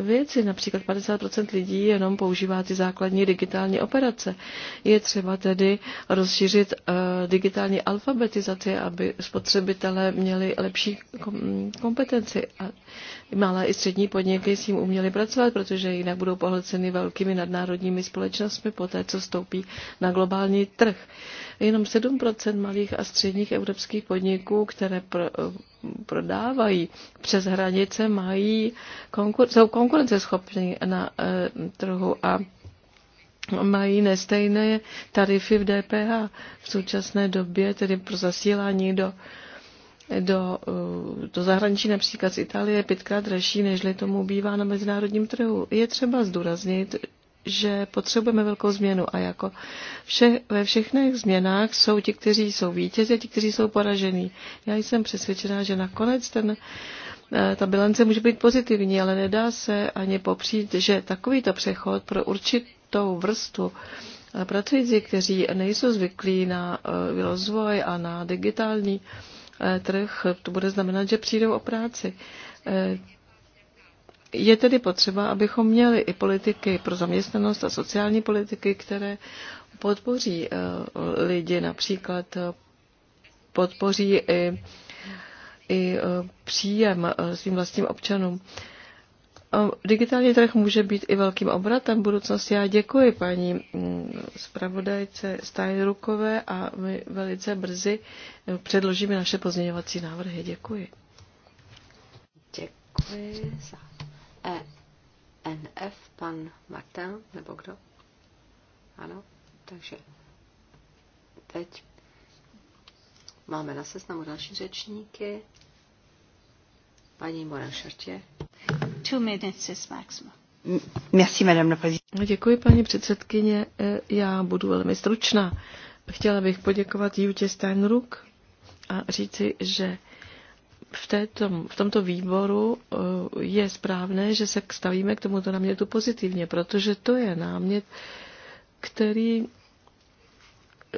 věci. Například 50% lidí jenom používá ty základní digitální operace. Je třeba tedy rozšířit digitální alfabetizaci, aby spotřebitelé měli lepší kompetenci. A malé i střední podniky s tím uměly pracovat, protože jinak budou pohlceny velkými nadnárodními společnostmi, poté poté, co vstoupí na globální trh. Jenom 7 malých a středních evropských podniků, které pro, prodávají přes hranice, mají konkur- jsou konkurenceschopní na e, trhu a mají nestejné tarify v DPH v současné době, tedy pro zasílání do, do, eh, do zahraničí, například z Itálie, pětkrát dražší, nežli tomu bývá na mezinárodním trhu. Je třeba zdůraznit, že potřebujeme velkou změnu a jako vše, ve všech změnách jsou ti, kteří jsou vítězi a ti, kteří jsou poražení. Já jsem přesvědčená, že nakonec ten, eh, ta bilance může být pozitivní, ale nedá se ani popřít, že takovýto přechod pro určitou vrstu eh, pracující, kteří nejsou zvyklí na eh, rozvoj a na digitální trh, to bude znamenat, že přijdou o práci je tedy potřeba, abychom měli i politiky pro zaměstnanost a sociální politiky, které podpoří eh, lidi, například eh, podpoří i, i eh, příjem svým vlastním občanům. Digitální trh může být i velkým obratem budoucnosti. Já děkuji paní mm, zpravodajce Stajnrukové a my velice brzy předložíme naše pozměňovací návrhy. Děkuji.
Děkuji za ENF, pan Martel, nebo kdo? Ano, takže teď máme na seznamu další
řečníky. Paní Moran Šartě. Two minutes
is maximum. Merci, madame la no, Děkuji, paní předsedkyně. E, já budu velmi stručná. Chtěla bych poděkovat Jutě Steinruck a říci, že v, této, v tomto výboru eh, je správné, že se stavíme k tomuto námětu pozitivně, protože to je námět, který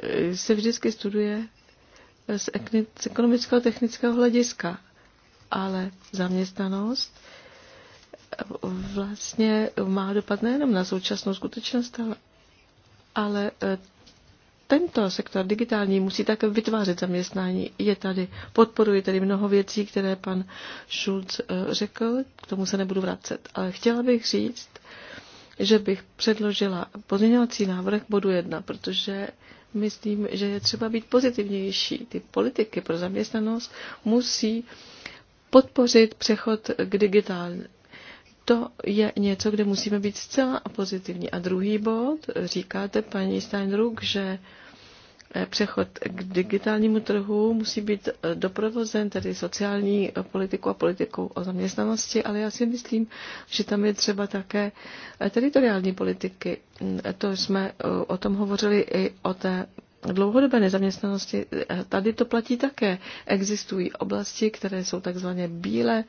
eh, se vždycky studuje eh, z ekonomického technického hlediska, ale zaměstnanost vlastně má dopad nejenom na současnou skutečnost, ale tento sektor digitální musí také vytvářet zaměstnání. Je tady, podporuji tady mnoho věcí, které pan Schulz eh, řekl, k tomu se nebudu vracet. Ale chtěla bych říct, že bych předložila pozměňovací návrh bodu 1, protože myslím, že je třeba být pozitivnější. Ty politiky pro zaměstnanost musí podpořit přechod k digitální to je něco, kde musíme být zcela pozitivní. A druhý bod, říkáte paní Steinruck, že eh, přechod k digitálnímu trhu musí být eh, doprovozen tedy sociální eh, politikou a politikou o zaměstnanosti, ale já si myslím, že tam je třeba také teritoriální politiky. Mm, to jsme o tom hovořili i o té dlouhodobé nezaměstnanosti, eh, tady to platí také. Existují oblasti, které jsou takzvané bílé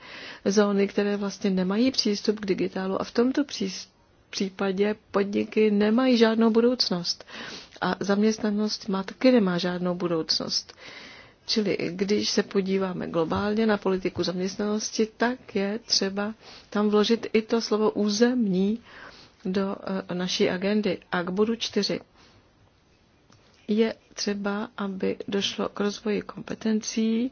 zóny, které vlastně nemají přístup k digitálu a v tomto případě podniky nemají žádnou budoucnost. A zaměstnanost má taky nemá žádnou budoucnost. Čili když se podíváme globálně na politiku zaměstnanosti, tak je třeba tam vložit i to slovo územní do eh, naší agendy. A k bodu čtyři je třeba, aby došlo k rozvoji kompetencí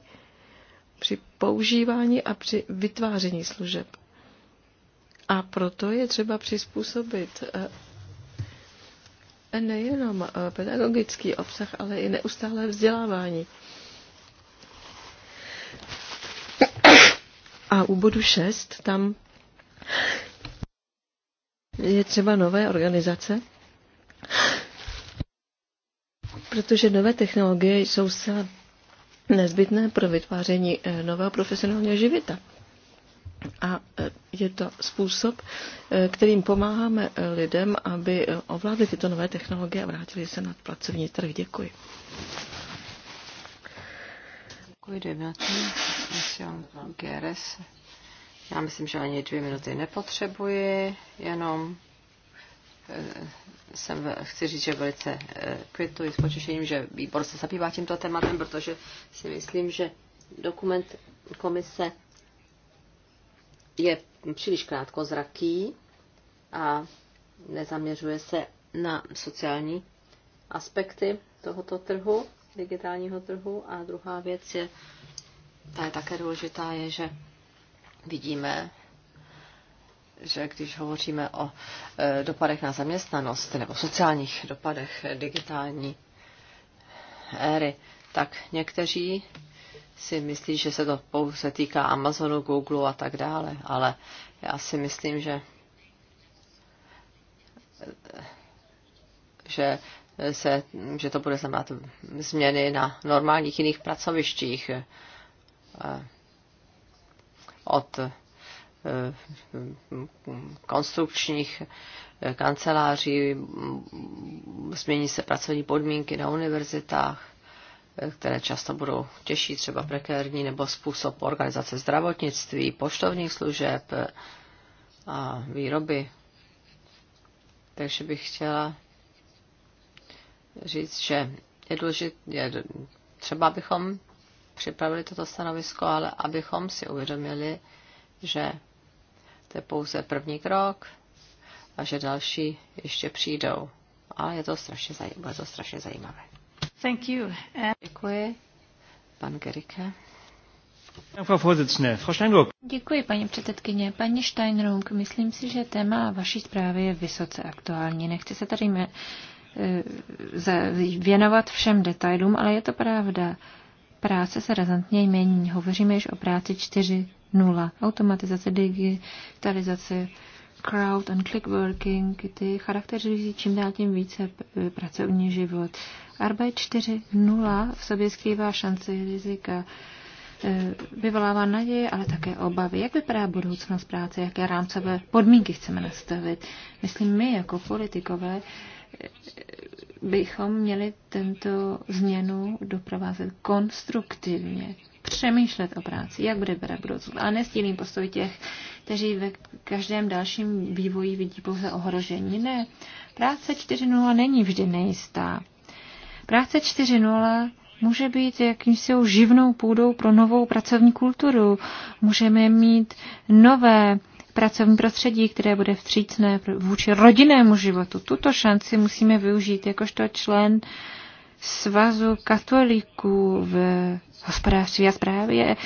při používání a při vytváření služeb. A proto je třeba přizpůsobit eh, nejenom eh, pedagogický obsah, ale i neustálé vzdělávání. A u bodu 6 tam je třeba nové organizace, protože nové technologie jsou zcela nezbytné pro vytváření eh, nového profesionálního života. A eh, je to způsob, eh, kterým pomáháme lidem, aby ovládli tyto nové technologie a vrátili se na pracovní trh. Děkuji.
Děkuji dvě minuty. Já myslím, že ani dvě minuty nepotřebuji, jenom jsem, chci říct, že velice eh, kvituji s potěšením, že výbor se zabývá tímto tématem, protože si myslím, že dokument komise je příliš krátkozraký a nezaměřuje se na sociální aspekty tohoto trhu, digitálního trhu. A druhá věc je, ta je také důležitá, je, že vidíme, že když hovoříme o e, dopadech na zaměstnanost nebo sociálních dopadech digitální éry, tak někteří si myslí, že se to pouze týká Amazonu, Google a tak dále, ale já si myslím, že že, se, že to bude znamenat změny na normálních jiných pracovištích e, od Eh, konstrukčních eh, kanceláří, mm, změní se pracovní podmínky na univerzitách, eh, které často budou těžší, třeba prekérní, nebo způsob organizace zdravotnictví, poštovních služeb a výroby. Takže bych chtěla říct, že je důležité, třeba bychom připravili toto stanovisko, ale abychom si uvědomili, že to je pouze první krok a že další ještě přijdou. A je to strašně, zajímavé, to strašně zajímavé.
Thank you. Eh, Děkuji.
Pan Gerike.
Děkuji, paní předsedkyně. Paní Steinrung, myslím si, že téma vaší zprávy je vysoce aktuální. Nechci se tady mě, eh, věnovat všem detailům, ale je to pravda. Práce se razantně mění. Hovoříme již o práci čtyři nula. Automatizace, digitalizace, crowd and click working, ty charakterizují čím dál tím více pracovní život. Arbeit 4.0 v sobě skrývá šanci rizika e, vyvolává naděje, ale také obavy. Jak vypadá budoucnost práce, jaké rámcové podmínky chceme nastavit? Myslím, my jako politikové e, bychom měli tento změnu doprovázet konstruktivně přemýšlet o práci, jak bude vypadat budoucnost. A nestílím postoj těch, kteří ve každém dalším vývoji vidí pouze ohrožení. Ne, práce 4.0 není vždy nejistá. Práce 4.0 může být jakýmsi živnou půdou pro novou pracovní kulturu. Můžeme mít nové pracovní prostředí, které bude vstřícné vůči rodinnému životu. Tuto šanci musíme využít jakožto člen uh, svazu katolíků v hospodářství a zprávě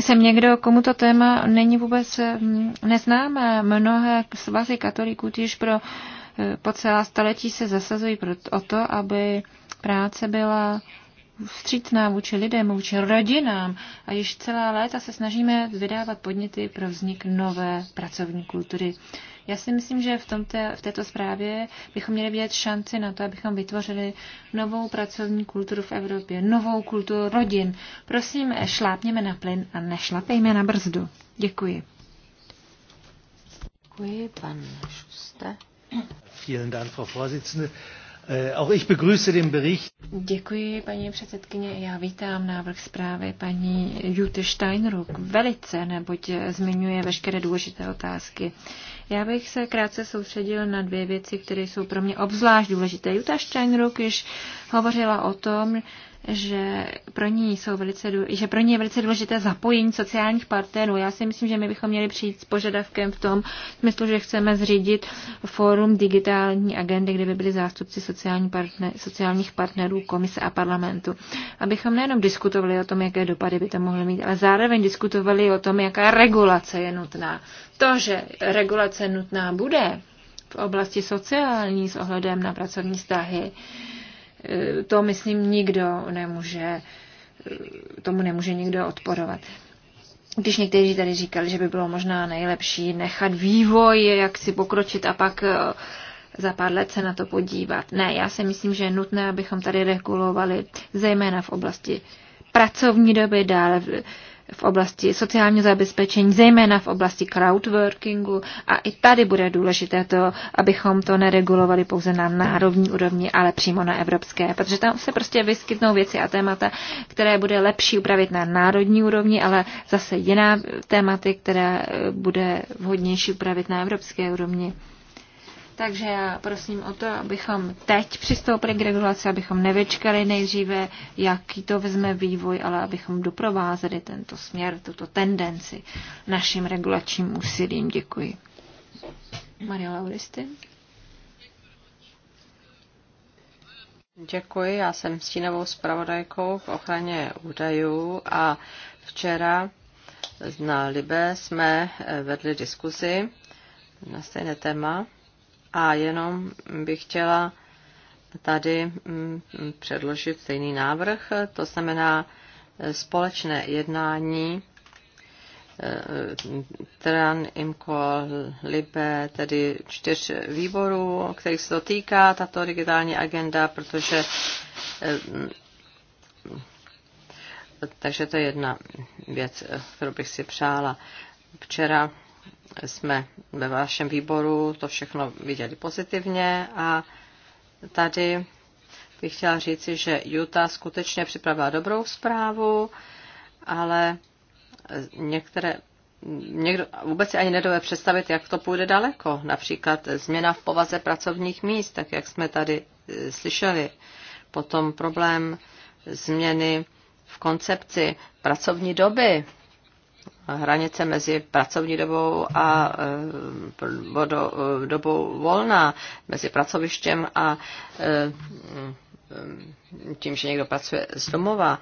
jsem někdo, komu to téma není vůbec mm, neznámé. Mnohé svazy katolíků již pro e, po celá staletí se zasazují o to, aby práce byla vstřícná vůči lidem, vůči rodinám a již celá léta se snažíme vydávat podněty pro vznik nové pracovní kultury. Já si myslím, že v, tomto, v této zprávě bychom měli vidět šanci na to, abychom vytvořili novou pracovní kulturu v Evropě, novou kulturu rodin. Prosím, šlápněme na plyn a nešlapejme na brzdu. Děkuji. Děkuji, pan Šuste.
Vielen Dank, Frau Vorsitzende. Äh, auch ich begrüße den Bericht.
Děkuji, paní předsedkyně. Já vítám návrh zprávy paní Jute Steinruck velice, neboť zmiňuje veškeré důležité otázky. Já bych se krátce soustředil na dvě věci, které jsou pro mě obzvlášť důležité. Jutta Steinruck již hovořila o tom, že pro, ní jsou velice, že pro ní je velice důležité zapojení sociálních partnerů. Já si myslím, že my bychom měli přijít s požadavkem v tom smyslu, že chceme zřídit fórum digitální agendy, kde by byli zástupci sociální partner, sociálních partnerů, komise a parlamentu. Abychom nejenom diskutovali o tom, jaké dopady by to mohly mít, ale zároveň diskutovali o tom, jaká regulace je nutná. To, že regulace nutná bude v oblasti sociální s ohledem na pracovní vztahy, Eh, to myslím nikdo nemůže, eh, tomu nemůže nikdo odporovat. Když někteří tady říkali, že by bylo možná nejlepší nechat vývoj, jak si pokročit a pak eh, za pár let se na to podívat. Ne, já si myslím, že je nutné, abychom tady regulovali, zejména v oblasti pracovní doby, dále v oblasti sociálního zabezpečení, zejména v oblasti crowdworkingu. A i tady bude důležité to, abychom to neregulovali pouze na národní úrovni, ale přímo na evropské, protože tam se prostě vyskytnou věci a témata, které bude lepší upravit na národní úrovni, ale zase jiná tématy, které bude vhodnější upravit na evropské úrovni. Takže já prosím o to, abychom teď přistoupili k regulaci, abychom nevečkali nejdříve, jaký to vezme vývoj, ale abychom doprovázeli tento směr, tuto tendenci našim regulačním úsilím. Děkuji. Maria Lauristy.
Děkuji, já jsem stínovou zpravodajkou v ochraně údajů a včera na Libe jsme vedli diskuzi na stejné téma a jenom bych chtěla tady mm, předložit stejný návrh, to znamená eh, společné jednání eh, TRAN, Imko LIBE, tedy čtyř výborů, kterých se to týká, tato digitální agenda, protože eh, mm, takže to je jedna věc, kterou bych si přála. Včera jsme ve vašem výboru to všechno viděli pozitivně a tady bych chtěla říci, že Utah skutečně připravila dobrou zprávu, ale některé někdo vůbec si ani nedové představit, jak to půjde daleko. Například změna v povaze pracovních míst, tak jak jsme tady eh, slyšeli. Potom problém změny v koncepci pracovní doby, hranice mezi pracovní dobou a eh, eh, dobou volná, mezi pracovištěm a eh, tím, že někdo pracuje z domova.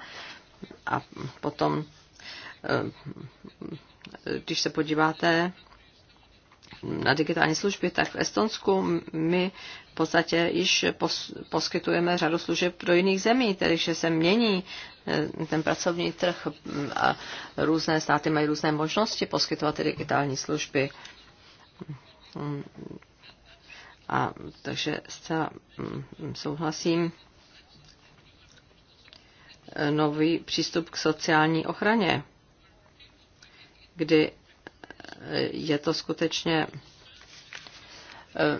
A potom, když se podíváte na digitální služby, tak v Estonsku my v podstatě již pos, poskytujeme řadu služeb pro jiných zemí, tedy že se mění eh, ten pracovní trh hm, a různé státy mají různé možnosti poskytovat digitální služby. Hm, a takže zcela hm, souhlasím. Eh, nový přístup k sociální ochraně, kdy eh, je to skutečně Eh,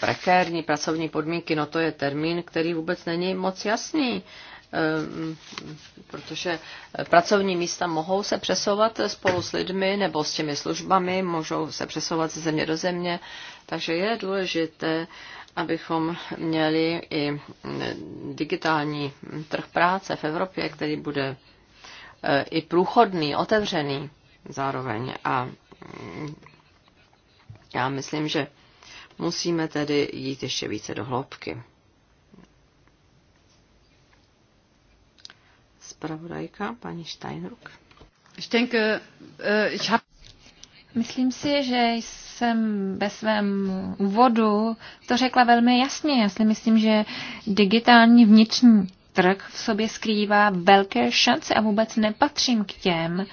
prekérní pracovní podmínky, no to je termín, který vůbec není moc jasný eh, protože pracovní místa mohou se přesouvat spolu s lidmi nebo s těmi službami, můžou se přesouvat ze země do země, takže je důležité, abychom měli i digitální trh práce v Evropě, který bude eh, i průchodný, otevřený zároveň a já myslím, že musíme tedy jít ještě více do hloubky. Spravodajka, paní
Steinruck. Ich denke, äh, ich Myslím si, že jsem ve svém úvodu to řekla velmi jasně. Já si myslím, že digitální vnitřní trh v sobě skrývá velké šance a vůbec nepatřím k těm,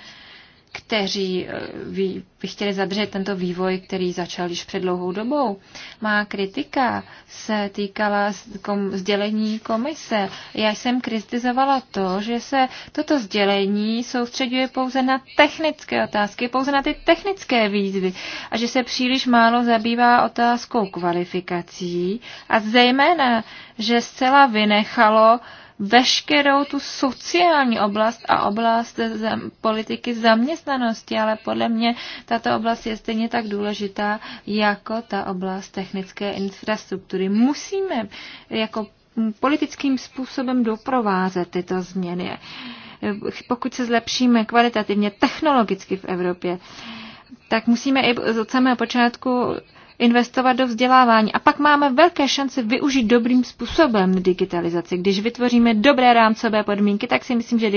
kteří eh, by chtěli zadržet tento vývoj, který začal již před dlouhou dobou. Má kritika se týkala sdělení komise. Já jsem kritizovala to, že se toto sdělení soustředuje pouze na technické otázky, pouze na ty technické výzvy a že se příliš málo zabývá otázkou kvalifikací a zejména, že zcela vynechalo uh, veškerou tu sociální oblast a oblast politiky zaměstnanosti, ale podle mě tato oblast je stejně tak důležitá jako ta oblast technické infrastruktury. Musíme jako politickým způsobem doprovázet tyto změny. Pokud se zlepšíme kvalitativně, technologicky v Evropě, tak musíme i od samého počátku investovat do vzdělávání. A pak máme velké šance využít dobrým způsobem digitalizaci. Když vytvoříme dobré rámcové podmínky, tak si myslím, že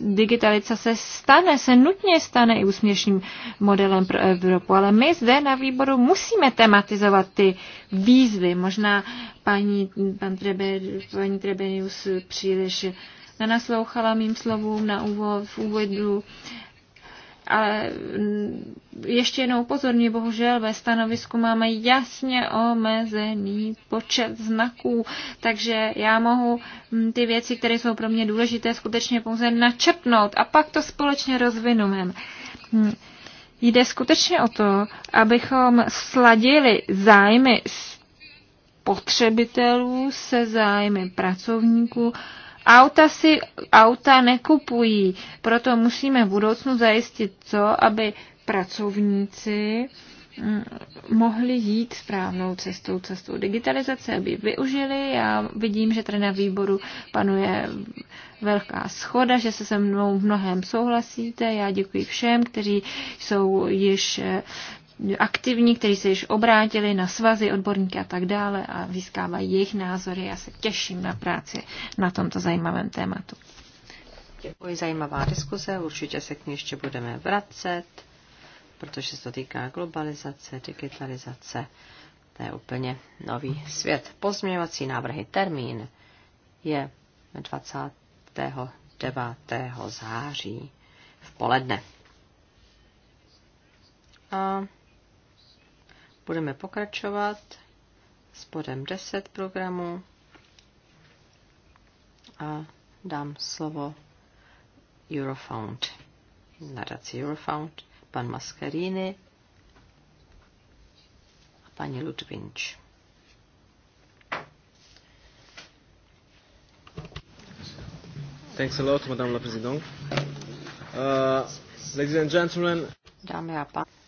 digitalizace se stane, se nutně stane i úsměšným modelem pro Evropu. Ale my zde na výboru musíme tematizovat ty výzvy. Možná paní, pan Trebe, paní Trebenius příliš nenaslouchala mým slovům na úvod, v úvodu ale ještě jednou pozorně, bohužel ve stanovisku máme jasně omezený počet znaků, takže já mohu mm, ty věci, které jsou pro mě důležité, skutečně pouze načrtnout a pak to společně rozvinujeme. Mm. Jde skutečně o to, abychom sladili zájmy spotřebitelů se zájmy pracovníků Auta si auta nekupují, proto musíme v budoucnu zajistit to, aby pracovníci mm, mohli jít správnou cestou, cestou digitalizace, aby využili. Já vidím, že tady na výboru panuje velká schoda, že se se mnou v mnohem souhlasíte. Já děkuji všem, kteří jsou již aktivní, kteří se již obrátili na svazy, odborníky a tak dále a získávají jejich názory. Já se těším na práci na tomto zajímavém tématu. Děkuji,
zajímavá diskuze, určitě se k ní ještě budeme vracet, protože se to týká globalizace, digitalizace, to je úplně nový svět. Pozměňovací návrhy termín je 29. září v poledne. A Budeme pokračovat s bodem 10 programu a dám slovo Eurofound, nadaci Eurofound, pan Mascarini a paní Ludvinč. Thanks a lot, Madame la Présidente. Uh, ladies and gentlemen. Dámy a pánové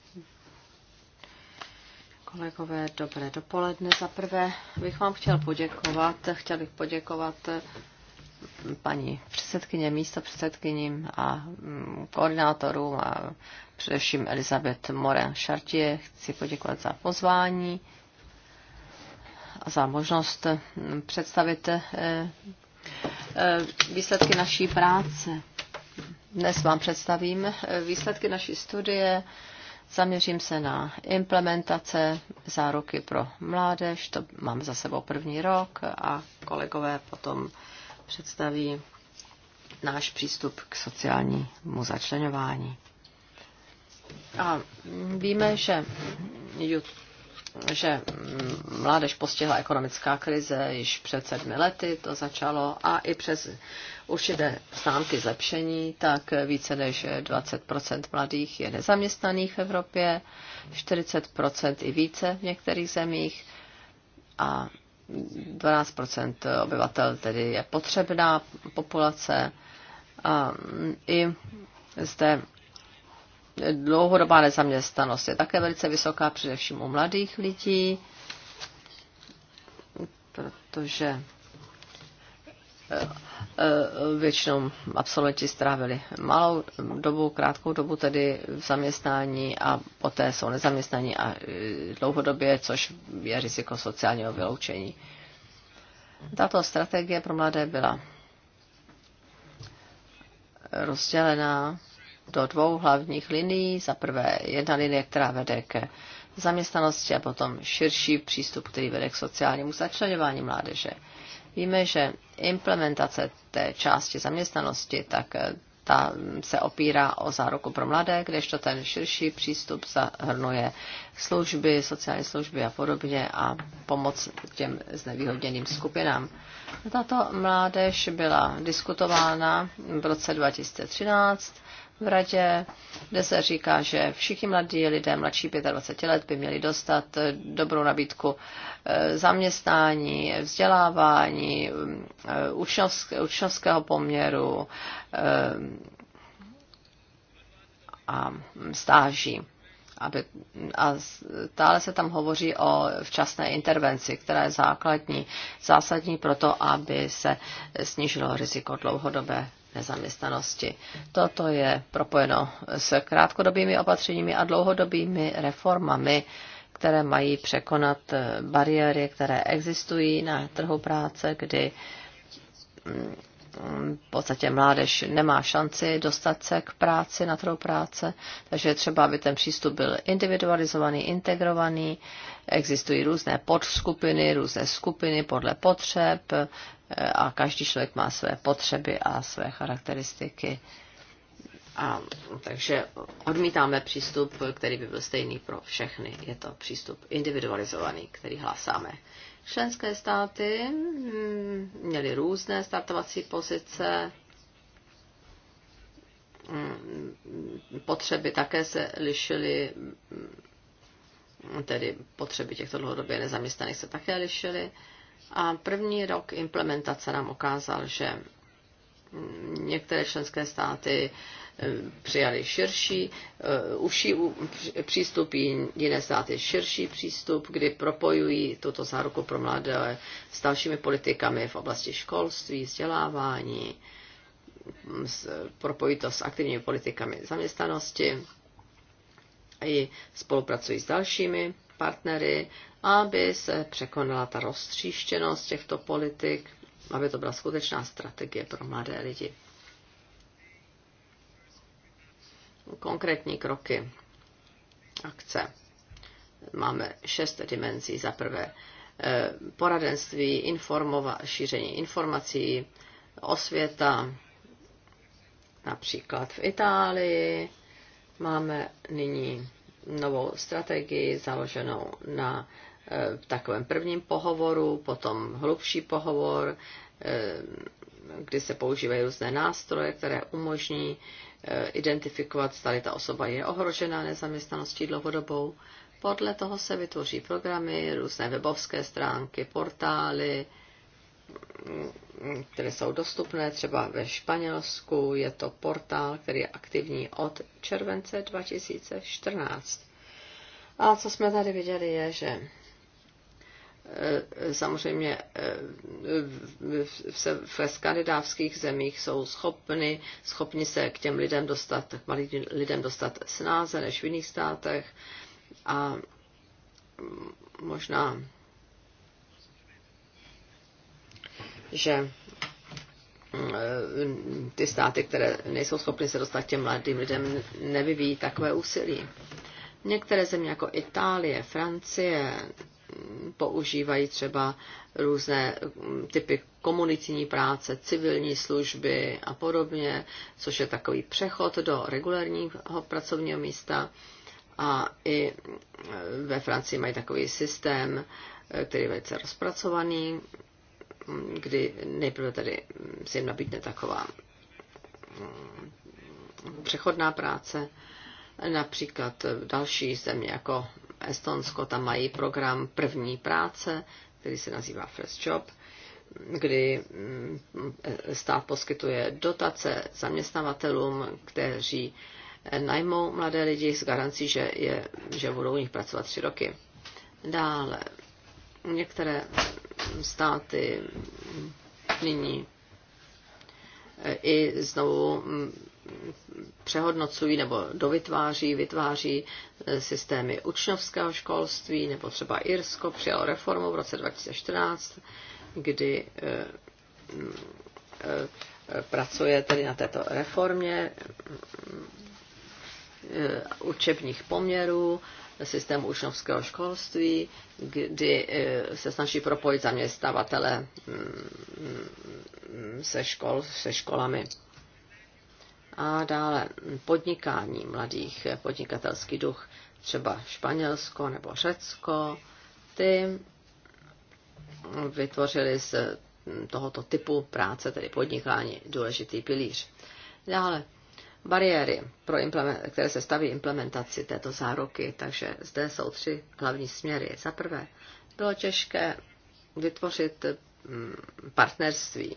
kolegové, dobré dopoledne. Za prvé bych vám chtěl poděkovat, chtěl bych poděkovat mm, paní předsedkyně, místo předsedkyním a mm, koordinátorům a především Elizabeth Moren Šartě. Chci poděkovat za pozvání a za možnost mm, představit eh, eh, výsledky naší práce. Dnes vám představím eh, výsledky naší studie Zaměřím se na implementace záruky pro mládež, to mám za sebou první rok a kolegové potom představí náš přístup k sociálnímu začlenování. A víme, že že mm, mládež postihla ekonomická krize již před sedmi lety, to začalo, a i přes určité známky zlepšení, tak více než 20% mladých je nezaměstnaných v Evropě, 40% i více v některých zemích a 12% obyvatel tedy je potřebná populace a mm, i zde dlouhodobá nezaměstnanost je také velice vysoká, především u mladých lidí, protože eh, eh, většinou absolventi strávili malou dobu, krátkou dobu tedy v zaměstnání a poté jsou nezaměstnaní a eh, dlouhodobě, což je riziko sociálního vyloučení. Tato strategie pro mladé byla rozdělená do dvou hlavních linií. Za prvé jedna linie, která vede ke zaměstnanosti a potom širší přístup, který vede k sociálnímu začlenování mládeže. Víme, že implementace té části zaměstnanosti, tak eh, ta se opírá o záruku pro mladé, kdežto ten širší přístup zahrnuje služby, sociální služby a podobně a pomoc těm znevýhodněným skupinám. Tato mládež byla diskutována v roce 2013 v radě, kde se říká, že všichni mladí lidé mladší 25 let by měli dostat dobrou nabídku eh, zaměstnání, vzdělávání, eh, učňovského poměru eh, a stáží aby, a stále se tam hovoří o včasné intervenci, která je základní, zásadní pro to, aby se snížilo riziko dlouhodobé nezaměstnanosti. Toto je propojeno s krátkodobými opatřeními a dlouhodobými reformami, které mají překonat eh, bariéry, které existují na trhu práce, kdy mm, Mm, v podstatě mládež nemá šanci dostat se k práci, na trhu práce, takže je třeba, aby ten přístup byl individualizovaný, integrovaný, existují různé podskupiny, různé skupiny podle potřeb eh, a každý člověk má své potřeby a své charakteristiky. A, takže odmítáme přístup, který by byl stejný pro všechny. Je to přístup individualizovaný, který hlásáme. Členské státy hm, měly různé startovací pozice, hm, potřeby také se lišily, hm, tedy potřeby těchto dlouhodobě nezaměstnaných se také lišily. A první rok implementace nám ukázal, že některé členské státy eh, přijali širší, eh, uší přístup, jiné státy širší přístup, kdy propojují tuto záruku pro mladé s dalšími politikami v oblasti školství, vzdělávání, propojí to s aktivními politikami zaměstnanosti i spolupracují s dalšími partnery, aby se překonala ta roztříštěnost těchto politik aby to byla skutečná strategie pro mladé lidi. Konkrétní kroky akce. Máme šest dimenzí. Za prvé eh, poradenství, informova, šíření informací, osvěta, například v Itálii. Máme nyní novou strategii založenou na v takovém prvním pohovoru, potom hlubší pohovor, eh, kdy se používají různé nástroje, které umožní eh, identifikovat, zda ta osoba je ohrožená nezaměstnaností dlouhodobou. Podle toho se vytvoří programy, různé webovské stránky, portály, mm, které jsou dostupné. Třeba ve Španělsku je to portál, který je aktivní od července 2014. A co jsme tady viděli je, že Eh, samozřejmě eh, ve skandinávských zemích jsou schopni schopni se k těm lidem dostat, k malým lidem dostat snáze než v jiných státech a možná, že eh, ty státy, které nejsou schopny se dostat těm mladým lidem, nevyvíjí takové úsilí. Některé země jako Itálie, Francie, používají třeba různé typy komunitní práce, civilní služby a podobně, což je takový přechod do regulárního pracovního místa. A i ve Francii mají takový systém, který je velice rozpracovaný, kdy nejprve tady se jim nabídne taková přechodná práce, například další země jako Estonsko, tam mají program první práce, který se nazývá First Job, kdy mm, stát poskytuje dotace zaměstnavatelům, kteří najmou mladé lidi s garancí, že, je, že budou u nich pracovat tři roky. Dále některé státy nyní e, i znovu mm, přehodnocují nebo dovytváří, vytváří eh, systémy učňovského školství, nebo třeba Irsko přijalo reformu v roce 2014, kdy eh, eh, pracuje tedy na této reformě učebních poměrů, systému učňovského školství, kdy se snaží propojit zaměstnavatele mm, mm, se, škol, se školami. A dále podnikání mladých, podnikatelský duch, třeba Španělsko nebo Řecko, ty vytvořili z tohoto typu práce, tedy podnikání, důležitý pilíř. Dále bariéry, pro které se staví implementaci této záruky, takže zde jsou tři hlavní směry. Za prvé, bylo těžké vytvořit mm, partnerství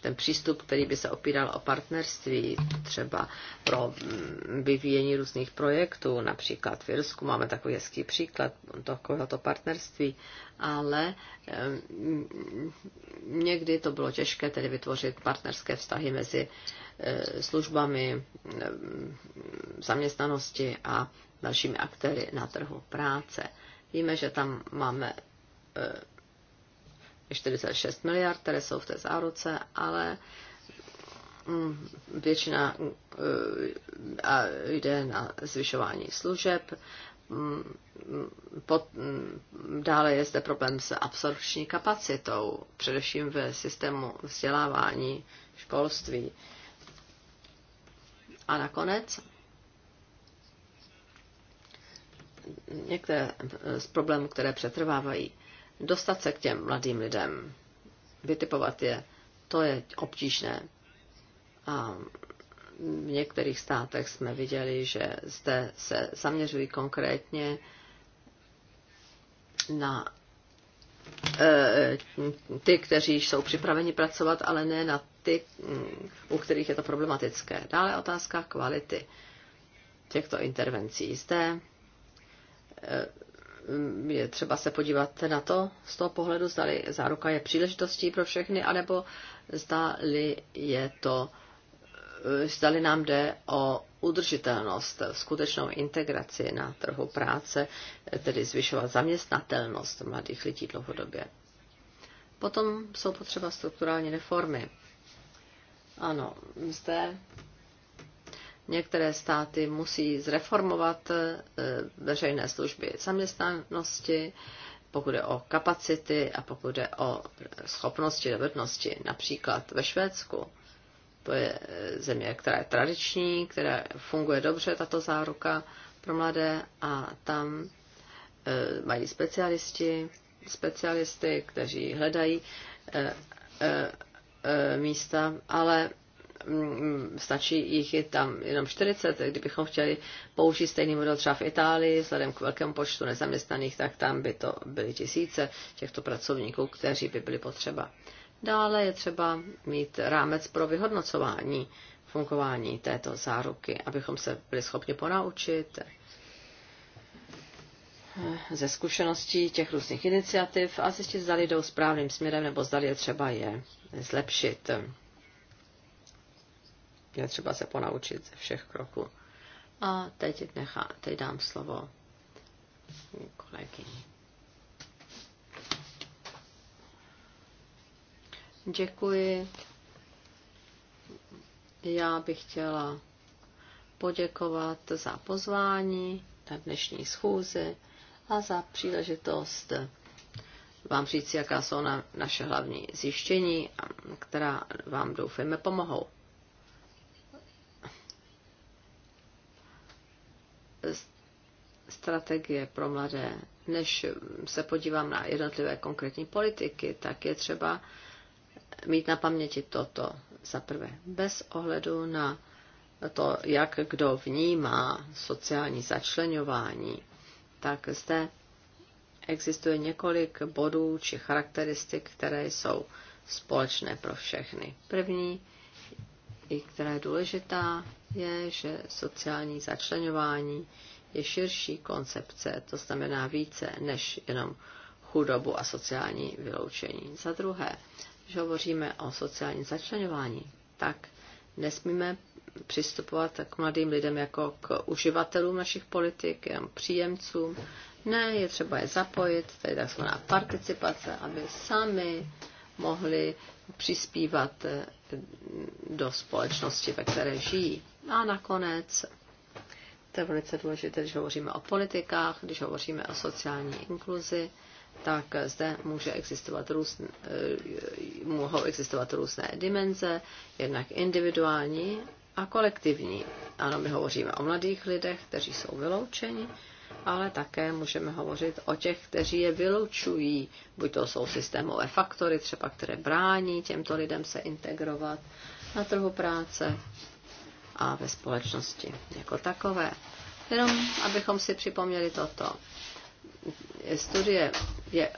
ten přístup, který by se opíral o partnerství třeba pro mm, vyvíjení různých projektů, například v Irsku máme takový hezký příklad takovéhoto partnerství, ale mm, někdy to bylo těžké tedy vytvořit partnerské vztahy mezi e, službami e, zaměstnanosti a dalšími aktéry na trhu práce. Víme, že tam máme e, 46 miliard, které jsou v té záruce, ale mm, většina mm, a jde na zvyšování služeb. Mm, Pod, dále je zde problém s absorpční kapacitou, především ve systému vzdělávání, školství. A nakonec některé z problémů, které přetrvávají dostat se k těm mladým lidem, vytipovat je, to je obtížné. A v některých státech jsme viděli, že zde se zaměřují konkrétně na e, ty, kteří jsou připraveni pracovat, ale ne na ty, u kterých je to problematické. Dále otázka kvality těchto intervencí. Zde e, Mm, je třeba se podívat na to z toho pohledu, zdali záruka je příležitostí pro všechny, anebo zdali je to, eh, zdali nám jde o udržitelnost, skutečnou integraci na trhu práce, eh, tedy zvyšovat zaměstnatelnost mladých lidí dlouhodobě. Potom jsou potřeba strukturální reformy. Ano, zde Některé státy musí zreformovat eh, veřejné služby zaměstnanosti, pokud je o kapacity a pokud je o schopnosti, dovednosti. Například ve Švédsku, to je eh, země, která je tradiční, která funguje dobře, tato záruka pro mladé a tam eh, mají specialisti, specialisty, kteří hledají místa, ale Mm, stačí jich je tam jenom 40, kdybychom chtěli použít stejný model třeba v Itálii, vzhledem k velkému počtu nezaměstnaných, tak tam by to byly tisíce těchto pracovníků, kteří by byly potřeba. Dále je třeba mít rámec pro vyhodnocování fungování této záruky, abychom se byli schopni ponaučit ze zkušeností těch různých iniciativ a zjistit, zda jdou správným směrem nebo zda je třeba je zlepšit je třeba se ponaučit ze všech kroků. A teď, nechá, teď dám slovo kolegyni. Děkuji. Já bych chtěla poděkovat za pozvání na dnešní schůzi a za příležitost vám říct, jaká jsou na, naše hlavní zjištění, která vám doufejme pomohou. strategie pro mladé, než se podívám na jednotlivé konkrétní politiky, tak je třeba mít na paměti toto za prvé. Bez ohledu na to, jak kdo vnímá sociální začlenování, tak zde existuje několik bodů či charakteristik, které jsou společné pro všechny. První, i která je důležitá, je, že sociální začlenování je širší koncepce, to znamená více než jenom chudobu a sociální vyloučení. Za druhé, když hovoříme o sociálním začlenování, tak nesmíme přistupovat k mladým lidem jako k uživatelům našich politik, jenom příjemcům. Ne, je třeba je zapojit, to je takzvaná participace, aby sami mohli přispívat do společnosti, ve které žijí. A nakonec to je velice důležité, když hovoříme o politikách, když hovoříme o sociální inkluzi, tak zde může existovat různ, eh, mohou existovat různé dimenze, jednak individuální a kolektivní. Ano, my hovoříme o mladých lidech, kteří jsou vyloučeni, ale také můžeme hovořit o těch, kteří je vyloučují. Buď to jsou systémové faktory, třeba které brání těmto lidem se integrovat na trhu práce, a ve společnosti jako takové. Jenom abychom si připomněli toto. Studie je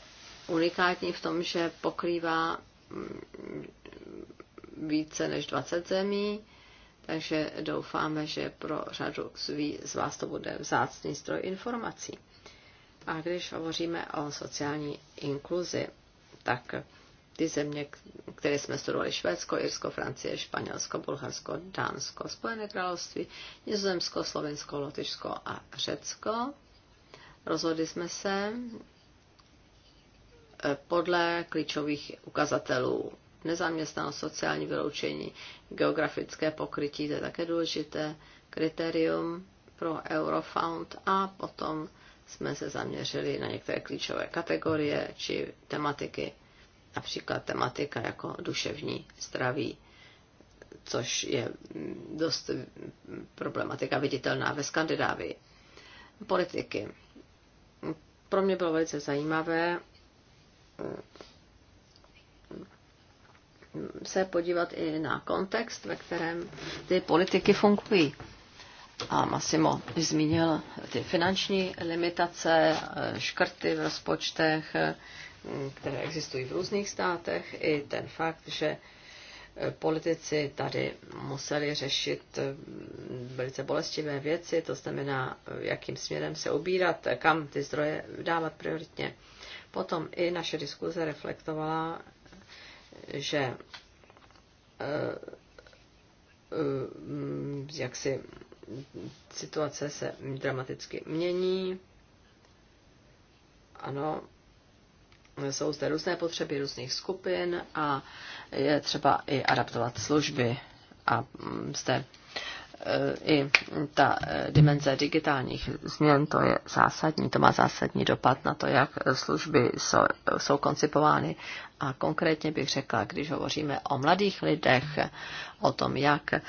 unikátní v tom, že pokrývá mm, více než 20 zemí, takže doufáme, že pro řadu z vás to bude vzácný zdroj informací. A když hovoříme o sociální inkluzi, tak ty země, které jsme studovali, Švédsko, Irsko, Francie, Španělsko, Bulharsko, Dánsko, Spojené království, Nizozemsko, Slovensko, Lotyšsko a Řecko. Rozhodli jsme se eh, podle klíčových ukazatelů nezaměstnanost, sociální vyloučení, geografické pokrytí, to je také důležité kritérium pro Eurofound a potom jsme se zaměřili na některé klíčové kategorie či tematiky například tematika jako duševní zdraví, což je mm, dost mm, problematika viditelná ve Skandinávii. Politiky. Pro mě bylo velice zajímavé mm, se podívat i na kontext, ve kterém ty politiky fungují. A Massimo zmínil ty finanční limitace, škrty v rozpočtech, které existují v různých státech, i ten fakt, že e, politici tady museli řešit e, velice bolestivé věci, to znamená, e, jakým směrem se ubírat, kam ty zdroje dávat prioritně. Potom i naše diskuze reflektovala, že jak si situace se dramaticky mění. Ano, jsou zde různé potřeby různých skupin a je třeba i adaptovat služby a mm, zde e, i ta e, dimenze digitálních změn, to je zásadní, to má zásadní dopad na to, jak služby jsou, jsou koncipovány. A konkrétně bych řekla, když hovoříme o mladých lidech, o tom, jak e,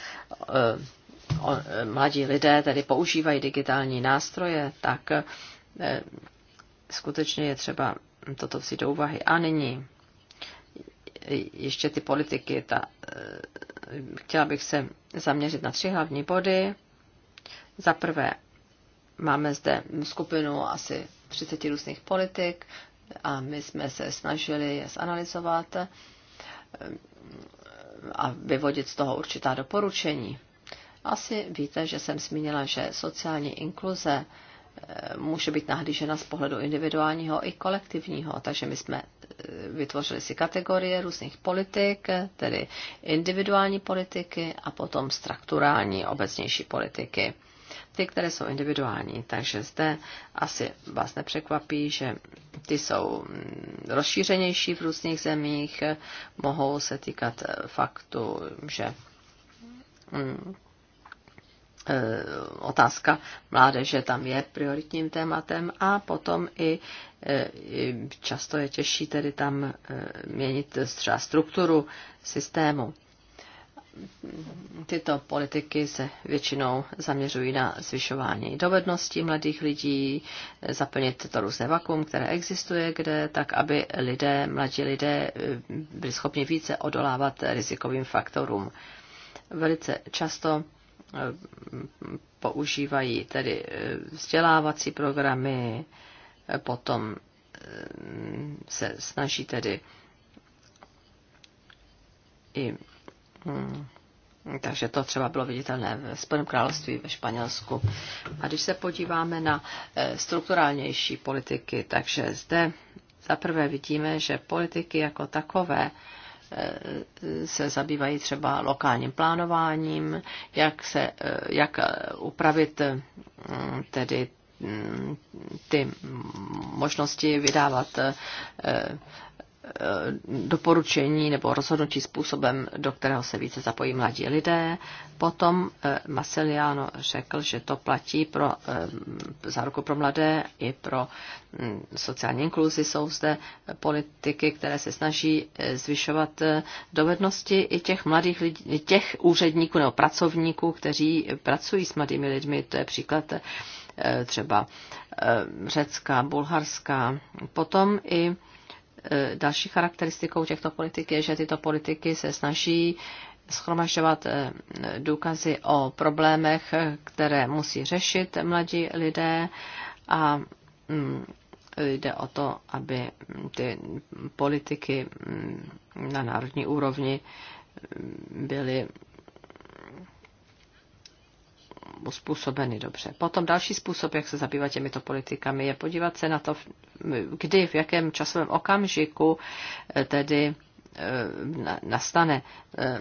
o, mladí lidé tedy používají digitální nástroje, tak skutečně je třeba toto vzít do úvahy. A nyní ještě ty politiky. Ta, eh, chtěla bych se zaměřit na tři hlavní body. Za prvé, máme zde skupinu asi 30 různých politik a my jsme se snažili je zanalizovat eh, a vyvodit z toho určitá doporučení. Asi víte, že jsem zmínila, že sociální inkluze Eh, může být nahlížena z pohledu individuálního i kolektivního. Takže my jsme eh, vytvořili si kategorie různých politik, eh, tedy individuální politiky a potom strukturální obecnější politiky. Ty, které jsou individuální. Takže zde asi vás nepřekvapí, že ty jsou mm, rozšířenější v různých zemích, mohou se týkat faktu, že mm, Eh, otázka mládeže tam je prioritním tématem a potom i eh, často je těžší tedy tam eh, měnit třeba strukturu systému. Tyto politiky se většinou zaměřují na zvyšování dovedností mladých lidí, zaplnit to různé vakuum, které existuje, kde, tak aby lidé, mladí lidé byli schopni více odolávat rizikovým faktorům. Velice často používají tedy eh, vzdělávací programy, eh, potom eh, se snaží tedy i hm, takže to třeba bylo viditelné v Spojeném království, ve Španělsku. A když se podíváme na strukturálnější politiky, takže zde zaprvé vidíme, že politiky jako takové se zabývají třeba lokálním plánováním, jak, se, jak upravit mm, tedy mm, ty možnosti vydávat eh, Eh, doporučení nebo rozhodnutí způsobem, do kterého se více zapojí mladí lidé. Potom eh, Masiliano řekl, že to platí pro eh, záruku pro mladé i pro hm, sociální inkluzi. Jsou zde politiky, které se snaží zvyšovat dovednosti i těch mladých lidí, těch úředníků nebo pracovníků, kteří pracují s mladými lidmi. To je příklad třeba Řecka, Bulharska. Potom i E, další charakteristikou těchto politik je, že tyto politiky se snaží schromažďovat e, důkazy o problémech, které musí řešit mladí lidé a mm, jde o to, aby ty politiky mm, na národní úrovni mm, byly uspůsobeny dobře. Potom další způsob, jak se zabývat těmito politikami, je podívat se na to, kdy, v jakém časovém okamžiku eh, tedy eh, nastane eh,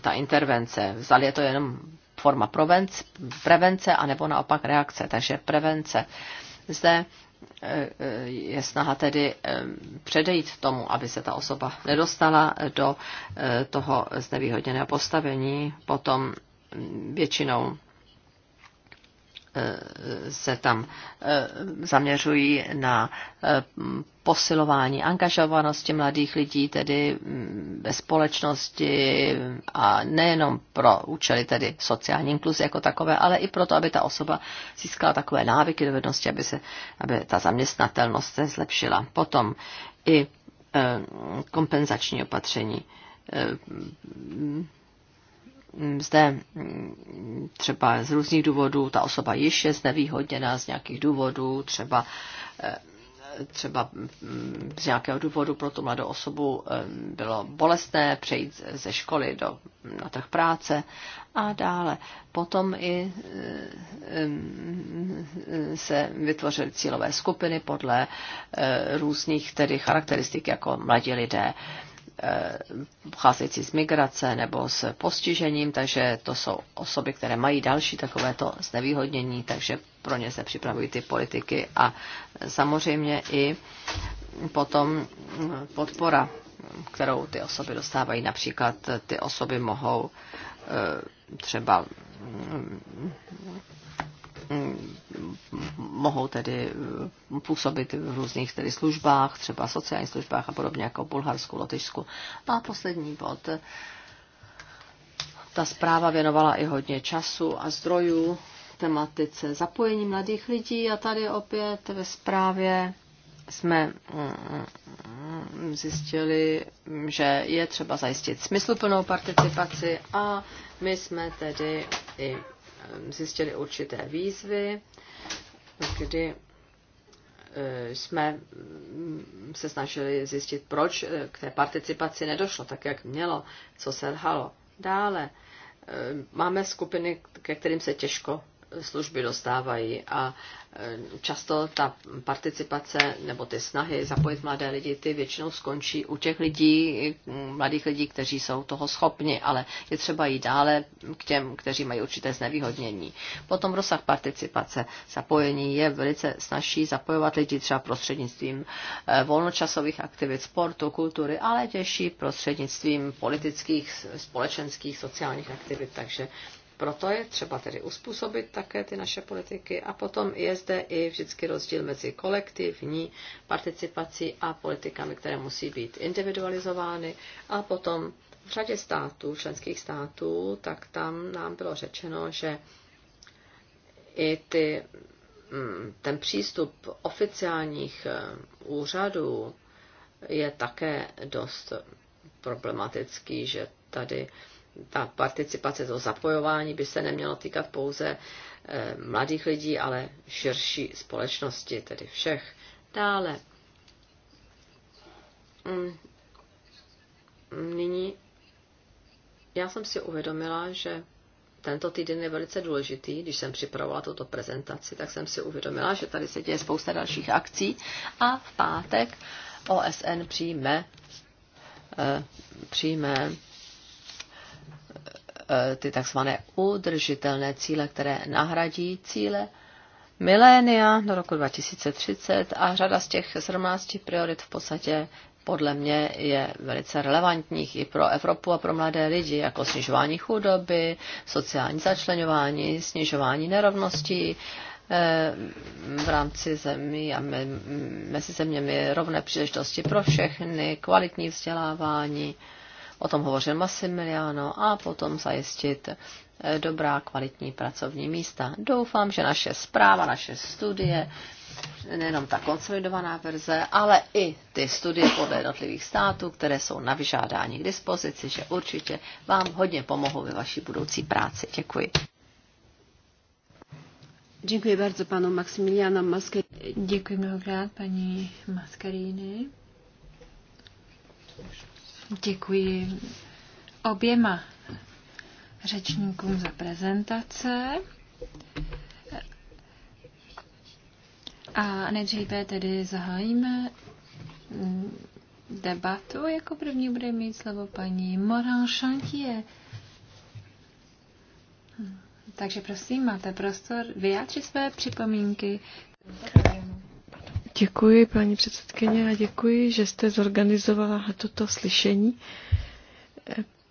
ta intervence. Zdali je to jenom forma prevence, prevence anebo naopak reakce. Takže prevence. Zde je snaha tedy předejít tomu, aby se ta osoba nedostala do toho znevýhodněného postavení. Potom mm, většinou se tam eh, zaměřují na eh, posilování angažovanosti mladých lidí, tedy mm, ve společnosti a nejenom pro účely tedy sociální inkluze jako takové, ale i proto, aby ta osoba získala takové návyky, dovednosti, aby, se, aby ta zaměstnatelnost se zlepšila. Potom i eh, kompenzační opatření Mm, zde mm, třeba z různých důvodů ta osoba již je znevýhodněna z nějakých důvodů, třeba eh, třeba mm, z nějakého důvodu pro tu mladou osobu eh, bylo bolestné přejít ze školy do, na trh práce a dále. Potom i eh, se vytvořily cílové skupiny podle různých tedy charakteristik jako mladí lidé pocházející z migrace nebo s postižením, takže to jsou osoby, které mají další takovéto znevýhodnění, takže pro ně se připravují ty politiky a samozřejmě i potom podpora, kterou ty osoby dostávají. Například ty osoby mohou eh, třeba Mm, mohou tedy mm, působit v různých tedy službách, třeba sociálních službách a podobně jako Bulharsku, Lotyšsku. No a poslední bod. Ta zpráva věnovala i hodně času a zdrojů tematice zapojení mladých lidí a tady opět ve zprávě jsme mm, zjistili, že je třeba zajistit smysluplnou participaci a my jsme tedy i Ehm, zjistili určité výzvy, kdy eh, jsme mm, se snažili zjistit, proč eh, k té participaci nedošlo tak, jak mělo, co se lhalo. Dále eh, máme skupiny, ke kterým se těžko služby dostávají a eh, často ta participace nebo ty snahy zapojit mladé lidi, ty většinou skončí u těch lidí, mladých lidí, kteří jsou toho schopni, ale je třeba jít dále k těm, kteří mají určité znevýhodnění. Potom rozsah participace, zapojení je velice snažší zapojovat lidi třeba prostřednictvím eh, volnočasových aktivit, sportu, kultury, ale těžší prostřednictvím politických, společenských, sociálních aktivit, takže proto je třeba tedy uspůsobit také ty naše politiky a potom je zde i vždycky rozdíl mezi kolektivní participací a politikami, které musí být individualizovány a potom v řadě států, členských států, tak tam nám bylo řečeno, že i ty, mm, ten přístup oficiálních eh, úřadů je také dost problematický, že tady ta participace, to zapojování by se nemělo týkat pouze eh, mladých lidí, ale širší společnosti, tedy všech. Dále. Mm. Nyní já jsem si uvědomila, že tento týden je velice důležitý. Když jsem připravovala tuto prezentaci, tak jsem si uvědomila, že tady se děje spousta dalších akcí a v pátek OSN přijme, eh, přijme Eh, ty takzvané udržitelné cíle, které nahradí cíle milénia do roku 2030 a řada z těch 17 priorit v podstatě podle mě je velice relevantních i pro Evropu a pro mladé lidi, jako snižování chudoby, sociální začlenování, snižování nerovností eh, v rámci zemí a mezi zeměmi rovné příležitosti pro všechny, kvalitní vzdělávání, o tom hovořil Massimiliano, a potom zajistit eh, dobrá, kvalitní pracovní místa. Doufám, že naše zpráva, naše studie, nejenom ta konsolidovaná verze, ale i ty studie podle jednotlivých států, které jsou na vyžádání k dispozici, že určitě vám hodně pomohou ve vaší budoucí práci. Děkuji.
Děkuji bardzo panu Maximiliano Mascarini. Děkuji mnohokrát paní Mascarini. Děkuji oběma řečníkům za prezentace. A nejdříve tedy zahájíme mm, debatu. Jako první bude mít slovo paní Morin Chantier. Hm, takže prosím, máte prostor vyjádřit své připomínky.
Děkuji, paní předsedkyně, a děkuji, že jste zorganizovala toto slyšení.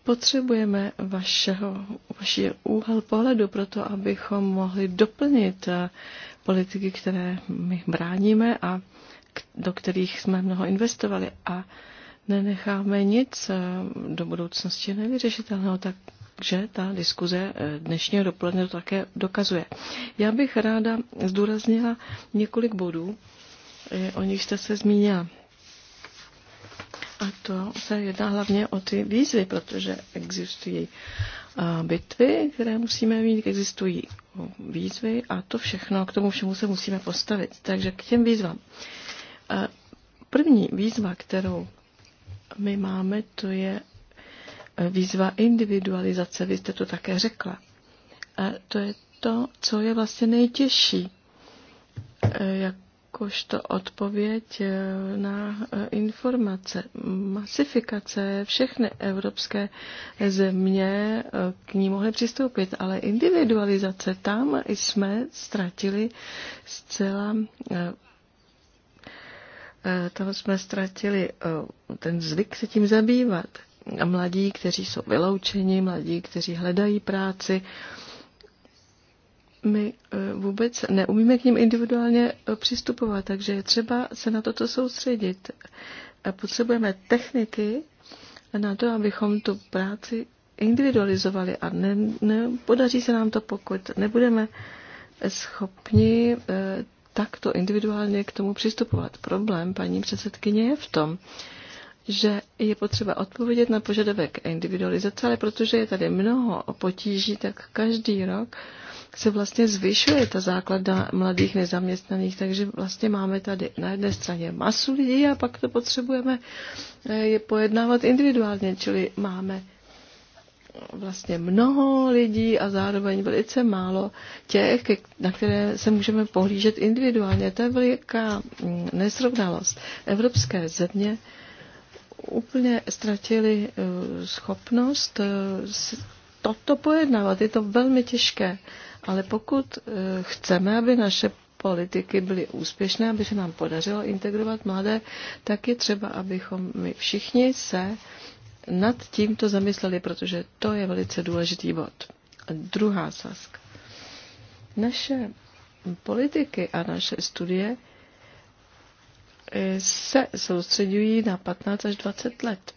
Potřebujeme vašeho, vaši úhel pohledu pro to, abychom mohli doplnit eh, politiky, které my bráníme a do kterých jsme mnoho investovali a nenecháme nic eh, do budoucnosti nevyřešitelného, takže ta diskuze eh, dnešního dopoledne to také dokazuje. Já bych ráda zdůraznila několik bodů, o nich jste se zmínila. A to se jedná hlavně o ty výzvy, protože existují bitvy, které musíme mít, existují výzvy a to všechno, k tomu všemu se musíme postavit. Takže k těm výzvám. První výzva, kterou my máme, to je e, výzva individualizace, vy jste to také řekla. A to je to, co je vlastně nejtěžší, e, jak jakožto odpověď eh, na eh, informace. Masifikace všechny evropské země eh, k ní mohly přistoupit, ale individualizace tam jsme ztratili zcela tam jsme ztratili ten zvyk se tím zabývat. Mladí, kteří jsou vyloučeni, mladí, kteří hledají práci, my e, vůbec neumíme k ním individuálně e, přistupovat, takže je třeba se na toto soustředit. Potřebujeme techniky na to, abychom tu práci individualizovali a ne, ne, podaří se nám to, pokud nebudeme schopni e, takto individuálně k tomu přistupovat. Problém paní předsedkyně je v tom, že je potřeba odpovědět na požadavek individualizace, ale protože je tady mnoho potíží, tak každý rok se vlastně zvyšuje ta základna mladých nezaměstnaných, takže vlastně máme tady na jedné straně masu lidí a pak to potřebujeme eh, je pojednávat individuálně, čili máme vlastně mnoho lidí a zároveň velice málo těch, na které se můžeme pohlížet individuálně. To je veliká mm, nesrovnalost. Evropské země úplně ztratili eh, schopnost eh, toto pojednávat. Je to velmi těžké. Ale pokud eh, chceme, aby naše politiky byly úspěšné, aby se nám podařilo integrovat mladé, tak je třeba, abychom my všichni se nad tímto zamysleli, protože to je velice důležitý bod. A druhá sázka. Naše politiky a naše studie eh, se soustředují na 15 až 20 let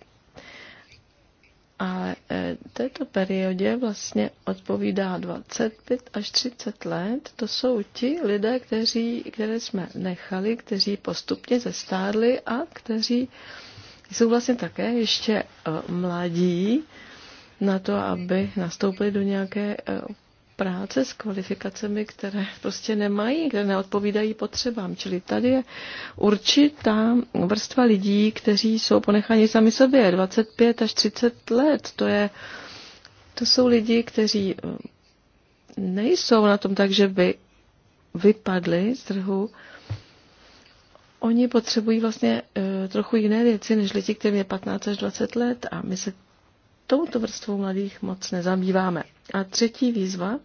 ale e, této periodě vlastně odpovídá 25 až 30 let. To jsou ti lidé, kteří, které jsme nechali, kteří postupně zestárli a kteří jsou vlastně také ještě e, mladí na to, aby nastoupili do nějaké e, práce s kvalifikacemi, které prostě nemají, které neodpovídají potřebám. Čili tady je určitá vrstva lidí, kteří jsou ponecháni sami sobě 25 až 30 let. To, je, to jsou lidi, kteří eh, nejsou na tom tak, že by vypadli z trhu. Oni potřebují vlastně eh, trochu jiné věci než lidi, kterým je 15 až 20 let a my se touto vrstvou mladých moc nezabýváme. A třetí výzva,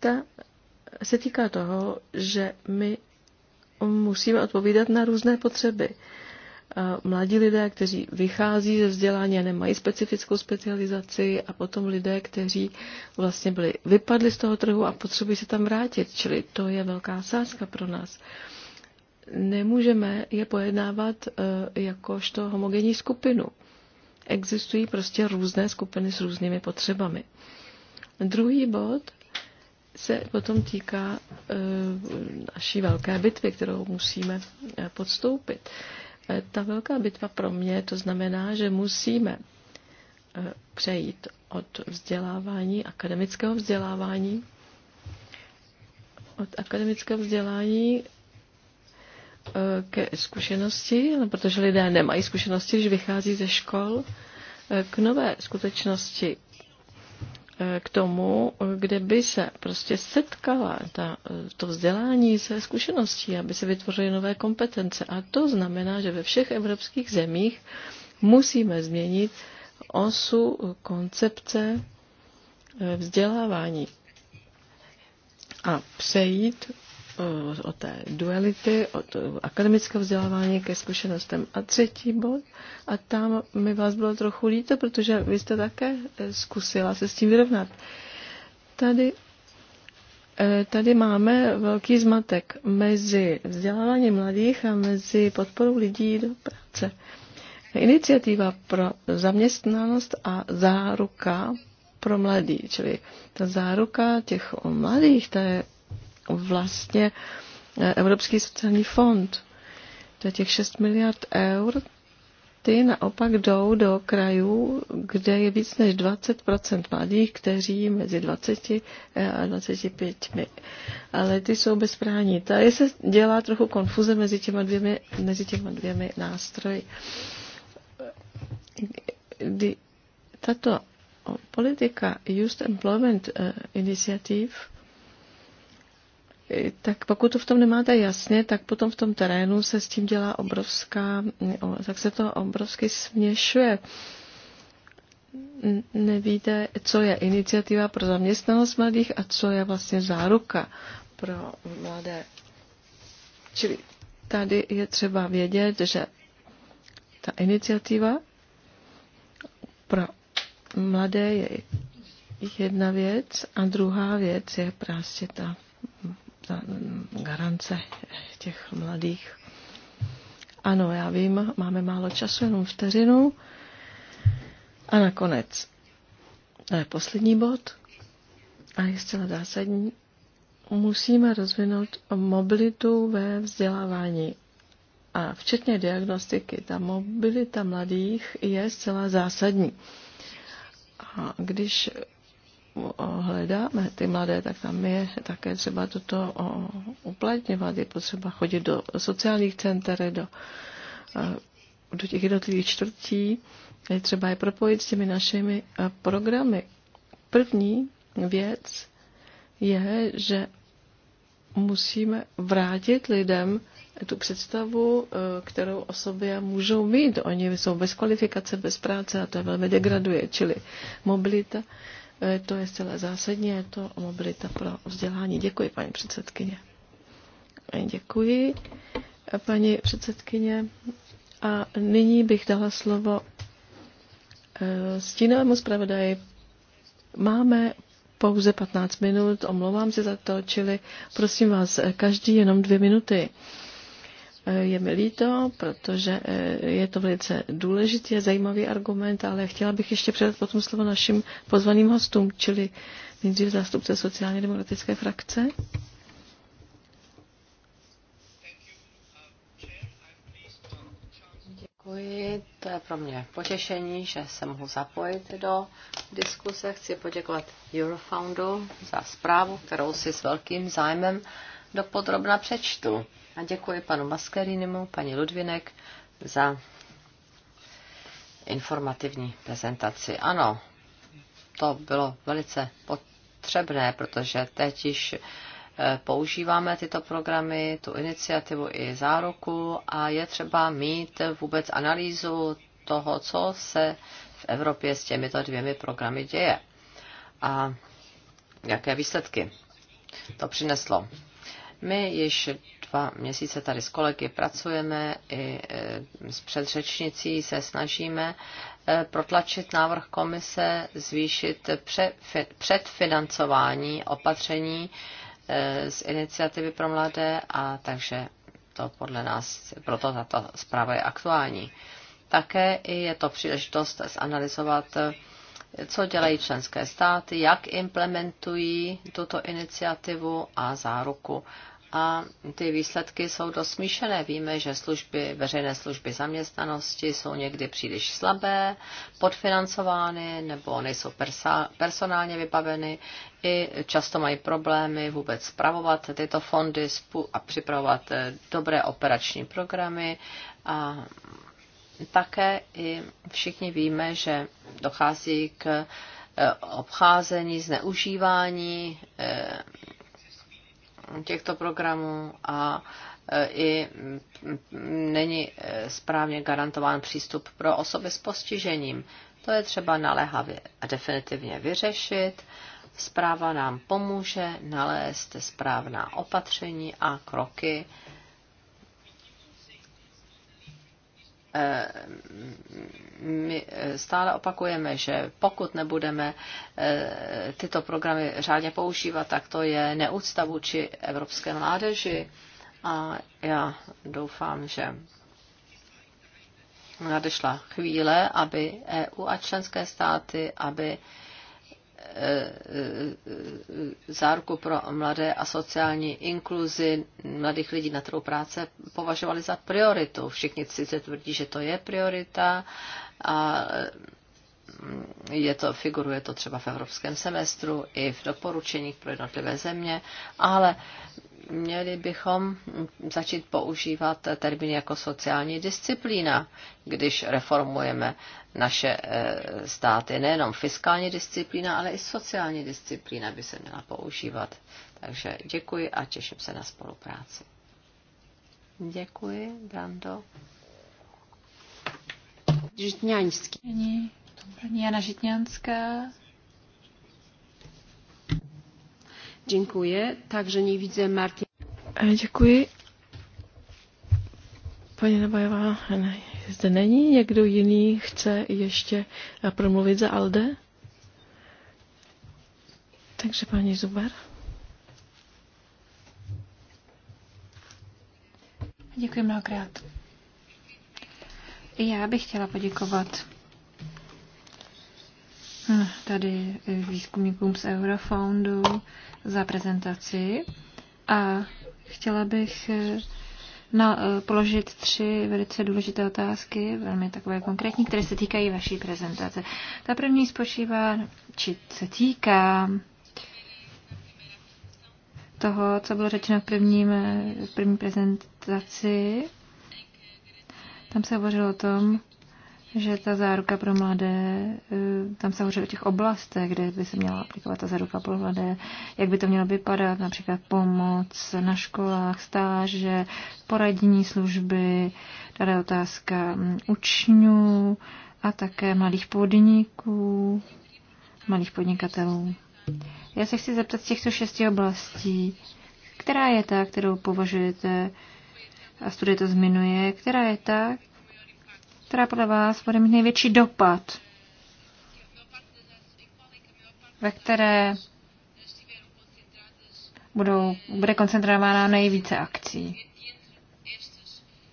ta se týká toho, že my musíme odpovídat na různé potřeby. Mladí lidé, kteří vychází ze vzdělání a nemají specifickou specializaci a potom lidé, kteří vlastně byli, vypadli z toho trhu a potřebují se tam vrátit. Čili to je velká sázka pro nás. Nemůžeme je pojednávat eh, jakožto homogenní skupinu. Existují prostě různé skupiny s různými potřebami. Druhý bod se potom týká e, naší velké bitvy, kterou musíme eh, podstoupit. E, ta velká bitva pro mě to znamená, že musíme e, přejít od vzdělávání, akademického vzdělávání, od akademického vzdělání Eh, ke zkušenosti, no, protože lidé nemají zkušenosti, když vychází ze škol, eh, k nové skutečnosti, eh, k tomu, kde by se prostě setkala ta, to vzdělání se zkušeností, aby se vytvořily nové kompetence. A to znamená, že ve všech evropských zemích musíme změnit osu koncepce vzdělávání a přejít od té duality, od akademického vzdělávání ke zkušenostem. A třetí bod, a tam mi vás bylo trochu líto, protože vy jste také e, zkusila se s tím vyrovnat. Tady e, Tady máme velký zmatek mezi vzděláváním mladých a mezi podporou lidí do práce. Iniciativa pro zaměstnanost a záruka pro mladý, čili ta záruka těch mladých, ta je vlastně eh, Evropský sociální fond. To je těch 6 miliard eur, ty naopak jdou do krajů, kde je víc než 20 mladých, kteří mezi 20 eh, a 25. Ale ty jsou bezprání. Tady se dělá trochu konfuze mezi těma dvěmi, mezi těma dvěmi nástroji. tato politika Just Employment eh, Initiative tak pokud to v tom nemáte jasně, tak potom v tom terénu se s tím dělá obrovská, tak se to obrovsky směšuje. Nevíte, co je iniciativa pro zaměstnanost mladých a co je vlastně záruka pro mladé. Čili tady je třeba vědět, že ta iniciativa pro mladé je jedna věc a druhá věc je prostě ta garance těch mladých. Ano, já vím, máme málo času, jenom vteřinu. A nakonec, to je poslední bod a je zcela zásadní, musíme rozvinout mobilitu ve vzdělávání. A včetně diagnostiky, ta mobilita mladých je zcela zásadní. A když hledáme ty mladé, tak tam je také třeba toto uplatňovat. Je potřeba chodit do sociálních center, do, do těch jednotlivých čtvrtí. Je třeba je propojit s těmi našimi programy. První věc je, že musíme vrátit lidem tu představu, e, kterou o sobě můžou mít. Oni jsou bez kvalifikace, bez práce a to je velmi degraduje, čili mobilita E, to je zcela zásadní, je to mobilita pro vzdělání. Děkuji, paní předsedkyně. E, děkuji, e, paní předsedkyně. A nyní bych dala slovo stínovému zpravodaji. Máme pouze 15 minut, omlouvám se za to, čili prosím vás, každý jenom dvě minuty. Je mi líto, protože eh, je to velice důležitý a zajímavý argument, ale chtěla bych ještě předat potom slovo našim pozvaným hostům, čili nejdřív zástupce sociálně demokratické frakce.
Děkuji, to je pro mě potěšení, že se mohu zapojit do diskuse. Chci poděkovat Eurofoundu za zprávu, kterou si s velkým zájmem do podrobna přečtu. A děkuji panu Maskerinimu, paní Ludvinek za informativní prezentaci. Ano, to bylo velice potřebné, protože teď již eh, používáme tyto programy, tu iniciativu i záruku a je třeba mít vůbec analýzu toho, co se v Evropě s těmito dvěmi programy děje a jaké výsledky to přineslo. My již dva měsíce tady s kolegy pracujeme i e, s předřečnicí se snažíme e, protlačit návrh komise zvýšit předfinancování opatření e, z iniciativy pro mladé a takže to podle nás, proto tato zpráva je aktuální. Také je to příležitost zanalizovat co dělají členské státy, jak implementují tuto iniciativu a záruku a ty výsledky jsou dost smíšené. Víme, že služby, veřejné služby zaměstnanosti jsou někdy příliš slabé, podfinancovány nebo nejsou persa, personálně vybaveny. I často mají problémy vůbec spravovat tyto fondy a připravovat eh, dobré operační programy. A také i všichni víme, že dochází k eh, obcházení, zneužívání eh, těchto programů a e, i není e, správně garantován přístup pro osoby s postižením. To je třeba naléhavě a definitivně vyřešit. Zpráva nám pomůže nalézt správná opatření a kroky, my stále opakujeme, že pokud nebudeme eh, tyto programy řádně používat, tak to je neúcta vůči evropské mládeži. A já doufám, že nadešla chvíle, aby EU a členské státy, aby záruku pro mladé a sociální inkluzi mladých lidí na trhu práce považovali za prioritu. Všichni sice tvrdí, že to je priorita a mm, je to, figuruje to třeba v evropském semestru i v doporučeních pro jednotlivé země, ale měli bychom začít používat termín jako sociální disciplína, když reformujeme naše eh, státy. Nejenom fiskální disciplína, ale i sociální disciplína by se měla používat. Takže děkuji a těším se na spolupráci. Děkuji, Brando.
Žitňanský. Jana Žitňanská. Dziękuję. Także nie widzę
e, Děkuji. Paní Nabajová e, zde není. Někdo jiný chce ještě e, promluvit za Alde? Takže paní Zuber.
Děkuji mnohokrát. Já bych chtěla poděkovat tady výzkumníkům z Eurofoundu za prezentaci a chtěla bych eh, na, eh, položit tři velice důležité otázky, velmi takové konkrétní, které se týkají vaší prezentace. Ta první spočívá, či se týká toho, co bylo řečeno v, prvním, eh, v první prezentaci. Tam se hovořilo o tom, že ta záruka pro mladé, eh, tam se hovoří o těch oblastech, kde by se měla aplikovat ta záruka pro mladé, jak by to mělo vypadat, například pomoc na školách, stáže, poradní služby, tady otázka mm, učňů a také mladých podniků, malých podnikatelů. Já se chci zeptat z těchto šesti oblastí, která je ta, kterou považujete a studie to zmiňuje, která je ta, která podle vás bude mít největší dopad, ve které budou, bude koncentrována nejvíce akcí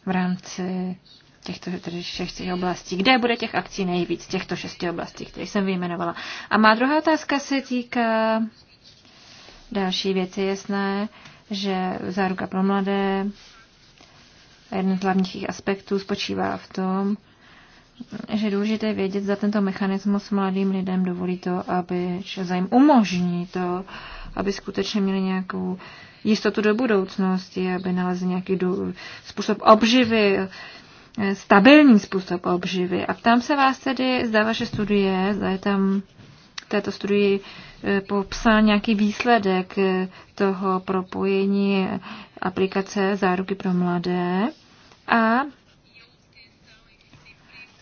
v rámci těchto šesti oblastí. Kde bude těch akcí nejvíc, těchto šesti oblastí, které jsem vyjmenovala? A má druhá otázka se týká další věci. Jasné, že záruka pro mladé, a jeden z hlavních jejich aspektů spočívá v tom, že je důležité vědět, za tento mechanismus mladým lidem dovolí to, aby, za jim umožní to, aby skutečně měli nějakou jistotu do budoucnosti, aby nalezli nějaký způsob obživy, eh, stabilní způsob obživy. A ptám se vás tedy, zda vaše studie, zda je tam této studii eh, popsal nějaký výsledek eh, toho propojení eh, aplikace záruky pro mladé a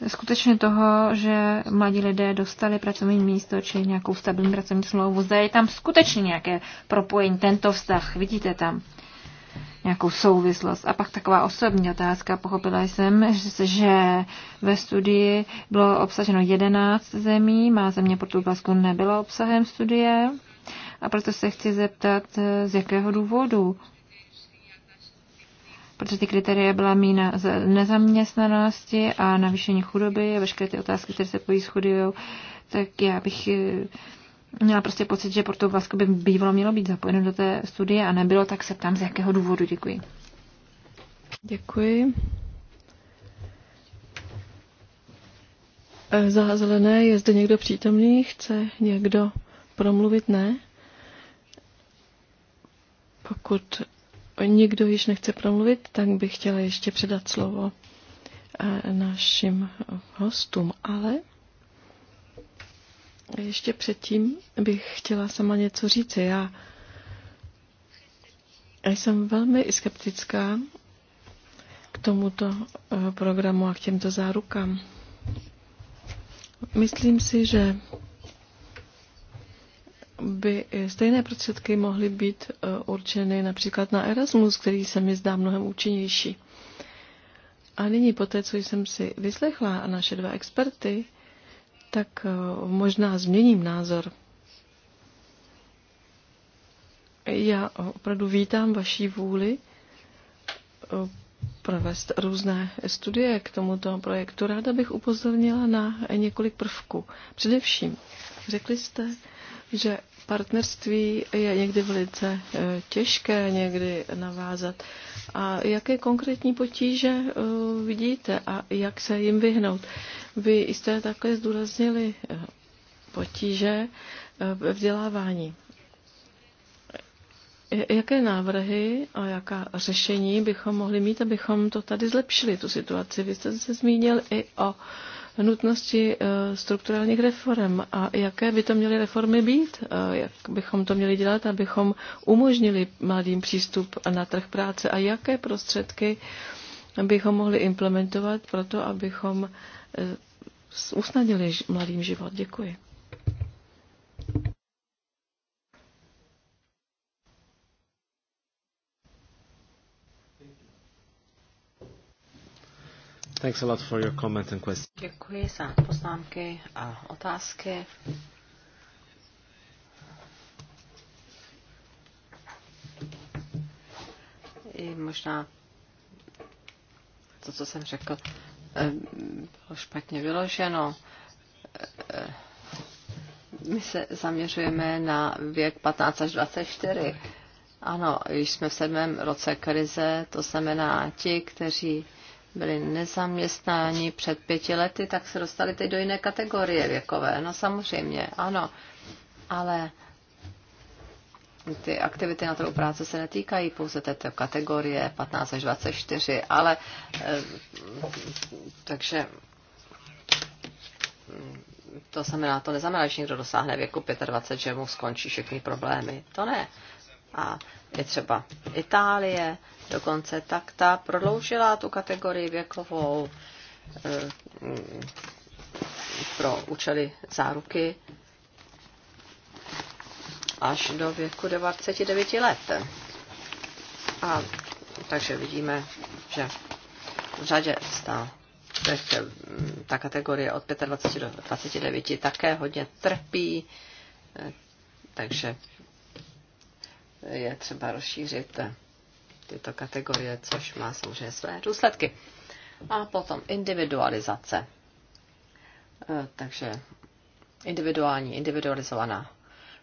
skutečně toho, že mladí lidé dostali pracovní místo či nějakou stabilní pracovní smlouvu. Zda je tam skutečně nějaké propojení, tento vztah, vidíte tam nějakou souvislost. A pak taková osobní otázka. Pochopila jsem, že ve studii bylo obsaženo 11 zemí, má země Portugalsku nebyla obsahem studie. A proto se chci zeptat, z jakého důvodu protože ty kritéria byla mína z nezaměstnanosti a navýšení chudoby a veškeré ty otázky, které se pojí s chudobou, tak já bych měla prostě pocit, že vlastně by bývalo mělo být zapojeno do té studie a nebylo, tak se ptám, z jakého důvodu. Děkuji.
Děkuji. E, za zelené je zde někdo přítomný? Chce někdo promluvit? Ne? Pokud nikdo již nechce promluvit, tak bych chtěla ještě předat slovo e, našim hostům, ale ještě předtím bych chtěla sama něco říci. Já, já jsem velmi skeptická k tomuto eh, programu a k těmto zárukám. Myslím si, že by stejné prostředky mohly být eh, určeny například na Erasmus, který se mi zdá mnohem účinnější. A nyní po té, co jsem si vyslechla a naše dva experty, tak eh, možná změním názor. Já opravdu vítám vaší vůli eh, provést různé studie k tomuto projektu. Ráda bych upozornila na několik prvků. Především, řekli jste, že partnerství je někdy velice e, těžké někdy navázat. A jaké konkrétní potíže e, vidíte a jak se jim vyhnout? Vy jste takhle zdůraznili e, potíže ve vzdělávání. Jaké návrhy a jaká řešení bychom mohli mít, abychom to tady zlepšili, tu situaci? Vy jste se zmínil i o nutnosti eh, strukturálních reform a jaké by to měly reformy být, eh, jak bychom to měli dělat, abychom umožnili mladým přístup na trh práce a jaké prostředky bychom mohli implementovat proto, abychom eh, usnadnili mladým život. Děkuji. Thanks a lot for your comment and question.
Děkuji za poznámky a otázky. I možná to, co jsem řekl, bylo špatně vyloženo. My se zaměřujeme na věk 15 až 24. Ano, již jsme v sedmém roce krize, to znamená ti, kteří byli nezaměstnáni před pěti lety, tak se dostali teď do jiné kategorie věkové. No samozřejmě, ano. Ale ty aktivity na trhu práce se netýkají pouze této kategorie 15 až 24, ale eh, takže to znamená, to neznamená, že někdo dosáhne věku 25, že mu skončí všechny problémy. To ne a je třeba Itálie, dokonce tak ta prodloužila tu kategorii věkovou eh, pro účely záruky až do věku 29 let. A takže vidíme, že v řadě státech eh, ta kategorie od 25 do 29 také hodně trpí, eh, takže je třeba rozšířit tyto kategorie, což má samozřejmě své důsledky. A potom individualizace. E, takže individuální, individualizovaná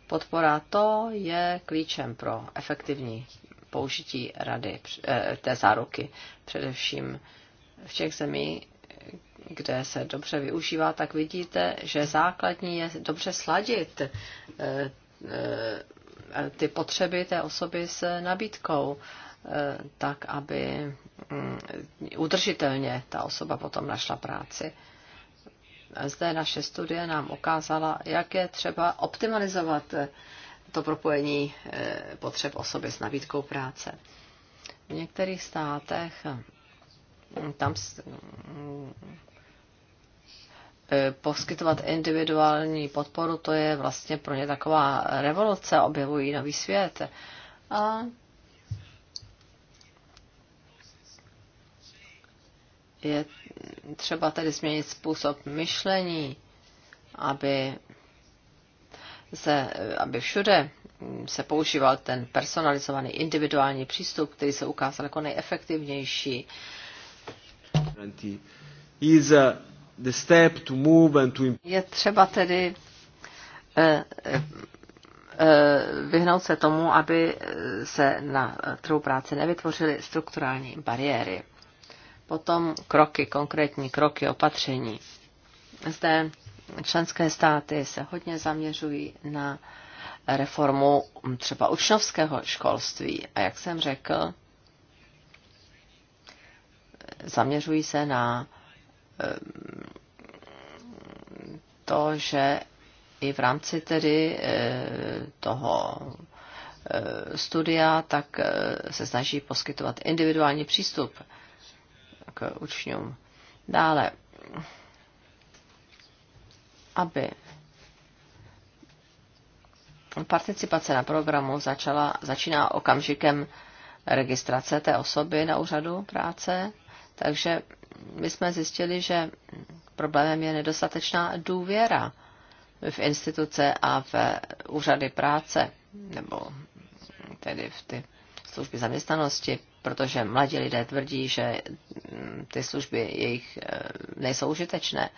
podpora, to je klíčem pro efektivní použití rady e, té záruky, především v těch zemí, kde se dobře využívá, tak vidíte, že základní je dobře sladit e, ty potřeby té osoby s nabídkou, eh, tak aby mm, udržitelně ta osoba potom našla práci. Zde naše studie nám ukázala, jak je třeba optimalizovat eh, to propojení eh, potřeb osoby s nabídkou práce. V některých státech mm, tam mm, E, poskytovat individuální podporu, to je vlastně pro ně taková revoluce, objevují nový svět. A je třeba tedy změnit způsob myšlení, aby, se, aby všude se používal ten personalizovaný individuální přístup, který se ukázal jako nejefektivnější. a the step to move and to Je třeba tedy eh, eh, eh, vyhnout se tomu, aby se na trhu práce nevytvořily strukturální bariéry. Potom kroky, konkrétní kroky, opatření. Zde členské státy se hodně zaměřují na reformu třeba učňovského školství. A jak jsem řekl, zaměřují se na to, že i v rámci tedy e, toho e, studia, tak e, se snaží poskytovat individuální přístup k učňům. Dále, aby participace na programu začala, začíná okamžikem registrace té osoby na úřadu práce, takže my jsme zjistili, že problémem je nedostatečná důvěra v instituce a v úřady práce, nebo tedy v ty služby zaměstnanosti, protože mladí lidé tvrdí, že ty služby jejich eh, nejsou užitečné.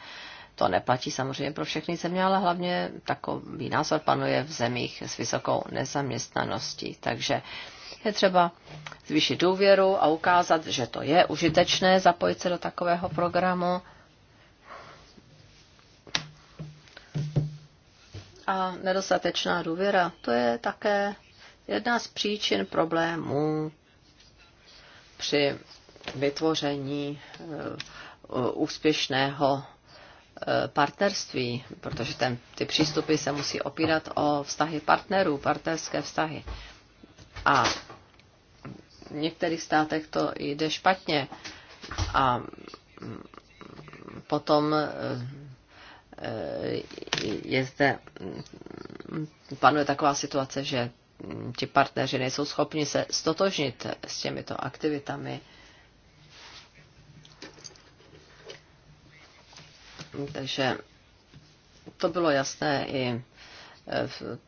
To neplatí samozřejmě pro všechny země, ale hlavně takový názor panuje v zemích s vysokou nezaměstnaností. Takže je třeba zvýšit důvěru a ukázat, že to je užitečné zapojit se do takového programu. A nedostatečná důvěra, to je také jedna z příčin problémů při vytvoření eh, úspěšného eh, partnerství, protože ten, ty přístupy se musí opírat o vztahy partnerů, partnerské vztahy. A v některých státech to jde špatně. A potom eh, je zde, panuje taková situace, že ti partneři nejsou schopni se stotožnit s těmito aktivitami. Takže to bylo jasné i Eh, v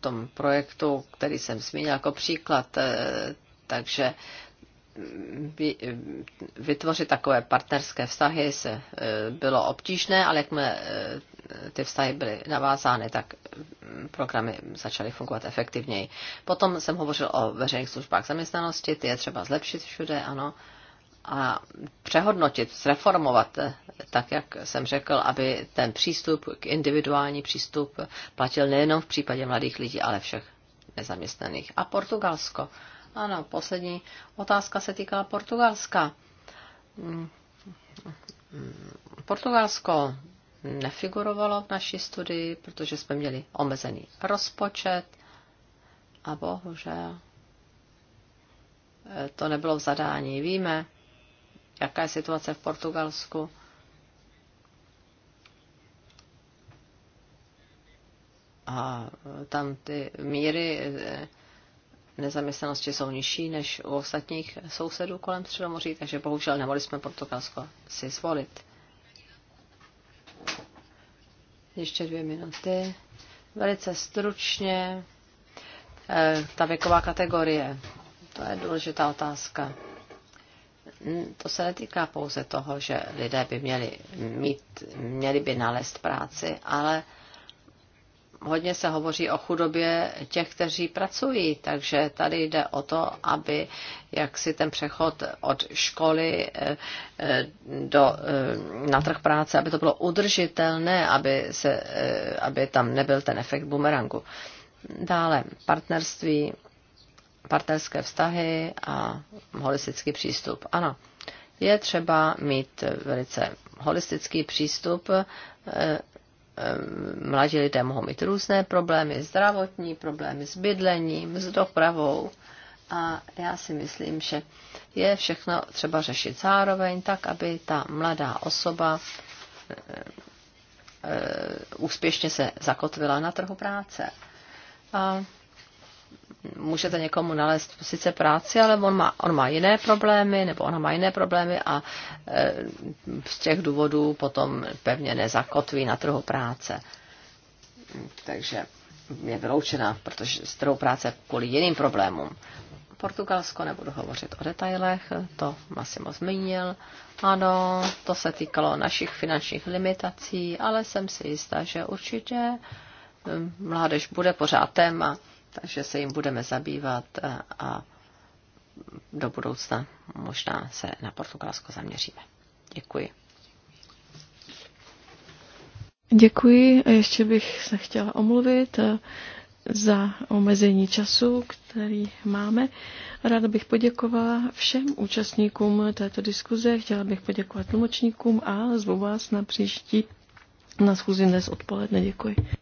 tom projektu, který jsem zmínil jako příklad. Eh, takže vytvořit takové partnerské vztahy se eh, bylo obtížné, ale jakmile ty vztahy byly navázány, tak programy začaly fungovat efektivněji. Potom jsem hovořil o veřejných službách zaměstnanosti, ty je třeba zlepšit všude, ano a přehodnotit, zreformovat, tak jak jsem řekl, aby ten přístup k individuální přístup platil nejenom v případě mladých lidí, ale všech nezaměstnaných. A Portugalsko. Ano, poslední otázka se týkala Portugalska. Portugalsko nefigurovalo v naší studii, protože jsme měli omezený rozpočet a bohužel to nebylo v zadání. Víme, jaká je situace v Portugalsku. A tam ty míry eh, nezaměstnanosti jsou nižší než u ostatních sousedů kolem Středomoří, takže bohužel nemohli jsme Portugalsko si zvolit. Ještě dvě minuty. Velice stručně. Eh, ta věková kategorie. To je důležitá otázka to se netýká pouze toho, že lidé by měli, mít, měli by nalézt práci, ale hodně se hovoří o chudobě těch, kteří pracují, takže tady jde o to, aby jak si ten přechod od školy eh, eh, do, eh, na trh práce, aby to bylo udržitelné, aby, se, aby tam nebyl ten efekt bumerangu. Dále partnerství partnerské vztahy a holistický přístup. Ano, je třeba mít velice holistický přístup. Eh, eh, mladí lidé mohou mít různé problémy, zdravotní problémy s bydlením, s dopravou. A já si myslím, že je všechno třeba řešit zároveň, tak aby ta mladá osoba eh, úspěšně se zakotvila na trhu práce. A můžete někomu nalézt sice práci, ale on má, on má jiné problémy, nebo ona má jiné problémy a eh, z těch důvodů potom pevně nezakotví na trhu práce. Takže je vyloučena, protože z trhu práce kvůli jiným problémům. Portugalsko, nebudu hovořit o detailech, to Massimo zmínil. Ano, to se týkalo našich finančních limitací, ale jsem si jistá, že určitě eh, mládež bude pořád téma takže se jim budeme zabývat eh, a do budoucna možná se na Portugalsko zaměříme. Děkuji.
Děkuji a ještě bych se chtěla omluvit eh, za omezení času, který máme. Ráda bych poděkovala všem účastníkům této diskuze, chtěla bych poděkovat tlumočníkům a zvu vás na příští na schůzi dnes odpoledne. Děkuji.